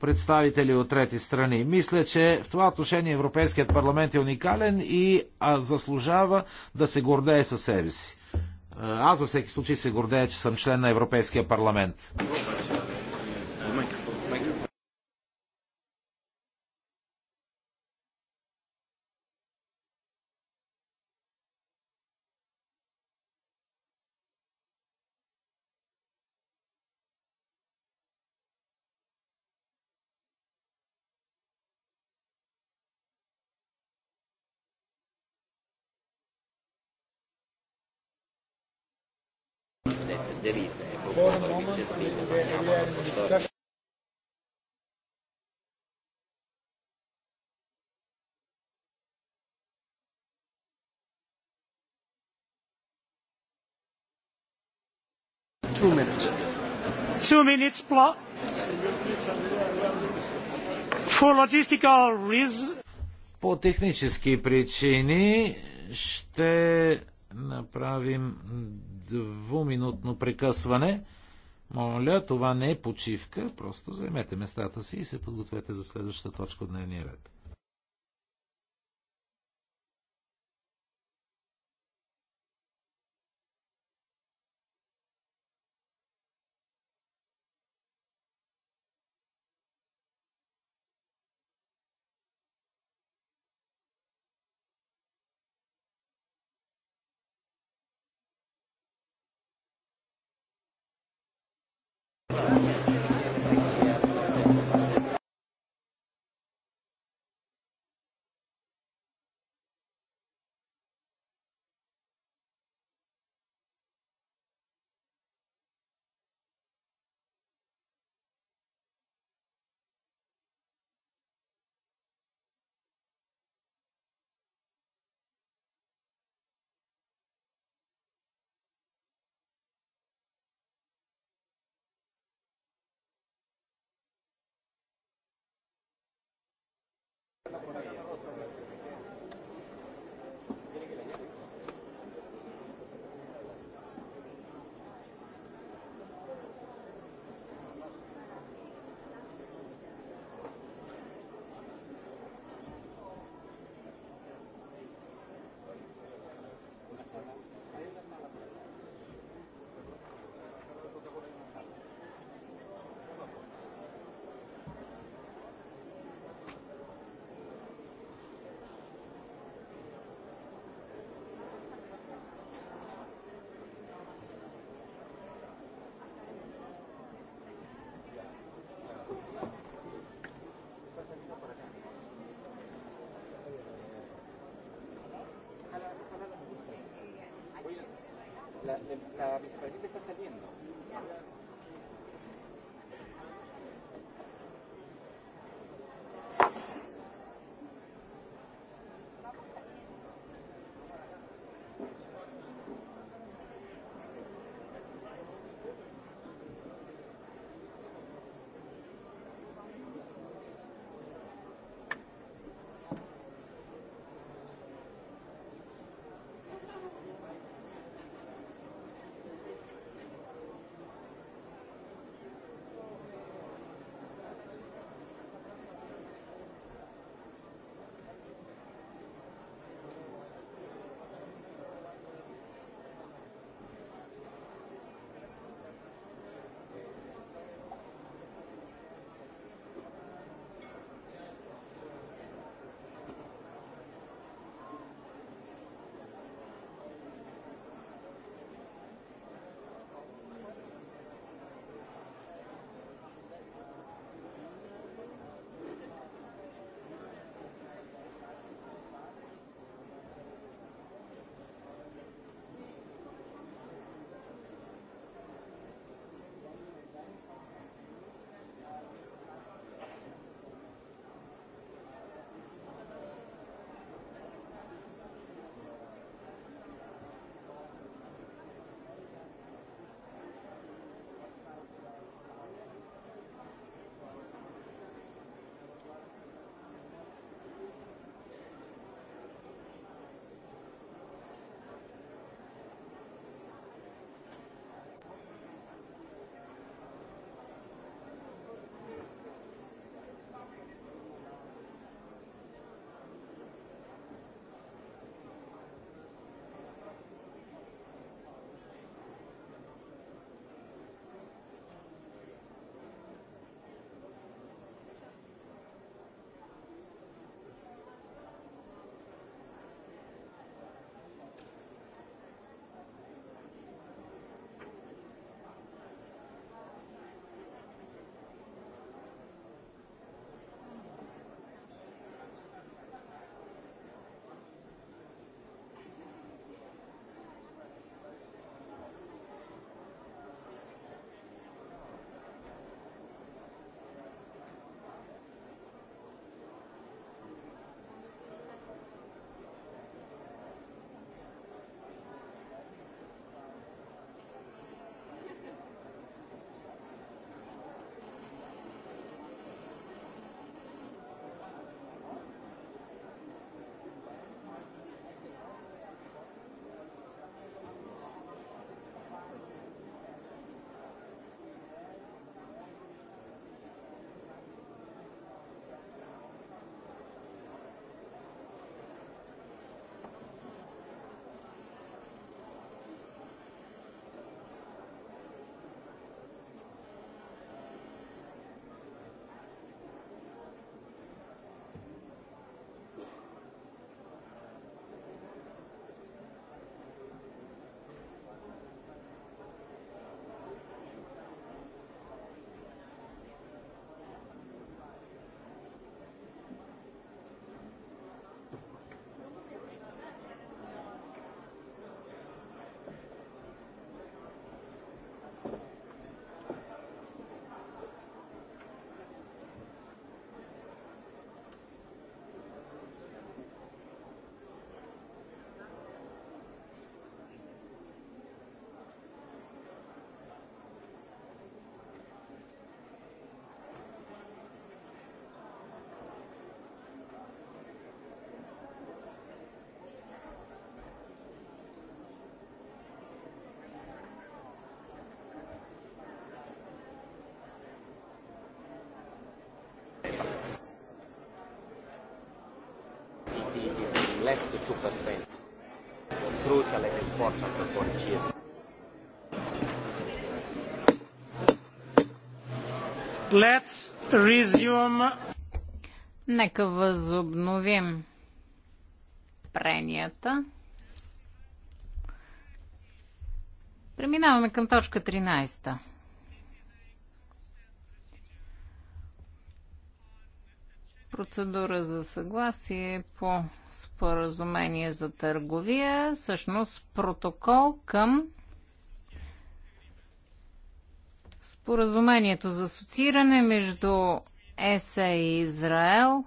представители от трети страни. Мисля, че в това отношение Европейският парламент е уникален и заслужава да се гордее със себе си. Аз във всеки случай се гордея, че съм член на Европейския парламент. two minutes. Two minutes plus. For logistical reasons. По технически причини ще направим двуминутно прекъсване. Моля, това не е почивка, просто займете местата си и се подгответе за следващата точка от дневния ред. la, la vicepresidenta está saliendo. less to 2%. percent. Crucial and important for GSP. Let's resume. Нека възобновим пренията. Преминаваме към точка 13. процедура за съгласие по споразумение за търговия, всъщност протокол към споразумението за асоцииране между ЕСА и Израел,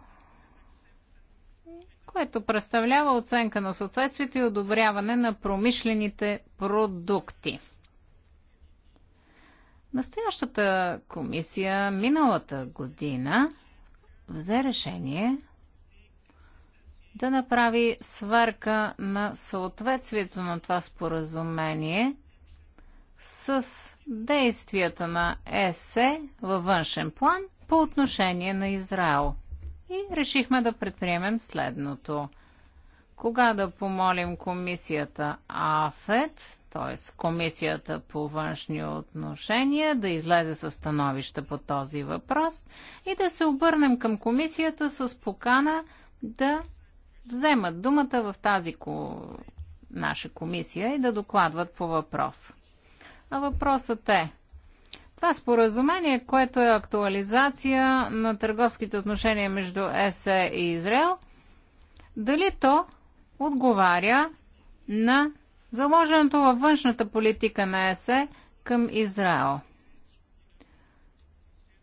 което представлява оценка на съответствието и одобряване на промишлените продукти. Настоящата комисия миналата година взе решение да направи сверка на съответствието на това споразумение с действията на ЕСЕ във външен план по отношение на Израел. И решихме да предприемем следното. Кога да помолим комисията АФЕТ т.е. Комисията по външни отношения, да излезе със становище по този въпрос и да се обърнем към Комисията с покана да вземат думата в тази ко... наша комисия и да докладват по въпроса. А въпросът е, това споразумение, което е актуализация на търговските отношения между ЕСЕ и Израел, дали то отговаря на заложеното във външната политика на ЕСЕ към Израел.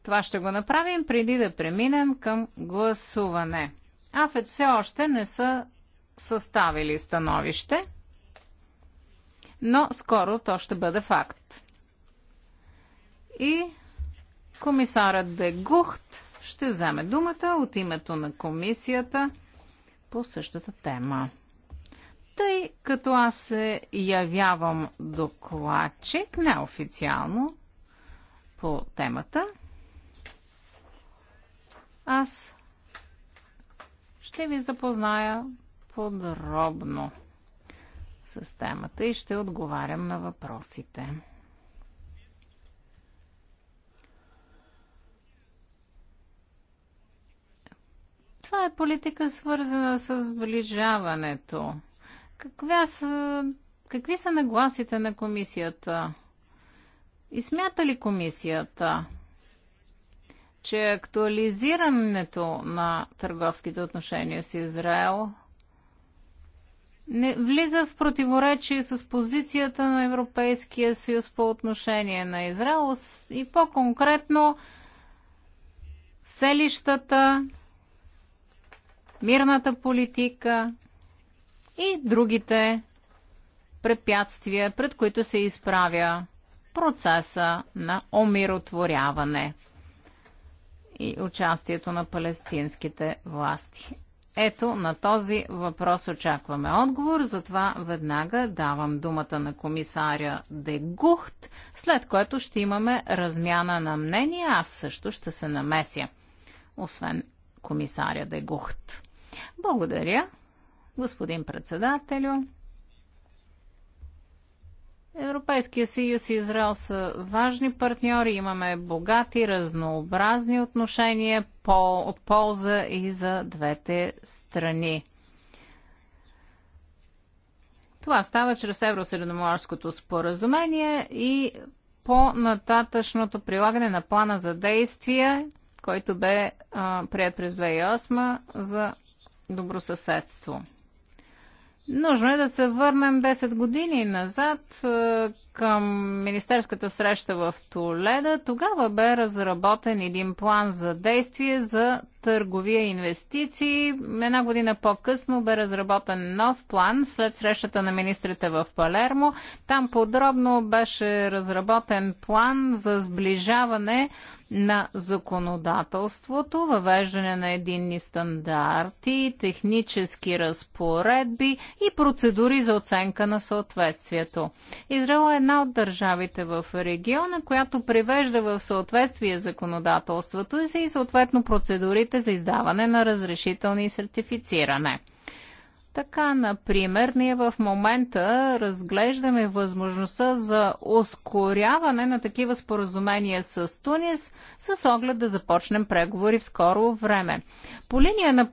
Това ще го направим преди да преминем към гласуване. Афет все още не са съставили становище, но скоро то ще бъде факт. И комисарът Дегухт ще вземе думата от името на комисията по същата тема. Тъй като аз се явявам докладчик, неофициално, по темата, аз ще ви запозная подробно с темата и ще отговарям на въпросите. Това е политика свързана с сближаването. Каква са, какви са нагласите на комисията? И смята ли комисията, че актуализирането на търговските отношения с Израел не влиза в противоречие с позицията на Европейския съюз по отношение на Израел и по-конкретно селищата, мирната политика, и другите препятствия, пред които се изправя процеса на омиротворяване и участието на палестинските власти. Ето на този въпрос очакваме отговор, затова веднага давам думата на комисаря Дегухт, след което ще имаме размяна на мнение, аз също ще се намеся, освен комисаря Дегухт. Благодаря. Господин председателю, Европейския съюз и Израел са важни партньори. Имаме богати, разнообразни отношения по, от полза и за двете страни. Това става чрез Евросредоморското споразумение и по-нататъчното прилагане на плана за действие, който бе прият през 2008 за добросъседство. Нужно е да се върнем 10 години назад е, към министерската среща в Толеда. Тогава бе разработен един план за действие за търговия и инвестиции. Една година по-късно бе разработен нов план след срещата на министрите в Палермо. Там подробно беше разработен план за сближаване на законодателството, въвеждане на единни стандарти, технически разпоредби и процедури за оценка на съответствието. Израел е една от държавите в региона, която привежда в съответствие законодателството и съответно процедурите сроковете за издаване на разрешителни и сертифициране. Така, например, ние в момента разглеждаме възможността за ускоряване на такива споразумения с Тунис, с оглед да започнем преговори в скоро време. По линия на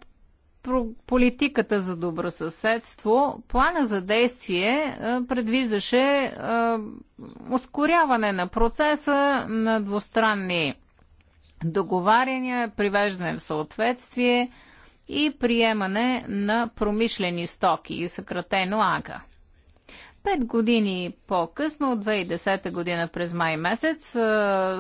политиката за добросъседство, плана за действие е, предвиждаше е, ускоряване на процеса на двустранни договаряне, привеждане в съответствие и приемане на промишлени стоки и съкратено АГА. Пет години по-късно, от 2010 година през май месец,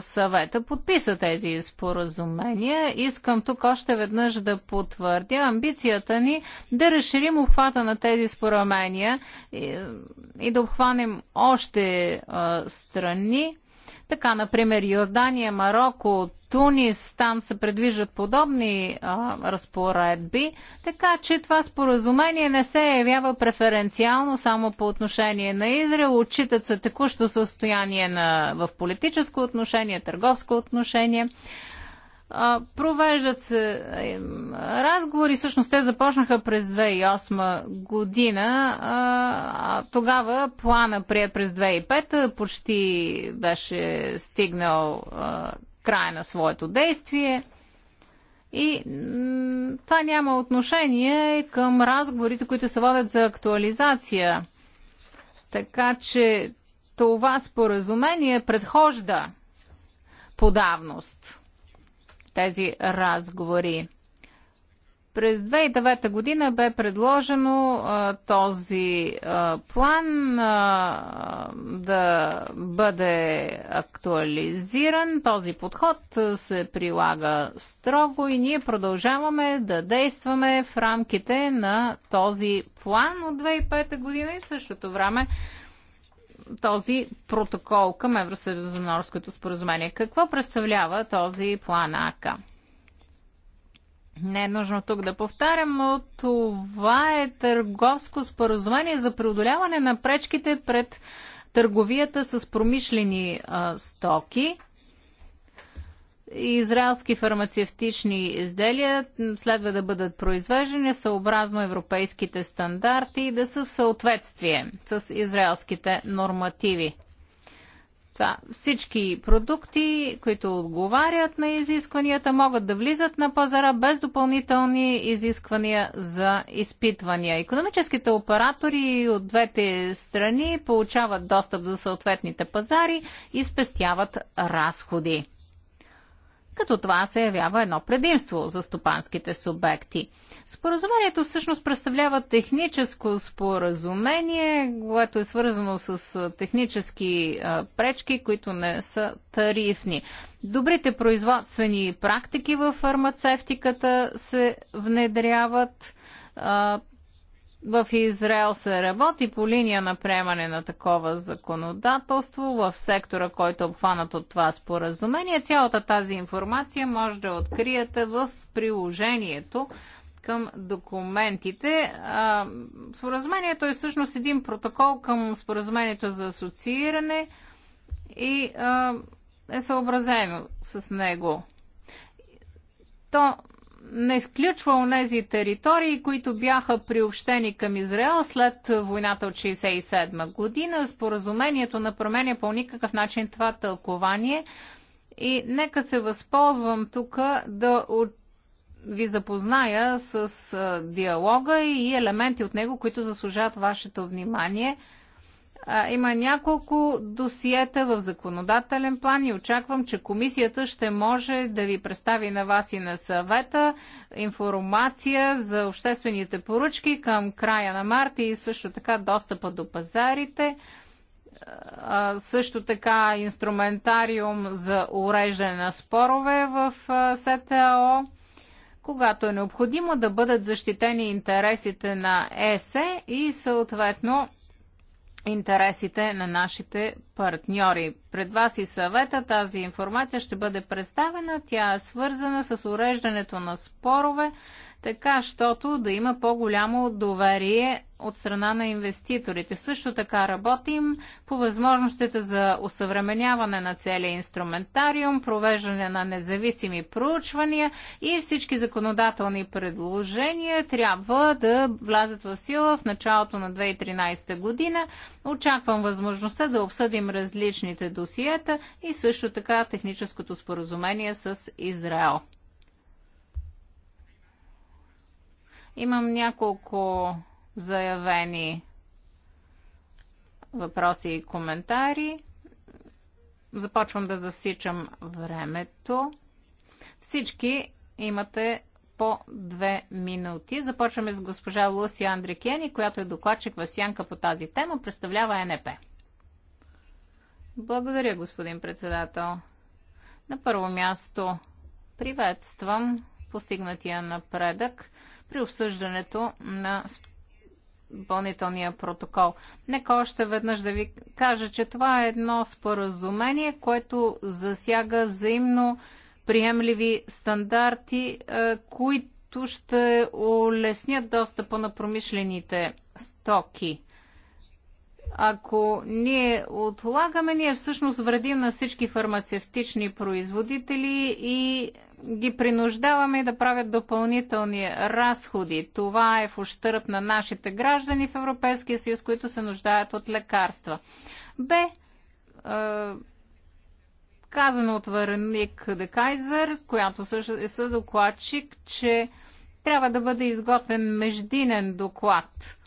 съвета подписа тези споразумения. Искам тук още веднъж да потвърдя амбицията ни да разширим обхвата на тези споразумения и, и да обхванем още а, страни така, например, Йордания, Марокко, Тунис, там се предвиждат подобни а, разпоредби, така че това споразумение не се явява преференциално само по отношение на Израел. Отчитат се текущо състояние на, в политическо отношение, търговско отношение провеждат се разговори, всъщност те започнаха през 2008 година, а тогава плана прият през 2005 почти беше стигнал края на своето действие. И това няма отношение към разговорите, които се водят за актуализация. Така че това споразумение предхожда подавност тези разговори. През 2009 година бе предложено а, този а, план а, да бъде актуализиран. Този подход се прилага строго и ние продължаваме да действаме в рамките на този план от 2005 година и в същото време този протокол към Евросъюзонорското споразумение. Какво представлява този план АКА? Не е нужно тук да повтарям, но това е търговско споразумение за преодоляване на пречките пред търговията с промишлени а, стоки – израелски фармацевтични изделия следва да бъдат произвеждани съобразно европейските стандарти и да са в съответствие с израелските нормативи. Това, всички продукти, които отговарят на изискванията, могат да влизат на пазара без допълнителни изисквания за изпитвания. Економическите оператори от двете страни получават достъп до съответните пазари и спестяват разходи като това се явява едно предимство за стопанските субекти. Споразумението всъщност представлява техническо споразумение, което е свързано с технически пречки, които не са тарифни. Добрите производствени практики в фармацевтиката се внедряват в Израел се работи по линия на приемане на такова законодателство в сектора, който е обхванат от това споразумение. Цялата тази информация може да откриете в приложението към документите. Споразумението е всъщност един протокол към споразумението за асоцииране и е съобразено с него. То не включва онези територии, които бяха приобщени към Израел след войната от 1967 година. Споразумението не променя по никакъв начин това тълкование. И нека се възползвам тук да ви запозная с диалога и елементи от него, които заслужават вашето внимание – а, има няколко досиета в законодателен план и очаквам, че комисията ще може да ви представи на вас и на съвета информация за обществените поръчки към края на март и също така достъпа до пазарите също така инструментариум за уреждане на спорове в СТО, когато е необходимо да бъдат защитени интересите на ЕСЕ и съответно интересите на нашите партньори. Пред вас и съвета тази информация ще бъде представена. Тя е свързана с уреждането на спорове така, щото да има по-голямо доверие от страна на инвеститорите. Също така работим по възможностите за усъвременяване на целия инструментариум, провеждане на независими проучвания и всички законодателни предложения трябва да влязат в сила в началото на 2013 година. Очаквам възможността да обсъдим различните досиета и също така техническото споразумение с Израел. Имам няколко заявени въпроси и коментари. Започвам да засичам времето. Всички имате по две минути. Започваме с госпожа Луси Андрекени, която е докладчик в Сянка по тази тема, представлява НП. Е Благодаря, господин председател. На първо място приветствам постигнатия напредък при обсъждането на изпълнителния протокол. Нека още веднъж да ви кажа, че това е едно споразумение, което засяга взаимно приемливи стандарти, е, които ще улеснят достъпа на промишлените стоки. Ако ние отлагаме, ние всъщност вредим на всички фармацевтични производители и ги принуждаваме да правят допълнителни разходи. Това е в ущърп на нашите граждани в Европейския съюз, които се нуждаят от лекарства. Б. Е, казано от Вероник Декайзер, която също е съдокладчик, че трябва да бъде изготвен междинен доклад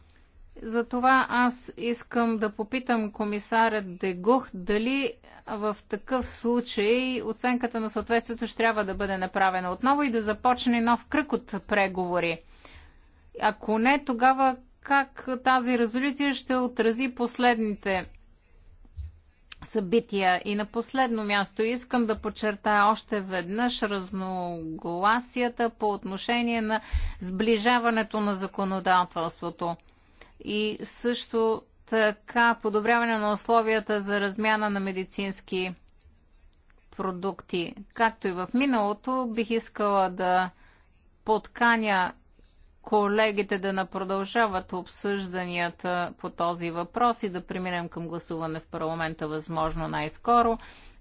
затова аз искам да попитам комисарят Дегух дали в такъв случай оценката на съответствието ще трябва да бъде направена отново и да започне нов кръг от преговори. Ако не, тогава как тази резолюция ще отрази последните събития. И на последно място искам да подчертая още веднъж разногласията по отношение на сближаването на законодателството и също така подобряване на условията за размяна на медицински продукти. Както и в миналото, бих искала да подканя колегите да напродължават обсъжданията по този въпрос и да преминем към гласуване в парламента възможно най-скоро.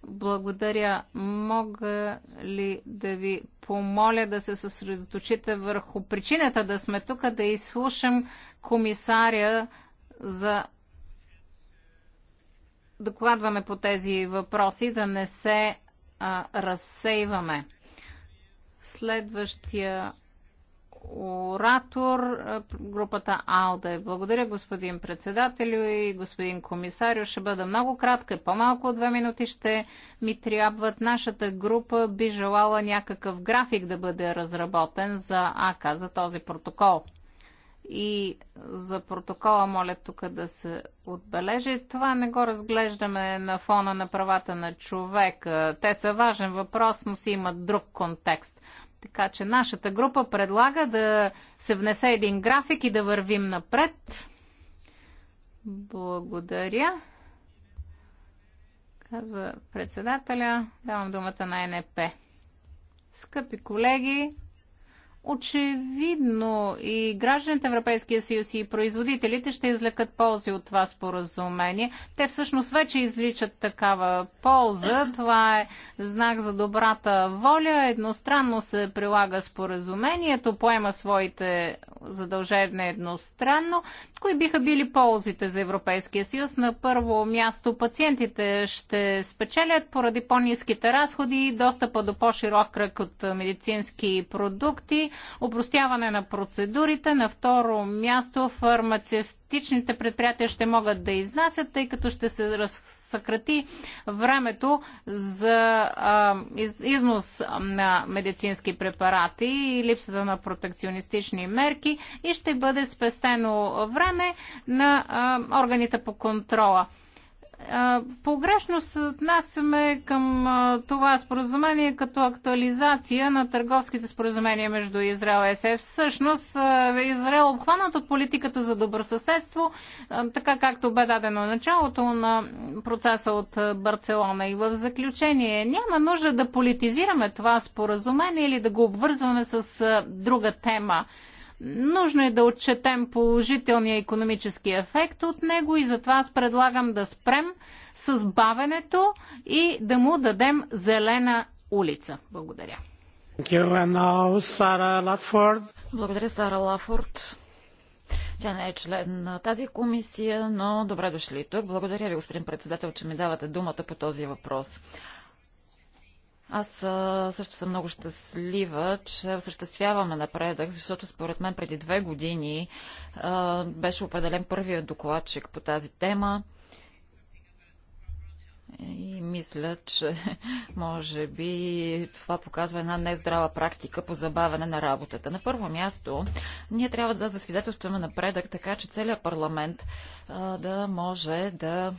Благодаря. Мога ли да ви помоля да се съсредоточите върху причината да сме тук, да изслушам комисаря за докладваме по тези въпроси, да не се а, разсейваме. Следващия оратор, групата АЛДЕ. Благодаря, господин председателю и господин комисарю. Ще бъда много кратка, по-малко от две минути ще ми трябват. Нашата група би желала някакъв график да бъде разработен за АКА, за този протокол. И за протокола моля тук да се отбележи. Това не го разглеждаме на фона на правата на човека. Те са важен въпрос, но си имат друг контекст. Така че нашата група предлага да се внесе един график и да вървим напред. Благодаря. Казва председателя. Давам думата на НП. Скъпи колеги, Очевидно и гражданите Европейския съюз и производителите ще излекат ползи от това споразумение. Те всъщност вече изличат такава полза. Това е знак за добрата воля. Едностранно се прилага споразумението, поема своите задължения едностранно. Кои биха били ползите за Европейския съюз? На първо място пациентите ще спечелят поради по-низките разходи и достъпа до по-широк кръг от медицински продукти упростяване на процедурите. На второ място фармацевтичните предприятия ще могат да изнасят, тъй като ще се разсъкрати времето за а, из, износ на медицински препарати и липсата на протекционистични мерки и ще бъде спестено време на а, органите по контрола. Погрешно се отнасяме към това споразумение като актуализация на търговските споразумения между Израел и ЕСЕ. Всъщност Израел обхванат от политиката за добросъседство, така както бе дадено началото на процеса от Барселона. И в заключение няма нужда да политизираме това споразумение или да го обвързваме с друга тема. Нужно е да отчетем положителния економически ефект от него и затова аз предлагам да спрем с бавенето и да му дадем зелена улица. Благодаря. Благодаря, Сара Лафорд. Тя не е член на тази комисия, но добре дошли тук. Благодаря ви, господин председател, че ми давате думата по този въпрос. Аз а, също съм много щастлива, че осъществяваме напредък, защото според мен преди две години а, беше определен първият докладчик по тази тема. И мисля, че може би това показва една нездрава практика по забавяне на работата. На първо място, ние трябва да засвидетелстваме напредък, така че целият парламент а, да може да,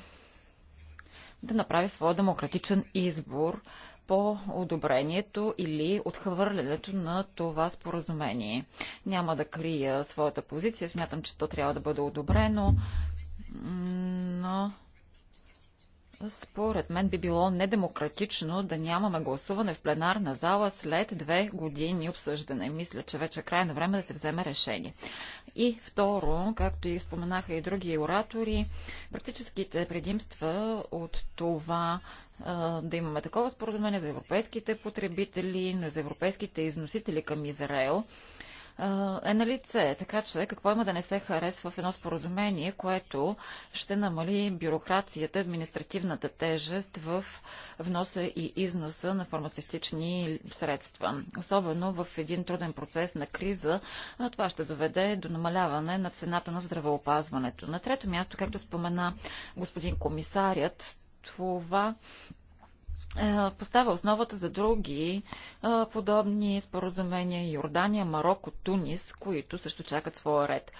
да направи своя демократичен избор по одобрението или отхвърлянето на това споразумение. Няма да крия своята позиция. Смятам, че то трябва да бъде одобрено, но според мен би било недемократично да нямаме гласуване в пленарна зала след две години обсъждане. Мисля, че вече е крайно време да се вземе решение. И второ, както и споменаха и други оратори, практическите предимства от това да имаме такова споразумение за европейските потребители, за европейските износители към Израел – е на лице. Така че какво има да не се харесва в едно споразумение, което ще намали бюрокрацията, административната тежест в вноса и износа на фармацевтични средства. Особено в един труден процес на криза, това ще доведе до намаляване на цената на здравеопазването. На трето място, както спомена господин комисарят, това е, поставя основата за други е, подобни споразумения Йордания, Марокко, Тунис, които също чакат своя ред.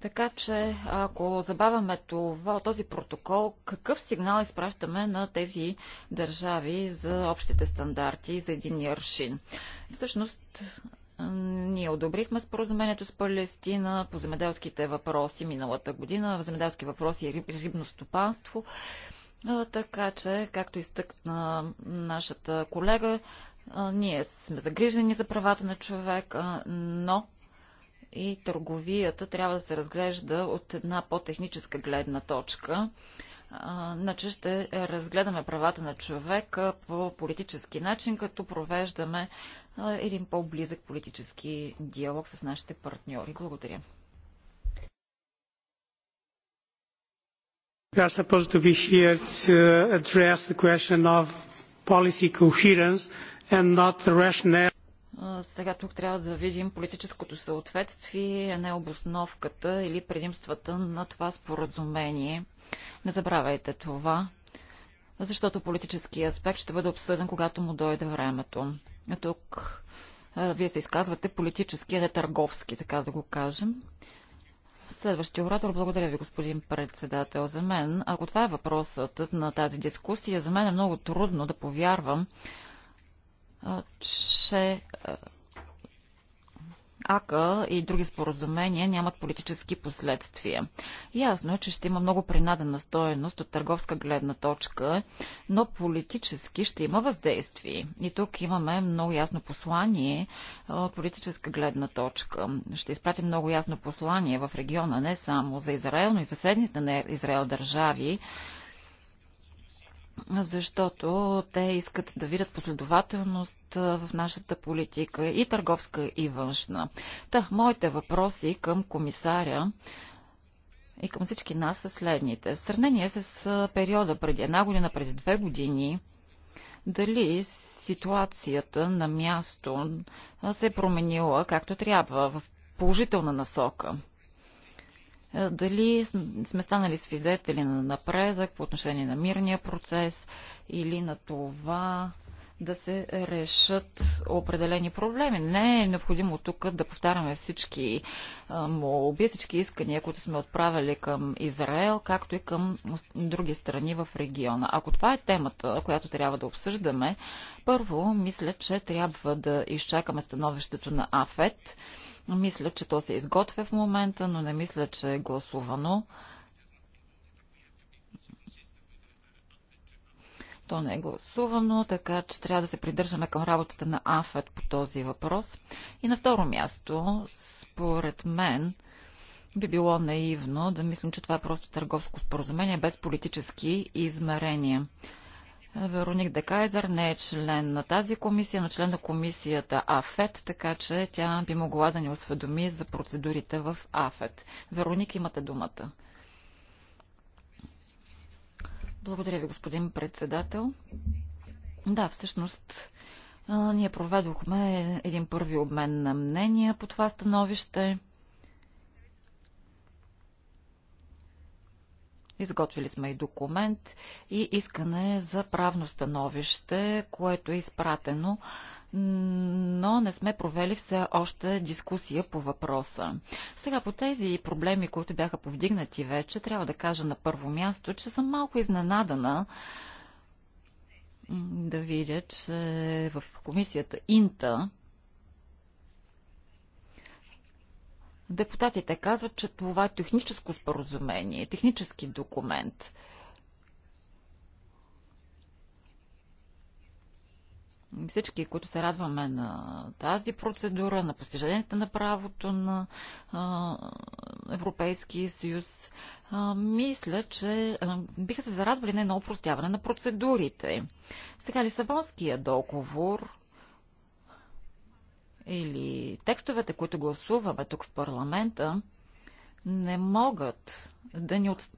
Така че, ако забавяме това, този протокол, какъв сигнал изпращаме на тези държави за общите стандарти, за един яршин? Всъщност, е, ние одобрихме споразумението с Палестина по земеделските въпроси миналата година, земеделски въпроси и рибно стопанство. Така че, както изтъкна нашата колега, ние сме загрижени за правата на човека, но и търговията трябва да се разглежда от една по-техническа гледна точка. Значи ще разгледаме правата на човека по политически начин, като провеждаме един по-близък политически диалог с нашите партньори. Благодаря. We are supposed to be here to address the question of policy coherence and not the rationale. Сега тук трябва да видим политическото съответствие, а не обосновката или предимствата на това споразумение. Не забравяйте това, защото политически аспект ще бъде обсъден, когато му дойде времето. А тук вие се изказвате политически, а не търговски, така да го кажем. Следващия оратор, благодаря ви, господин председател. За мен, ако това е въпросът на тази дискусия, за мен е много трудно да повярвам, че АКА и други споразумения нямат политически последствия. Ясно е, че ще има много принадена стоеност от търговска гледна точка, но политически ще има въздействие. И тук имаме много ясно послание от политическа гледна точка. Ще изпратим много ясно послание в региона, не само за Израел, но и съседните на Израел държави, защото те искат да видят последователност в нашата политика и търговска, и външна. Та, моите въпроси към комисаря и към всички нас са следните. В сравнение с периода преди една година, преди две години, дали ситуацията на място се е променила както трябва в положителна насока? Е, дали сме станали свидетели на напредък по отношение на мирния процес или на това да се решат определени проблеми. Не е необходимо тук да повтаряме всички молби, всички искания, които сме отправили към Израел, както и към други страни в региона. Ако това е темата, която трябва да обсъждаме, първо мисля, че трябва да изчакаме становището на АФЕТ мисля, че то се изготвя в момента, но не мисля, че е гласувано. То не е гласувано, така че трябва да се придържаме към работата на АФЕД по този въпрос. И на второ място, според мен, би било наивно да мислим, че това е просто търговско споразумение без политически измерения. Вероник Декайзер не е член на тази комисия, но член на комисията АФЕТ, така че тя би могла да ни осведоми за процедурите в АФЕТ. Вероник, имате думата. Благодаря ви, господин председател. Да, всъщност ние проведохме един първи обмен на мнения по това становище. Изготвили сме и документ и искане за правно становище, което е изпратено но не сме провели все още дискусия по въпроса. Сега по тези проблеми, които бяха повдигнати вече, трябва да кажа на първо място, че съм малко изненадана да видя, че в комисията Инта Депутатите казват, че това е техническо споразумение, технически документ. всички, които се радваме на тази процедура, на постиженията на правото на Европейския съюз, мисля, че биха се зарадвали на едно упростяване на процедурите. Сега Лисабонския договор или текстовете, които гласуваме тук в парламента, не могат да ни от...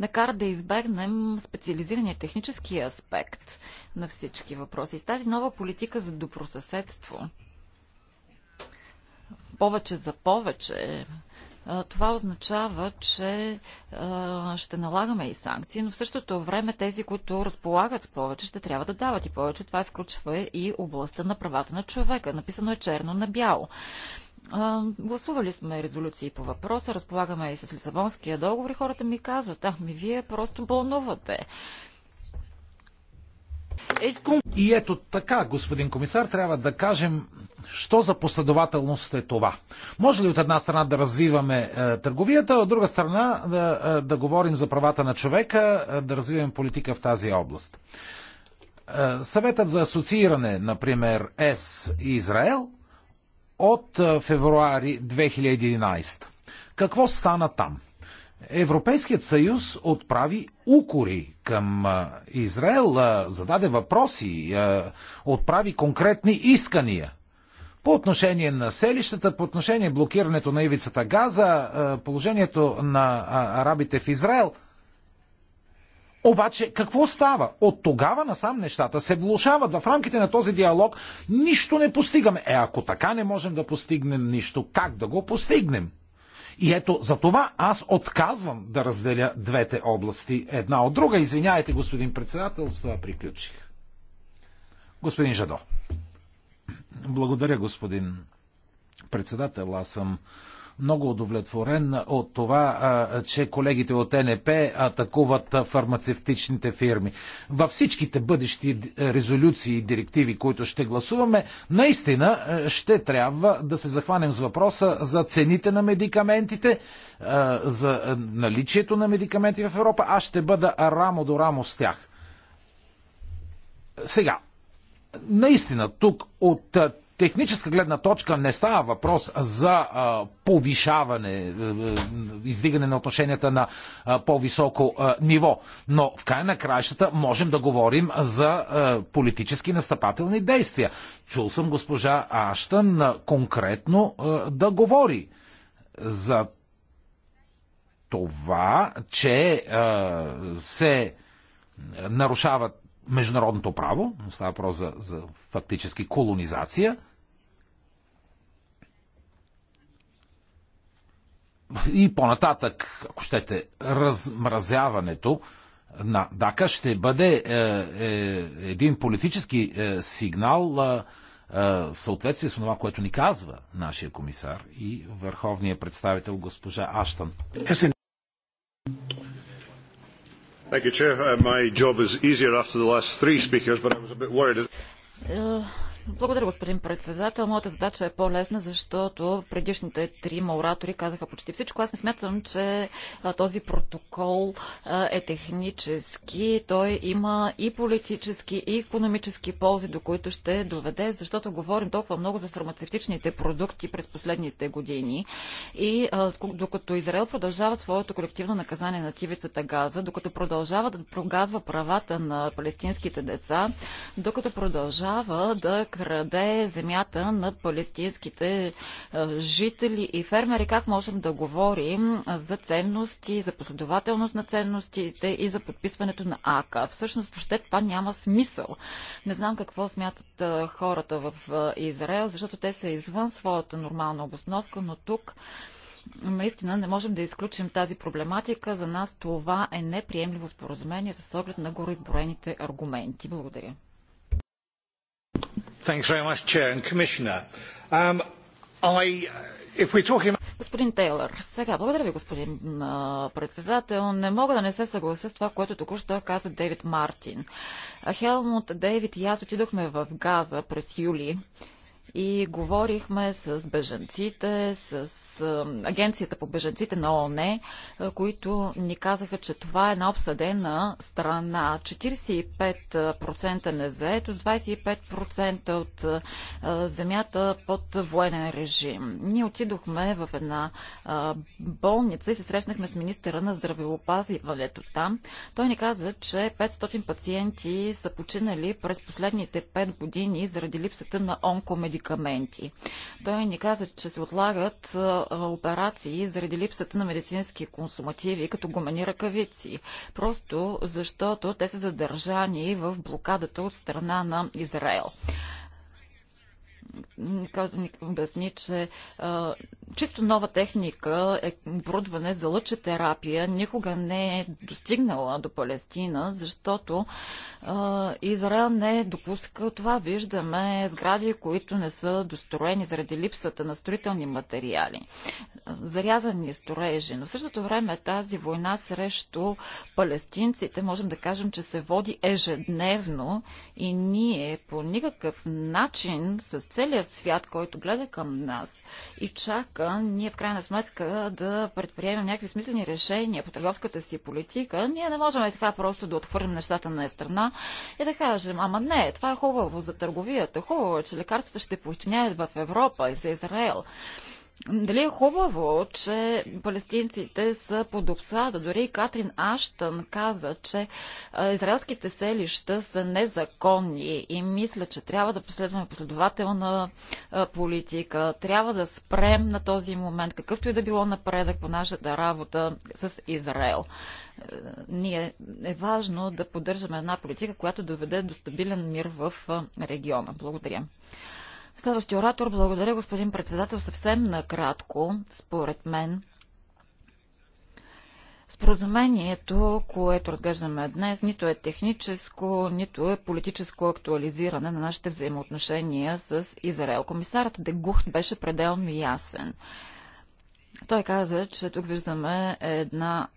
накарат да избегнем специализирания технически аспект на всички въпроси. С тази нова политика за добросъседство, повече за повече, това означава, че ще налагаме и санкции, но в същото време тези, които разполагат с повече, ще трябва да дават и повече. Това включва и областта на правата на човека. Написано е черно на бяло. Гласували сме резолюции по въпроса, разполагаме и с Лисабонския договор и хората ми казват, ах, ми вие просто бълнувате. И ето така, господин комисар, трябва да кажем, що за последователност е това. Може ли от една страна да развиваме е, търговията, от друга страна да, е, е, да говорим за правата на човека, е, да развиваме политика в тази област? Е, съветът за асоцииране, например, ЕС и Израел от е, февруари 2011. Какво стана там? Европейският съюз отправи укори към Израел, зададе въпроси, отправи конкретни искания по отношение на селищата, по отношение блокирането на ивицата Газа, положението на арабите в Израел. Обаче, какво става? От тогава насам нещата се влушават. В рамките на този диалог нищо не постигаме. Е, ако така не можем да постигнем нищо, как да го постигнем? И ето за това аз отказвам да разделя двете области една от друга. Извинявайте, господин председател, с това приключих. Господин Жадо. Благодаря, господин председател. Аз съм много удовлетворен от това, че колегите от НП атакуват фармацевтичните фирми. Във всичките бъдещи резолюции и директиви, които ще гласуваме, наистина ще трябва да се захванем с въпроса за цените на медикаментите, за наличието на медикаменти в Европа. Аз ще бъда рамо до рамо с тях. Сега, наистина тук от техническа гледна точка не става въпрос за повишаване, е, е, издигане на отношенията на по-високо ниво. Но в край на краищата можем да говорим за политически настъпателни действия. Чул съм госпожа Аштън конкретно да говори за това, че се нарушават международното право, става въпрос за, за фактически колонизация – и по-нататък, ако щете, размразяването на Дака ще бъде е, е, един политически е, сигнал е, е в съответствие с това, което ни казва нашия комисар и върховния представител госпожа Аштан. Thank you, Chair. Uh, my job is easier after the last three speakers, but I was a bit worried. Е, благодаря, господин председател. Моята задача е по-лесна, защото предишните три оратори казаха почти всичко. Аз не смятам, че този протокол е технически. Той има и политически, и економически ползи, до които ще доведе, защото говорим толкова много за фармацевтичните продукти през последните години. И докато Израел продължава своето колективно наказание на тивицата Газа, докато продължава да прогазва правата на палестинските деца, докато продължава да краде земята на палестинските жители и фермери. Как можем да говорим за ценности, за последователност на ценностите и за подписването на АКА? Всъщност, въобще това няма смисъл. Не знам какво смятат хората в Израел, защото те са извън своята нормална обосновка, но тук наистина не можем да изключим тази проблематика. За нас това е неприемливо споразумение с оглед на гореизброените аргументи. Благодаря. Um, господин Тейлър, сега, благодаря ви, господин председател. Не мога да не се съглася с това, което току-що каза Дейвид Мартин. Хелмут, Дейвид и аз отидохме в Газа през юли и говорихме с бежанците, с агенцията по бежанците на ООН, които ни казаха, че това е една обсъдена страна. 45% незаето, е с 25% от земята под военен режим. Ние отидохме в една болница и се срещнахме с министъра на здравеопазването там. Той ни каза, че 500 пациенти са починали през последните 5 години заради липсата на онкомедикаменти медикаменти. Той ни каза, че се отлагат операции заради липсата на медицински консумативи, като гумени ръкавици. Просто защото те са задържани в блокадата от страна на Израел който ни обясни, че а, чисто нова техника, е, оборудване за лъчетерапия, никога не е достигнала до Палестина, защото а, Израел не е допуска това. Виждаме сгради, които не са достроени заради липсата на строителни материали, зарязани строежи. Но в същото време тази война срещу палестинците, можем да кажем, че се води ежедневно и ние по никакъв начин с цел целия свят, който гледа към нас и чака ние в крайна сметка да предприемем някакви смислени решения по търговската си политика, ние не можем така просто да отхвърлим нещата на страна и да кажем, ама не, това е хубаво за търговията, хубаво е, че лекарствата ще починяят в Европа и за Израел. Дали е хубаво, че палестинците са под обсада? Дори Катрин Аштън каза, че израелските селища са незаконни и мисля, че трябва да последваме последователна политика. Трябва да спрем на този момент, какъвто и да било напредък по нашата работа с Израел. Ние е важно да поддържаме една политика, която доведе до стабилен мир в региона. Благодаря. Следващия оратор, благодаря господин председател, съвсем накратко, според мен. Споразумението, което разглеждаме днес, нито е техническо, нито е политическо актуализиране на нашите взаимоотношения с Израел. Комисарът Дегухт беше пределно ясен. Той каза, че тук виждаме една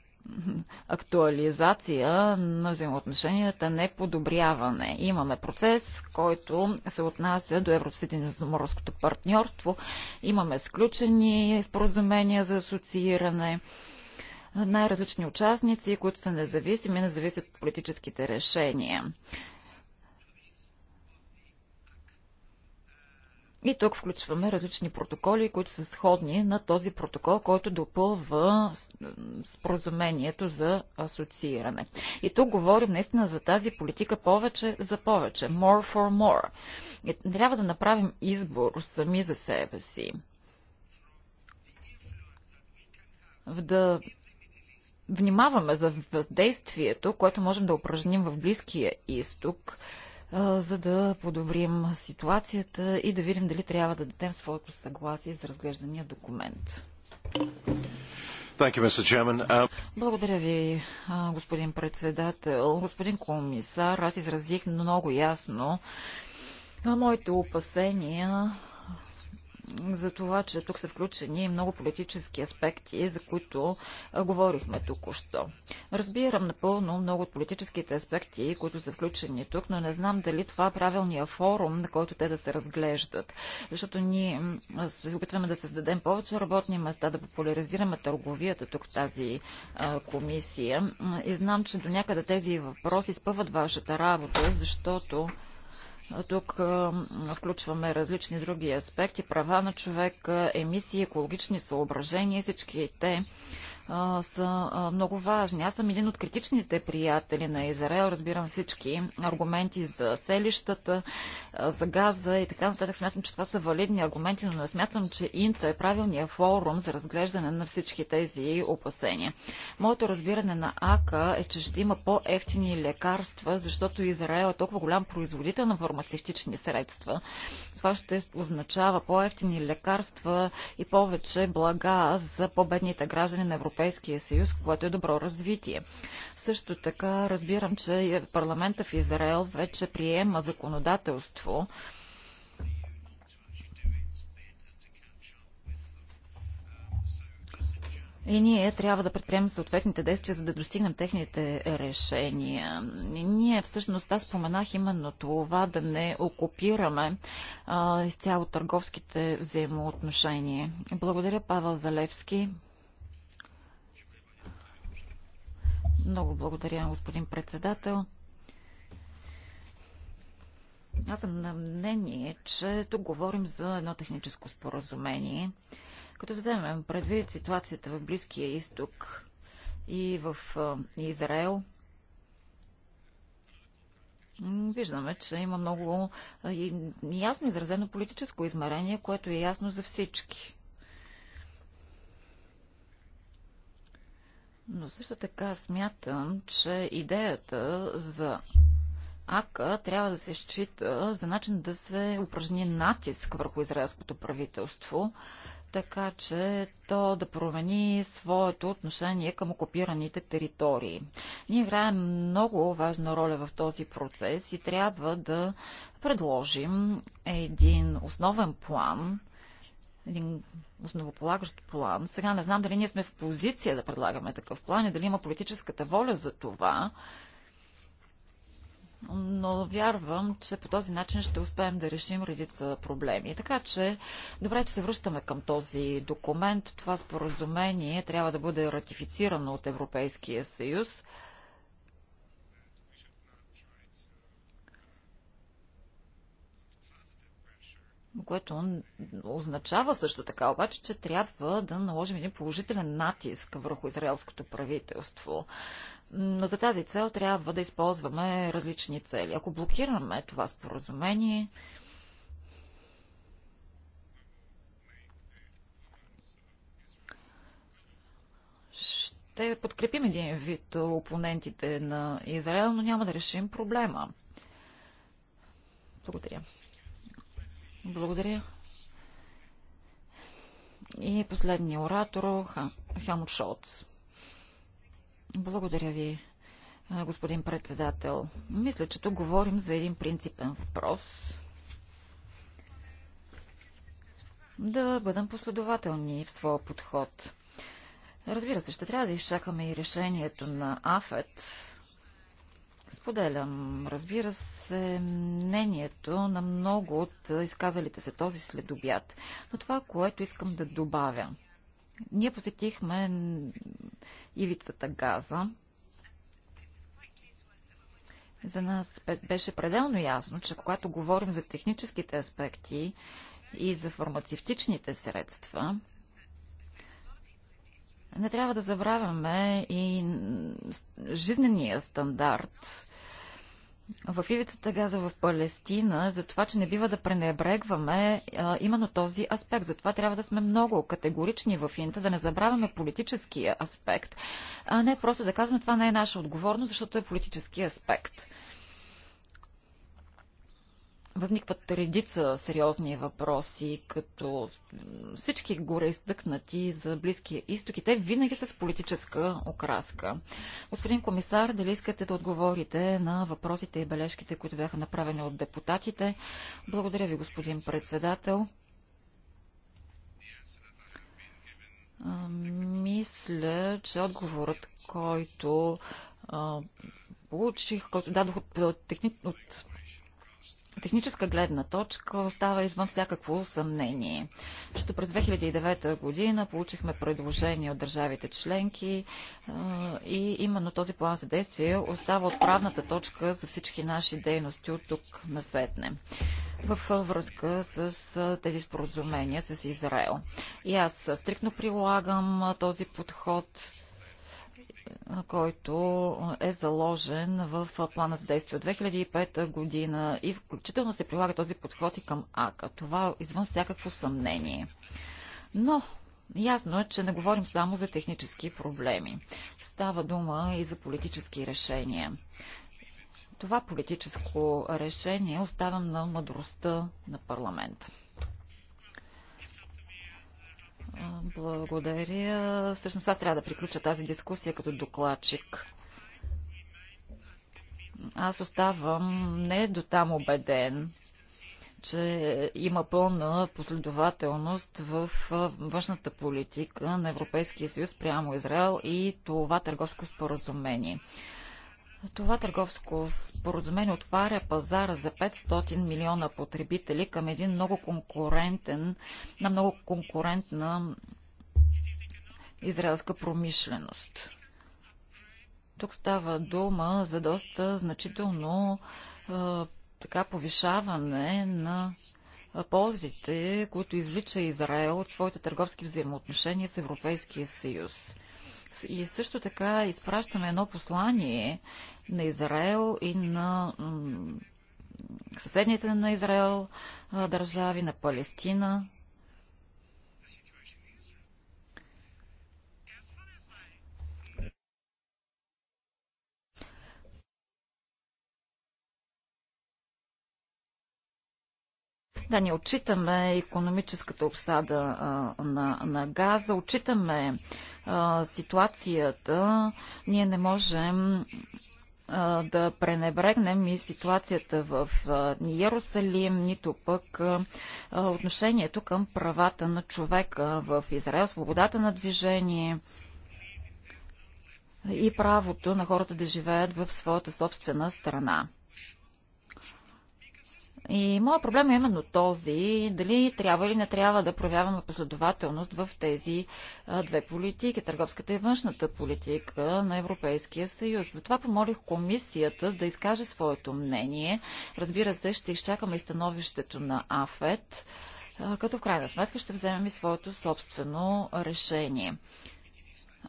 актуализация на взаимоотношенията, не подобряване. Имаме процес, който се отнася до Евросъединено-морското партньорство. Имаме сключени споразумения за асоцииране най-различни участници, които са независими, не зависят от политическите решения. И тук включваме различни протоколи, които са сходни на този протокол, който допълва споразумението за асоцииране. И тук говорим наистина за тази политика повече за повече. More for more. И трябва да направим избор сами за себе си. Да внимаваме за въздействието, което можем да упражним в Близкия изток за да подобрим ситуацията и да видим дали трябва да дадем своето съгласие за разглеждания документ. Uh, Благодаря ви, господин председател. Господин комисар, аз изразих много ясно моите опасения за това, че тук са включени много политически аспекти, за които говорихме току-що. Разбирам напълно много от политическите аспекти, които са включени тук, но не знам дали това е правилният форум, на който те да се разглеждат. Защото ние се опитваме да създадем повече работни места, да популяризираме търговията тук в тази комисия. И знам, че до някъде тези въпроси спъват вашата работа, защото тук включваме различни други аспекти, права на човек, емисии, екологични съображения, всички те а, са а, много важни. Аз съм един от критичните приятели на Израел. Разбирам всички аргументи за селищата, а, за газа и така нататък. Смятам, че това са валидни аргументи, но не смятам, че Инта е правилният форум за разглеждане на всички тези опасения. Моето разбиране на АКА е, че ще има по-ефтини лекарства, защото Израел е толкова голям производител на фармацевтични средства. Това ще означава по-ефтини лекарства и повече блага за по-бедните граждани на Европейския Европейския съюз, което е добро развитие. Също така разбирам, че парламента в Израел вече приема законодателство, И ние трябва да предприемем съответните действия, за да достигнем техните решения. И ние всъщност, аз споменах именно това, да не окупираме изцяло търговските взаимоотношения. Благодаря, Павел Залевски. Много благодаря, господин председател. Аз съм на мнение, че тук говорим за едно техническо споразумение. Като вземем предвид ситуацията в Близкия изток и в Израел, виждаме, че има много ясно изразено политическо измерение, което е ясно за всички. Но също така смятам, че идеята за АКА трябва да се счита за начин да се упражни натиск върху израелското правителство, така че то да промени своето отношение към окупираните територии. Ние играем много важна роля в този процес и трябва да предложим един основен план – един основополагащ план. Сега не знам дали ние сме в позиция да предлагаме такъв план и дали има политическата воля за това, но вярвам, че по този начин ще успеем да решим редица проблеми. Така че, добре, че се връщаме към този документ. Това споразумение трябва да бъде ратифицирано от Европейския съюз. което означава също така обаче, че трябва да наложим един положителен натиск върху израелското правителство. Но за тази цел трябва да използваме различни цели. Ако блокираме това споразумение, ще подкрепим един вид опонентите на Израел, но няма да решим проблема. Благодаря. Благодаря. И последния оратор Хелмут Шолц. Благодаря ви, господин председател. Мисля, че тук говорим за един принципен въпрос. Да бъдем последователни в своя подход. Разбира се, ще трябва да изчакаме и решението на АФЕТ, Споделям, разбира се, мнението на много от изказалите се този следобят. Но това, което искам да добавя. Ние посетихме ивицата Газа. За нас беше пределно ясно, че когато говорим за техническите аспекти и за фармацевтичните средства, не трябва да забравяме и жизнения стандарт в ивицата Газа в Палестина, за това, че не бива да пренебрегваме а, именно този аспект. Затова трябва да сме много категорични в Инта, да не забравяме политическия аспект, а не просто да казваме това не е наша отговорност, защото е политически аспект. Възникват редица сериозни въпроси, като всички горе изтъкнати за Близкия изток и те винаги са с политическа окраска. Господин комисар, дали искате да отговорите на въпросите и бележките, които бяха направени от депутатите? Благодаря ви, господин председател. мисля, че отговорът, който получих, който дадох от, от, от техническа гледна точка остава извън всякакво съмнение. Защото през 2009 година получихме предложение от държавите членки и именно този план за действие остава отправната точка за всички наши дейности от тук насетне в връзка с тези споразумения с Израел. И аз стриктно прилагам този подход който е заложен в плана за действие от 2005 година и включително се прилага този подход и към АКА. Това е извън всякакво съмнение. Но ясно е, че не говорим само за технически проблеми. Става дума и за политически решения. Това политическо решение оставям на мъдростта на парламента. Благодаря. Всъщност аз трябва да приключа тази дискусия като докладчик. Аз оставам не до там убеден, че има пълна последователност в външната политика на Европейския съюз прямо Израел и това търговско споразумение. Това търговско споразумение отваря пазара за 500 милиона потребители към един много конкурентен, на много конкурентна израелска промишленост. Тук става дума за доста значително така повишаване на ползите, които извлича Израел от своите търговски взаимоотношения с Европейския съюз. И също така изпращаме едно послание на Израел и на съседните на Израел държави, на Палестина. Да, ни отчитаме економическата обсада а, на, на газа, отчитаме а, ситуацията, ние не можем да пренебрегнем и ситуацията в Иерусалим, нито пък отношението към правата на човека в Израел, свободата на движение и правото на хората да живеят в своята собствена страна. И моят проблем е именно този, дали трябва или не трябва да проявяваме последователност в тези две политики, търговската и външната политика на Европейския съюз. Затова помолих комисията да изкаже своето мнение. Разбира се, ще изчакаме и становището на АФЕТ, като в крайна сметка ще вземем и своето собствено решение.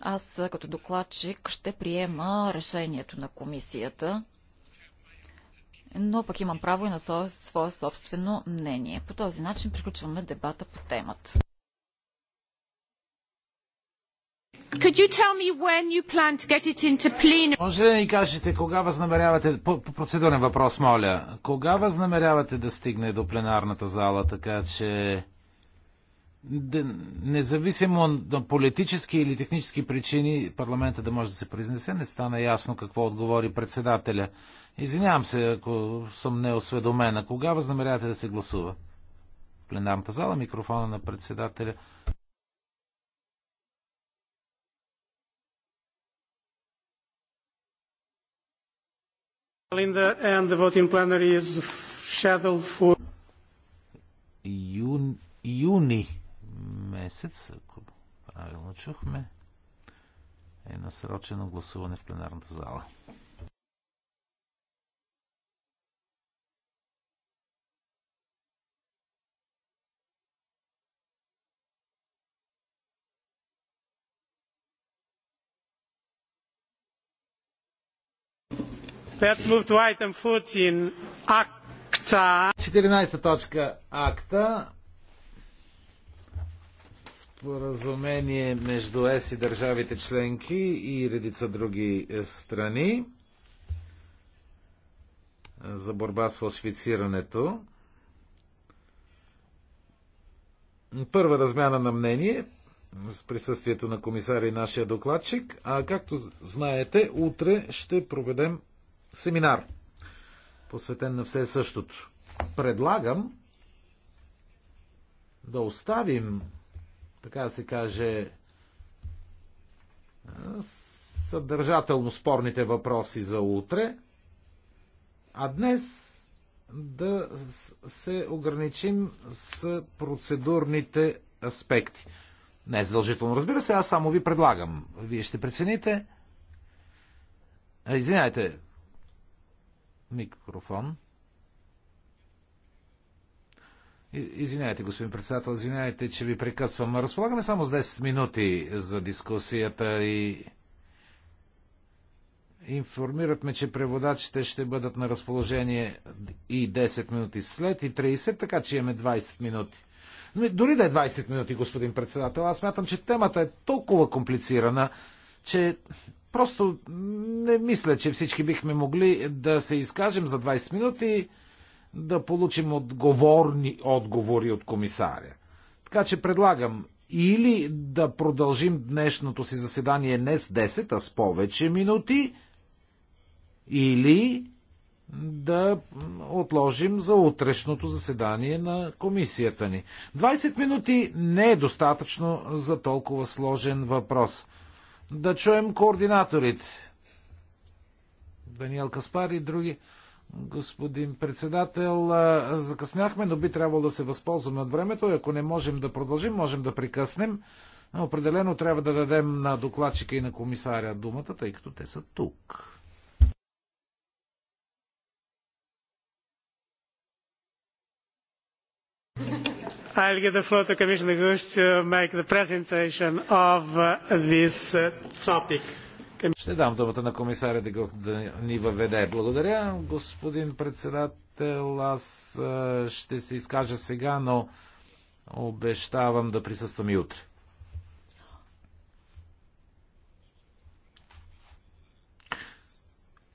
Аз като докладчик ще приема решението на комисията но пък имам право и на свое, свое собствено мнение. По този начин приключваме дебата по темата. Може ли да ни кажете кога възнамерявате, по, по процедурен въпрос моля, кога възнамерявате да стигне до пленарната зала, така че независимо на политически или технически причини парламента да може да се произнесе, не стана ясно какво отговори председателя. Извинявам се, ако съм неосведомена. Кога възнамерявате да се гласува? В пленарната зала микрофона на председателя. Юни месец, ако правилно чухме, е насрочено гласуване в пленарната зала. Let's move to item 14, акта. 14 точка акта споразумение между ЕС и държавите членки и редица други е, страни е, за борба с фалшифицирането. Първа размяна на мнение с присъствието на комисаря и нашия докладчик, а както знаете, утре ще проведем семинар, посветен на все същото. Предлагам да оставим така да се каже, съдържателно спорните въпроси за утре, а днес да се ограничим с процедурните аспекти. Не е задължително, разбира се, аз само ви предлагам. Вие ще прецените. Извинявайте. Микрофон. Извинявайте, господин председател, извинявайте, че ви прекъсвам. Разполагаме само с 10 минути за дискусията и информират ме, че преводачите ще бъдат на разположение и 10 минути след и 30, така че имаме 20 минути. Но ами, дори да е 20 минути, господин председател, аз смятам, че темата е толкова комплицирана, че просто не мисля, че всички бихме могли да се изкажем за 20 минути да получим отговорни отговори от комисаря. Така че предлагам или да продължим днешното си заседание не с 10, а с повече минути, или да отложим за утрешното заседание на комисията ни. 20 минути не е достатъчно за толкова сложен въпрос. Да чуем координаторите. Даниел Каспар и други господин председател. Закъсняхме, но би трябвало да се възползваме от времето. Ако не можем да продължим, можем да прекъснем. определено трябва да дадем на докладчика и на комисаря думата, тъй като те са тук. I'll give the floor to Commissioner Gush to make the presentation of uh, this uh, topic. Е, ще дам думата на комисаря да, го, да ни въведе. Благодаря, господин председател. Аз е, ще се изкажа сега, но обещавам да присъствам и утре.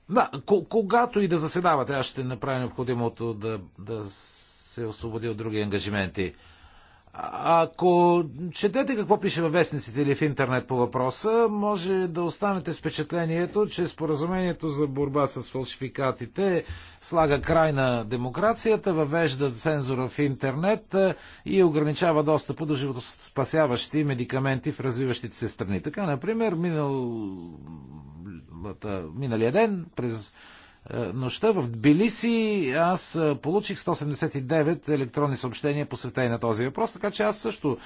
Да, когато и да заседавате, аз ще направя необходимото да, да се освободя от други ангажименти. Ако четете какво пише във вестниците или в интернет по въпроса, може да останете с впечатлението, че споразумението за борба с фалшификатите слага край на демокрацията, въвежда цензура в интернет и ограничава достъпа до животоспасяващи медикаменти в развиващите се страни. Така, например, минал... миналия ден през е, нощта в Тбилиси аз е, получих 179 електронни съобщения по посветени на този въпрос, така че аз също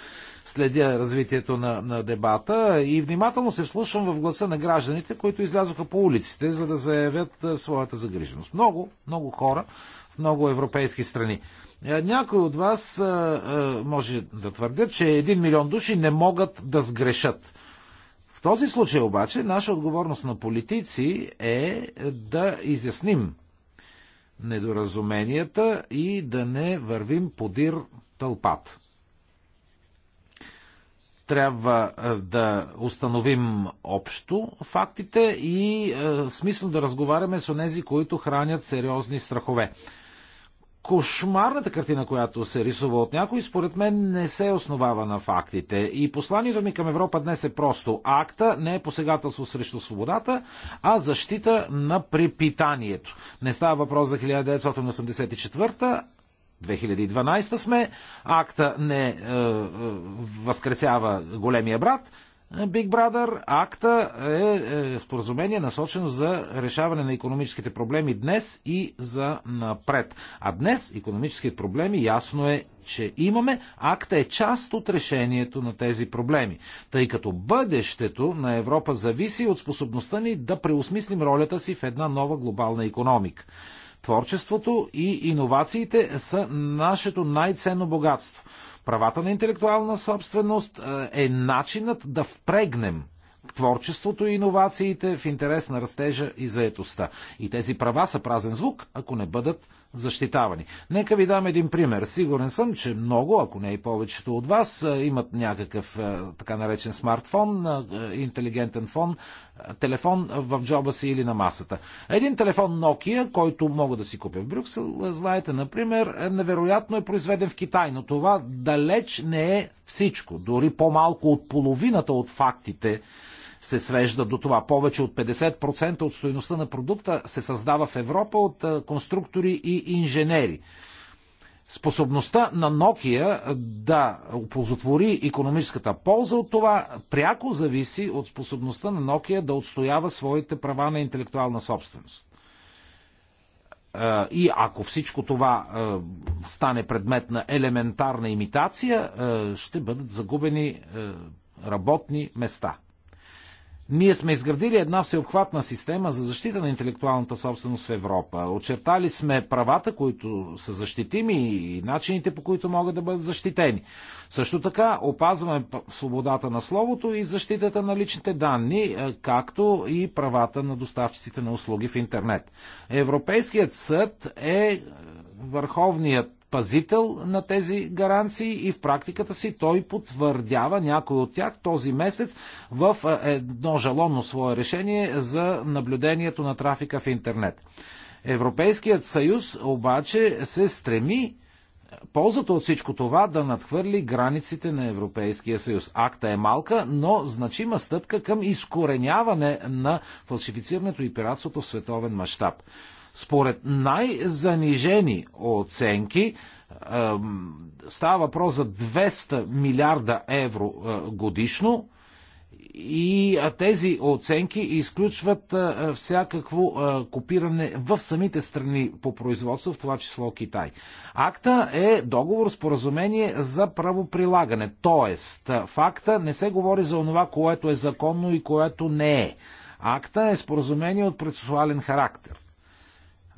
следя развитието на, на дебата и внимателно се вслушвам в гласа на гражданите, които излязоха по улиците, за да заявят е, своята загриженост. Много, много хора в много европейски страни. Някои от вас може да твърдят, че един милион души не могат да сгрешат този случай обаче наша отговорност на политици е да изясним недоразуменията и да не вървим подир тълпата. Трябва е, да установим общо фактите и е, смислено да разговаряме с онези, които хранят сериозни страхове кошмарната картина, която се рисува от някой, според мен не се основава на фактите. И посланието ми към Европа днес е просто. Акта не е посегателство срещу свободата, а защита на препитанието. Не става въпрос за 1984 2012 сме, акта не е, е, възкресява големия брат, Big Brother, акта е, е споразумение насочено за решаване на економическите проблеми днес и за напред. А днес економическите проблеми ясно е, че имаме. Акта е част от решението на тези проблеми, тъй като бъдещето на Европа зависи от способността ни да преосмислим ролята си в една нова глобална економика. Творчеството и иновациите са нашето най-ценно богатство – Правата на интелектуална собственост е, е начинът да впрегнем творчеството и иновациите в интерес на растежа и заетостта. И тези права са празен звук, ако не бъдат защитавани. Нека ви дам един пример. Сигурен съм, че много, ако не и повечето от вас, имат някакъв така наречен смартфон, интелигентен фон, телефон в джоба си или на масата. Един телефон Nokia, който мога да си купя в Брюксел, знаете, например, е невероятно е произведен в Китай, но това далеч не е всичко. Дори по-малко от половината от фактите, се свежда до това. Повече от 50% от стоеността на продукта се създава в Европа от конструктори и инженери. Способността на Nokia да оползотвори економическата полза от това пряко зависи от способността на Nokia да отстоява своите права на интелектуална собственост. И ако всичко това стане предмет на елементарна имитация, ще бъдат загубени работни места. Ние сме изградили една всеобхватна система за защита на интелектуалната собственост в Европа. Очертали сме правата, които са защитими и начините по които могат да бъдат защитени. Също така опазваме свободата на словото и защитата на личните данни, е, както и правата на доставчиците на услуги в интернет. Европейският съд е, е върховният пазител на тези гаранции и в практиката си той потвърдява някой от тях този месец в е, едно жалонно свое решение за наблюдението на трафика в интернет. Европейският съюз обаче се стреми ползата от всичко това да надхвърли границите на Европейския съюз. Акта е малка, но значима стъпка към изкореняване на фалшифицирането и пиратството в световен мащаб. Според най-занижени оценки става въпрос за 200 милиарда евро годишно и тези оценки изключват всякакво копиране в самите страни по производство, в това число Китай. Акта е договор, споразумение за правоприлагане, т.е. факта не се говори за онова, което е законно и което не е. Акта е споразумение от процесуален характер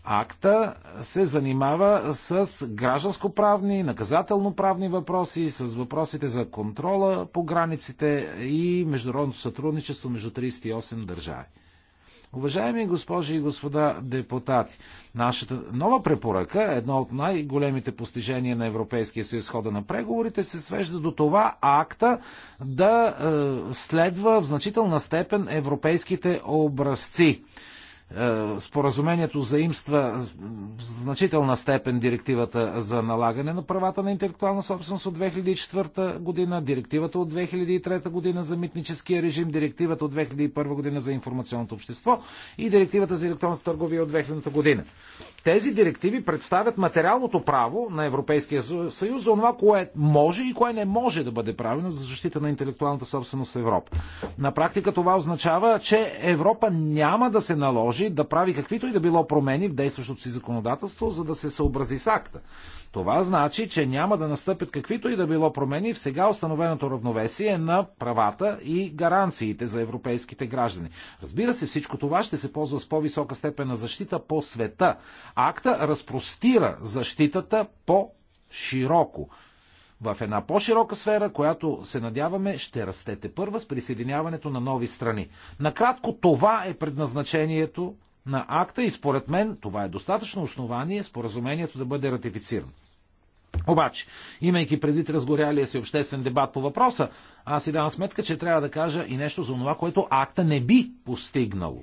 акта се занимава с гражданско-правни, наказателно-правни въпроси, с въпросите за контрола по границите и международното сътрудничество между 38 държави. Уважаеми госпожи и господа депутати, нашата нова препоръка, едно от най-големите постижения на Европейския съюз хода на преговорите, се свежда до това акта да е, следва в значителна степен европейските образци. Е, споразумението заимства в значителна степен директивата за налагане на правата на интелектуална собственост от 2004 година, директивата от 2003 година за митническия режим, директивата от 2001 година за информационното общество и директивата за електронната търговия от 2000 година. Тези директиви представят материалното право на Европейския съюз за това, кое може и кое не може да бъде правено за защита на интелектуалната собственост в Европа. На практика това означава, че Европа няма да се наложи да прави каквито и да било промени в действащото си законодателство, за да се съобрази с акта. Това значи, че няма да настъпят каквито и да било промени в сега установеното равновесие на правата и гаранциите за европейските граждани. Разбира се, всичко това ще се ползва с по-висока степен на защита по света. Акта разпростира защитата по-широко в една по-широка сфера, която се надяваме ще растете първа с присъединяването на нови страни. Накратко това е предназначението на акта и според мен това е достатъчно основание споразумението да бъде ратифицирано. Обаче, имайки предвид разгорялия си обществен дебат по въпроса, аз си давам сметка, че трябва да кажа и нещо за това, което акта не би постигнало.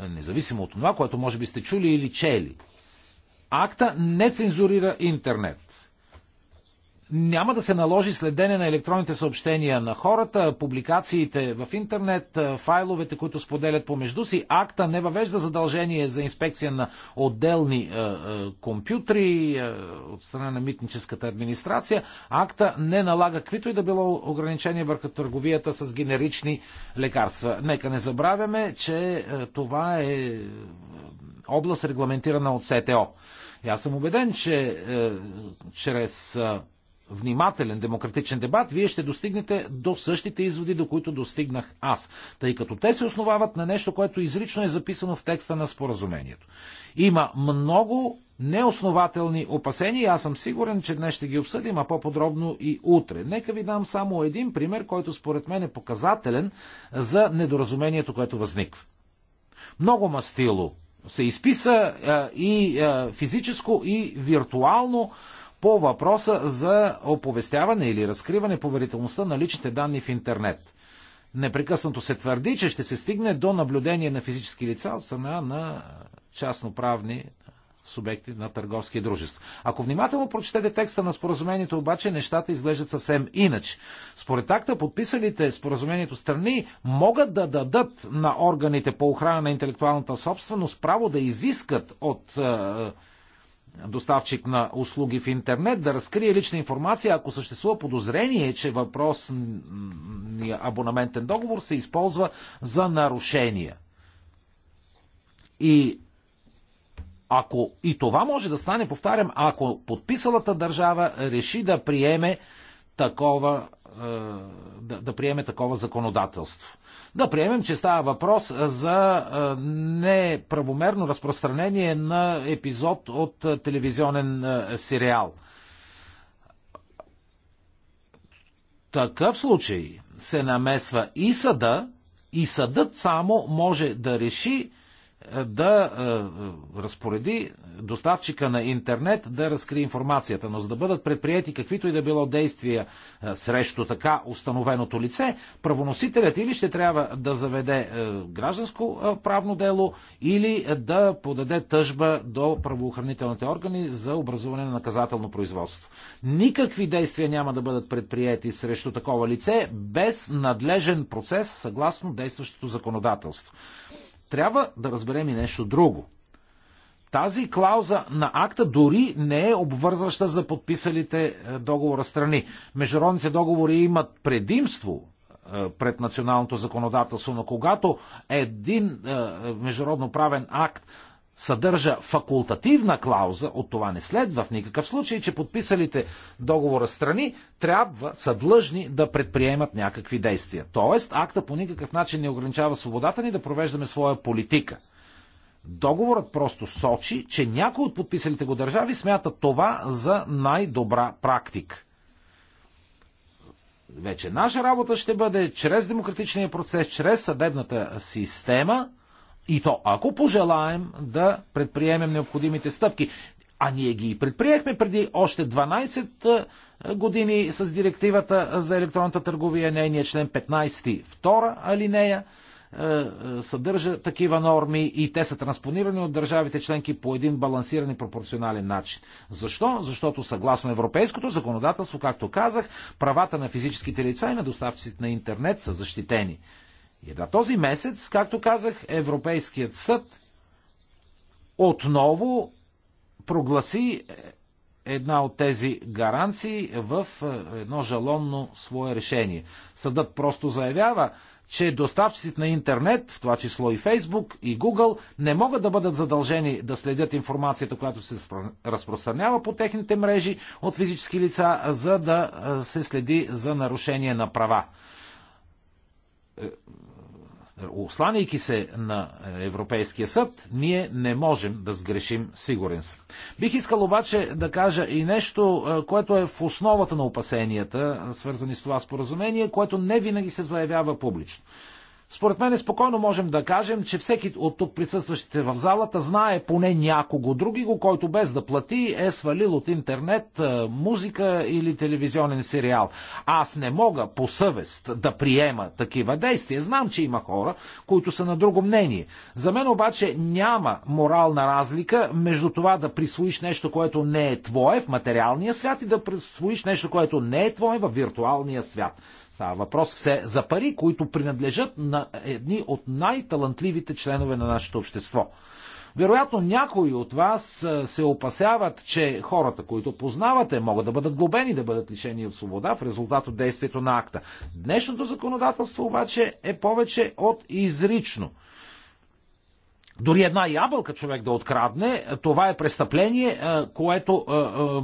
Е, независимо от това, което може би сте чули или чели. Акта не цензурира интернет няма да се наложи следене на електронните съобщения на хората, публикациите в интернет, файловете, които споделят помежду си. Акта не въвежда задължение за инспекция на отделни е, е, компютри е, от страна на митническата администрация. Акта не налага каквито и да било ограничение върху търговията с генерични лекарства. Нека не забравяме, че е, това е област регламентирана от СТО. аз съм убеден, че е, чрез е, внимателен демократичен дебат, вие ще достигнете до същите изводи, до които достигнах аз, тъй като те се основават на нещо, което изрично е записано в текста на споразумението. Има много неоснователни опасения и аз съм сигурен, че днес ще ги обсъдим, а по-подробно и утре. Нека ви дам само един пример, който според мен е показателен за недоразумението, което възниква. Много мастило се изписа и физическо, и виртуално по въпроса за оповестяване или разкриване поверителността на личните данни в интернет. Непрекъснато се твърди, че ще се стигне до наблюдение на физически лица от страна на частноправни субекти на търговски дружества. Ако внимателно прочетете текста на споразумението, обаче нещата изглеждат съвсем иначе. Според акта, подписалите споразумението страни могат да дадат на органите по охрана на интелектуалната собственост право да изискат от е, доставчик на услуги в интернет да разкрие лична информация, ако съществува подозрение, че въпрос абонаментен договор се използва за нарушения. И ако и това може да стане, повтарям, ако подписалата държава реши да приеме такова, е, да, да приеме такова законодателство. Да приемем, че става въпрос за неправомерно разпространение на епизод от телевизионен сериал. Такъв случай се намесва и съда, и съдът само може да реши да е, е, разпореди доставчика на интернет да разкри информацията. Но за да бъдат предприяти каквито и да било действия е, срещу така установеното лице, правоносителят или ще трябва да заведе гражданско правно дело, или да подаде тъжба до правоохранителните органи за образуване на наказателно производство. Никакви действия няма да бъдат предприяти срещу такова лице без надлежен процес съгласно действащото законодателство трябва да разберем и нещо друго. Тази клауза на акта дори не е обвързваща за подписалите е, договора страни. Международните договори имат предимство е, пред националното законодателство, но когато един е, международно правен акт съдържа факултативна клауза, от това не следва в никакъв случай, че подписалите договора страни трябва, са длъжни да предприемат някакви действия. Тоест, акта по никакъв начин не ограничава свободата ни да провеждаме своя политика. Договорът просто сочи, че някои от подписалите го държави смятат това за най-добра практика. Вече наша работа ще бъде чрез демократичния процес, чрез съдебната система и то, ако пожелаем да предприемем необходимите стъпки. А ние ги предприехме преди още 12 е, години с директивата за електронната търговия, нейният член 15, втора алинея е, е, съдържа такива норми и те са транспонирани от държавите членки по един балансиран и пропорционален начин. Защо? Защото съгласно европейското законодателство, както казах, правата на физическите лица и на доставчиците на интернет са защитени едва този месец, както казах, Европейският съд отново прогласи една от тези гаранции в е, едно жалонно свое решение. Съдът просто заявява, че доставчиците на интернет, в това число и Фейсбук и Google, не могат да бъдат задължени да следят информацията, която се разпространява по техните мрежи от физически лица, за да е, се следи за нарушение на права. Е, Осланяйки се на Европейския съд, ние не можем да сгрешим, сигурен съм. Бих искал обаче да кажа и нещо, което е в основата на опасенията, свързани с това споразумение, което не винаги се заявява публично. Според мен е спокойно можем да кажем, че всеки от тук присъстващите в залата знае поне някого го, който без да плати е свалил от интернет музика или телевизионен сериал. Аз не мога по съвест да приема такива действия. Знам, че има хора, които са на друго мнение. За мен обаче няма морална разлика между това да присвоиш нещо, което не е твое в материалния свят и да присвоиш нещо, което не е твое в виртуалния свят. Става въпрос все за пари, които принадлежат на едни от най-талантливите членове на нашето общество. Вероятно някои от вас се опасяват, че хората, които познавате, могат да бъдат глобени, да бъдат лишени от свобода в резултат от действието на акта. Днешното законодателство обаче е повече от изрично дори една ябълка човек да открадне, това е престъпление, което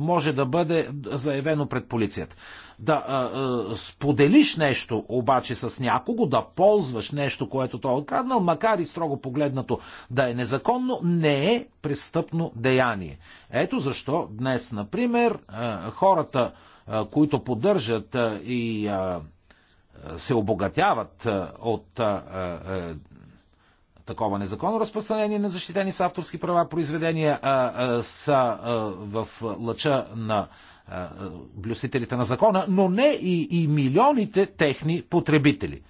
може да бъде заявено пред полицията. Да споделиш нещо обаче с някого, да ползваш нещо, което той е откраднал, макар и строго погледнато да е незаконно, не е престъпно деяние. Ето защо днес, например, хората, които поддържат и се обогатяват от такова незаконно разпространение на защитени с авторски права произведения а, а, са а, в лъча на а, блюстителите на закона, но не и, и милионите техни потребители.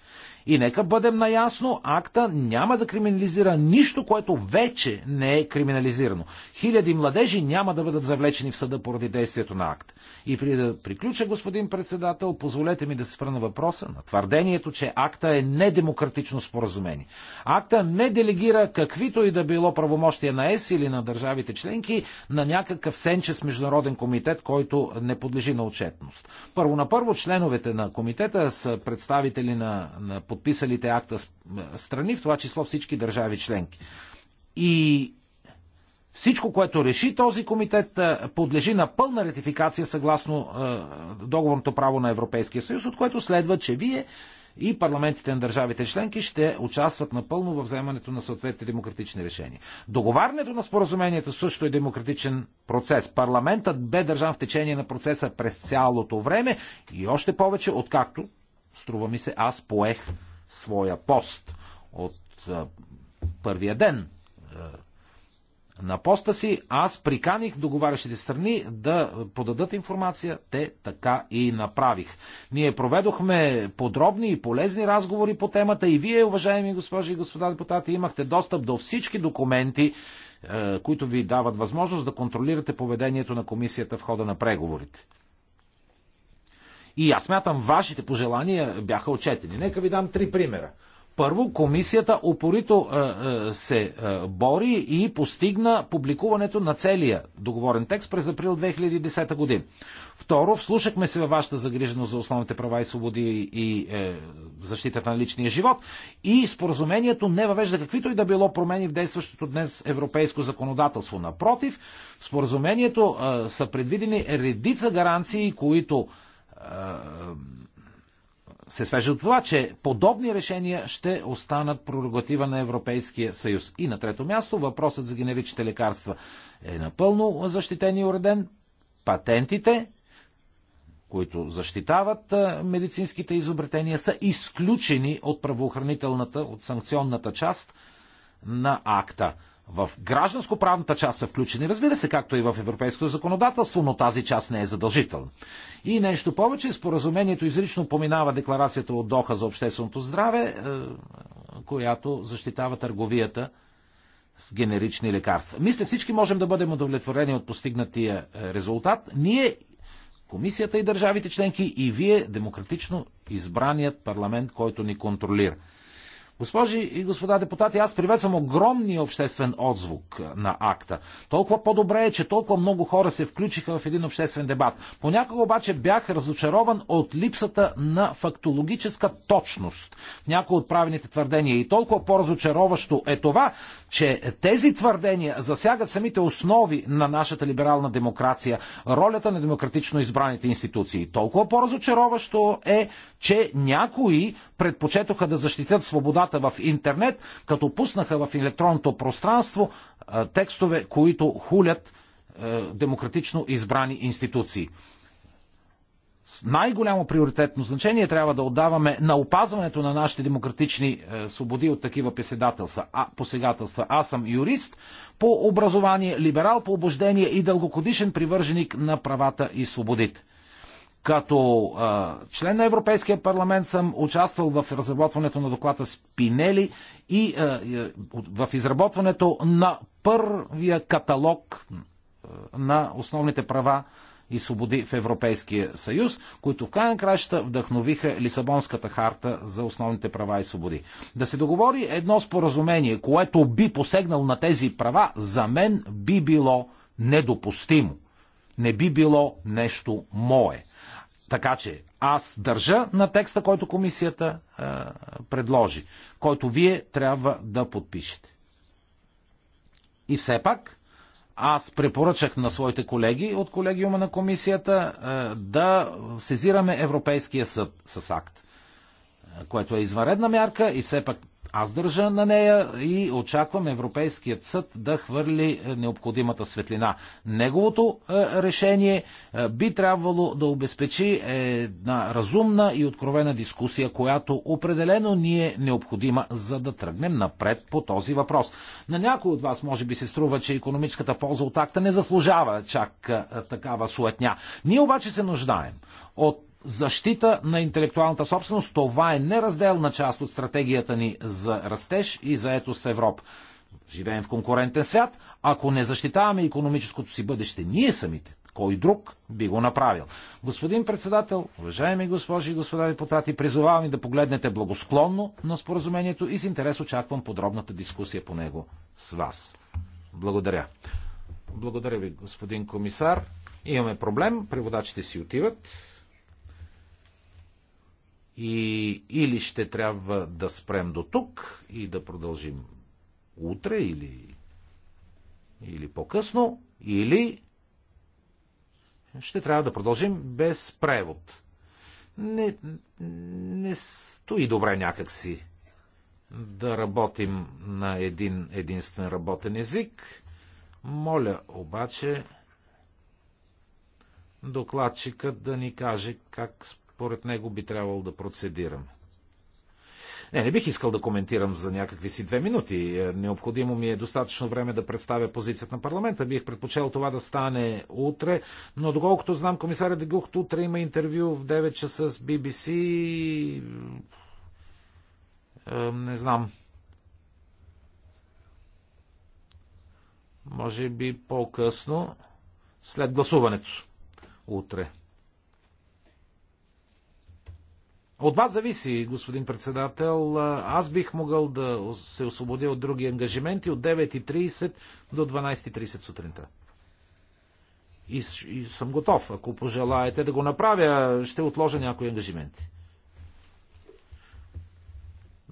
И нека бъдем наясно, акта няма да криминализира нищо, което вече не е криминализирано. Хиляди младежи няма да бъдат завлечени в съда поради действието на акт. И при да приключа, господин председател, позволете ми да се спра въпроса на твърдението, че акта е недемократично споразумение. Акта не делегира каквито и да било правомощия на ЕС или на държавите членки на някакъв сенчес международен комитет, който не подлежи на отчетност. Първо на първо членовете на комитета са представители на, на подписалите акта страни, в това число всички държави членки. И всичко, което реши този комитет, подлежи на пълна ратификация съгласно договорното право на Европейския съюз, от което следва, че вие и парламентите на държавите членки ще участват напълно във вземането на съответните демократични решения. Договарянето на споразумението също е демократичен процес. Парламентът бе държан в течение на процеса през цялото време и още повече, откакто струва ми се, аз поех своя пост от а, първия ден а, на поста си. Аз приканих договарящите страни да подадат информация. Те така и направих. Ние проведохме подробни и полезни разговори по темата и вие, уважаеми госпожи и господа депутати, имахте достъп до всички документи, които ви дават възможност да контролирате поведението на комисията в хода на преговорите. И аз мятам, вашите пожелания бяха отчетени. Нека ви дам три примера. Първо, комисията упорито е, е, се е, бори и постигна публикуването на целия договорен текст през април 2010 година. Второ, вслушахме се във вашата загриженост за основните права и свободи и е, защитата на личния живот и споразумението не въвежда каквито и да било промени в действащото днес европейско законодателство. Напротив, в споразумението е, са предвидени редица гаранции, които се свежда от това, че подобни решения ще останат пророгатива на Европейския съюз. И на трето място въпросът за генеричните лекарства е напълно защитен и уреден. Патентите, които защитават медицинските изобретения, са изключени от правоохранителната, от санкционната част на акта. В гражданско-правната част са включени, разбира се, както и в европейското законодателство, но тази част не е задължителна. И нещо повече, споразумението изрично поминава декларацията от Доха за общественото здраве, е, която защитава търговията с генерични лекарства. Мисля, всички можем да бъдем удовлетворени от постигнатия е, резултат. Ние, комисията и държавите членки, и вие, демократично избраният парламент, който ни контролира. Госпожи и господа депутати, аз приветствам огромния обществен отзвук на акта. Толкова по-добре е, че толкова много хора се включиха в един обществен дебат. Понякога обаче бях разочарован от липсата на фактологическа точност в някои от правените твърдения. И толкова по-разочароващо е това, че тези твърдения засягат самите основи на нашата либерална демокрация, ролята на демократично избраните институции. Толкова по-разочароващо е, че някои предпочетоха да защитят свободата в интернет, като пуснаха в електронното пространство текстове, които хулят демократично избрани институции. С най-голямо приоритетно значение трябва да отдаваме на опазването на нашите демократични свободи от такива поседателства. А, посегателства. Аз съм юрист по образование, либерал по убеждение и дългокодишен привърженик на правата и свободите. Като а, член на Европейския парламент съм участвал в разработването на доклада Спинели и а, в изработването на първия каталог на основните права и свободи в Европейския съюз, които в крайна краща вдъхновиха Лисабонската харта за основните права и свободи. Да се договори едно споразумение, което би посегнал на тези права, за мен би било недопустимо. Не би било нещо мое. Така че аз държа на текста, който комисията а, е, предложи, който вие трябва да подпишете. И все пак, аз препоръчах на своите колеги от колегиума на комисията а, е, да сезираме Европейския съд с акт, е, което е извънредна мярка и все пак аз държа на нея и очаквам Европейският съд да хвърли е, необходимата светлина. Неговото е, решение е, би трябвало да обезпечи една разумна и откровена дискусия, която определено ни е необходима, за да тръгнем напред по този въпрос. На някой от вас може би се струва, че економическата полза от акта не заслужава чак такава суетня. Ние обаче се нуждаем от защита на интелектуалната собственост. Това е неразделна част от стратегията ни за растеж и заетост в Европа. Живеем в конкурентен свят. Ако не защитаваме економическото си бъдеще, ние самите, кой друг би го направил? Господин председател, уважаеми госпожи и господа депутати, призовавам ви да погледнете благосклонно на споразумението и с интерес очаквам подробната дискусия по него с вас. Благодаря. Благодаря ви, господин комисар. Имаме проблем. Преводачите си отиват. И или ще трябва да спрем до тук и да продължим утре или, или по-късно, или ще трябва да продължим без превод. Не, не стои добре някакси да работим на един единствен работен език. Моля обаче докладчикът да ни каже как според него би трябвало да процедирам. Не, не бих искал да коментирам за някакви си две минути. Е, необходимо ми е достатъчно време да представя позицията на парламента. Бих предпочел това да стане утре, но доколкото знам, комисаря Дегухт утре има интервю в 9 часа с BBC. Е, не знам. Може би по-късно, след гласуването. Утре. От вас зависи, господин председател. Аз бих могъл да се освободя от други ангажименти от 9.30 до 12.30 сутринта. И, и съм готов, ако пожелаете да го направя, ще отложа някои ангажименти.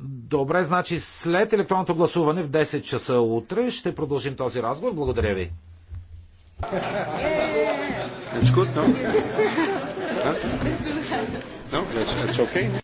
Добре, значи след електронното гласуване в 10 часа утре ще продължим този разговор. Благодаря ви. It's good, no? No, that's, that's okay.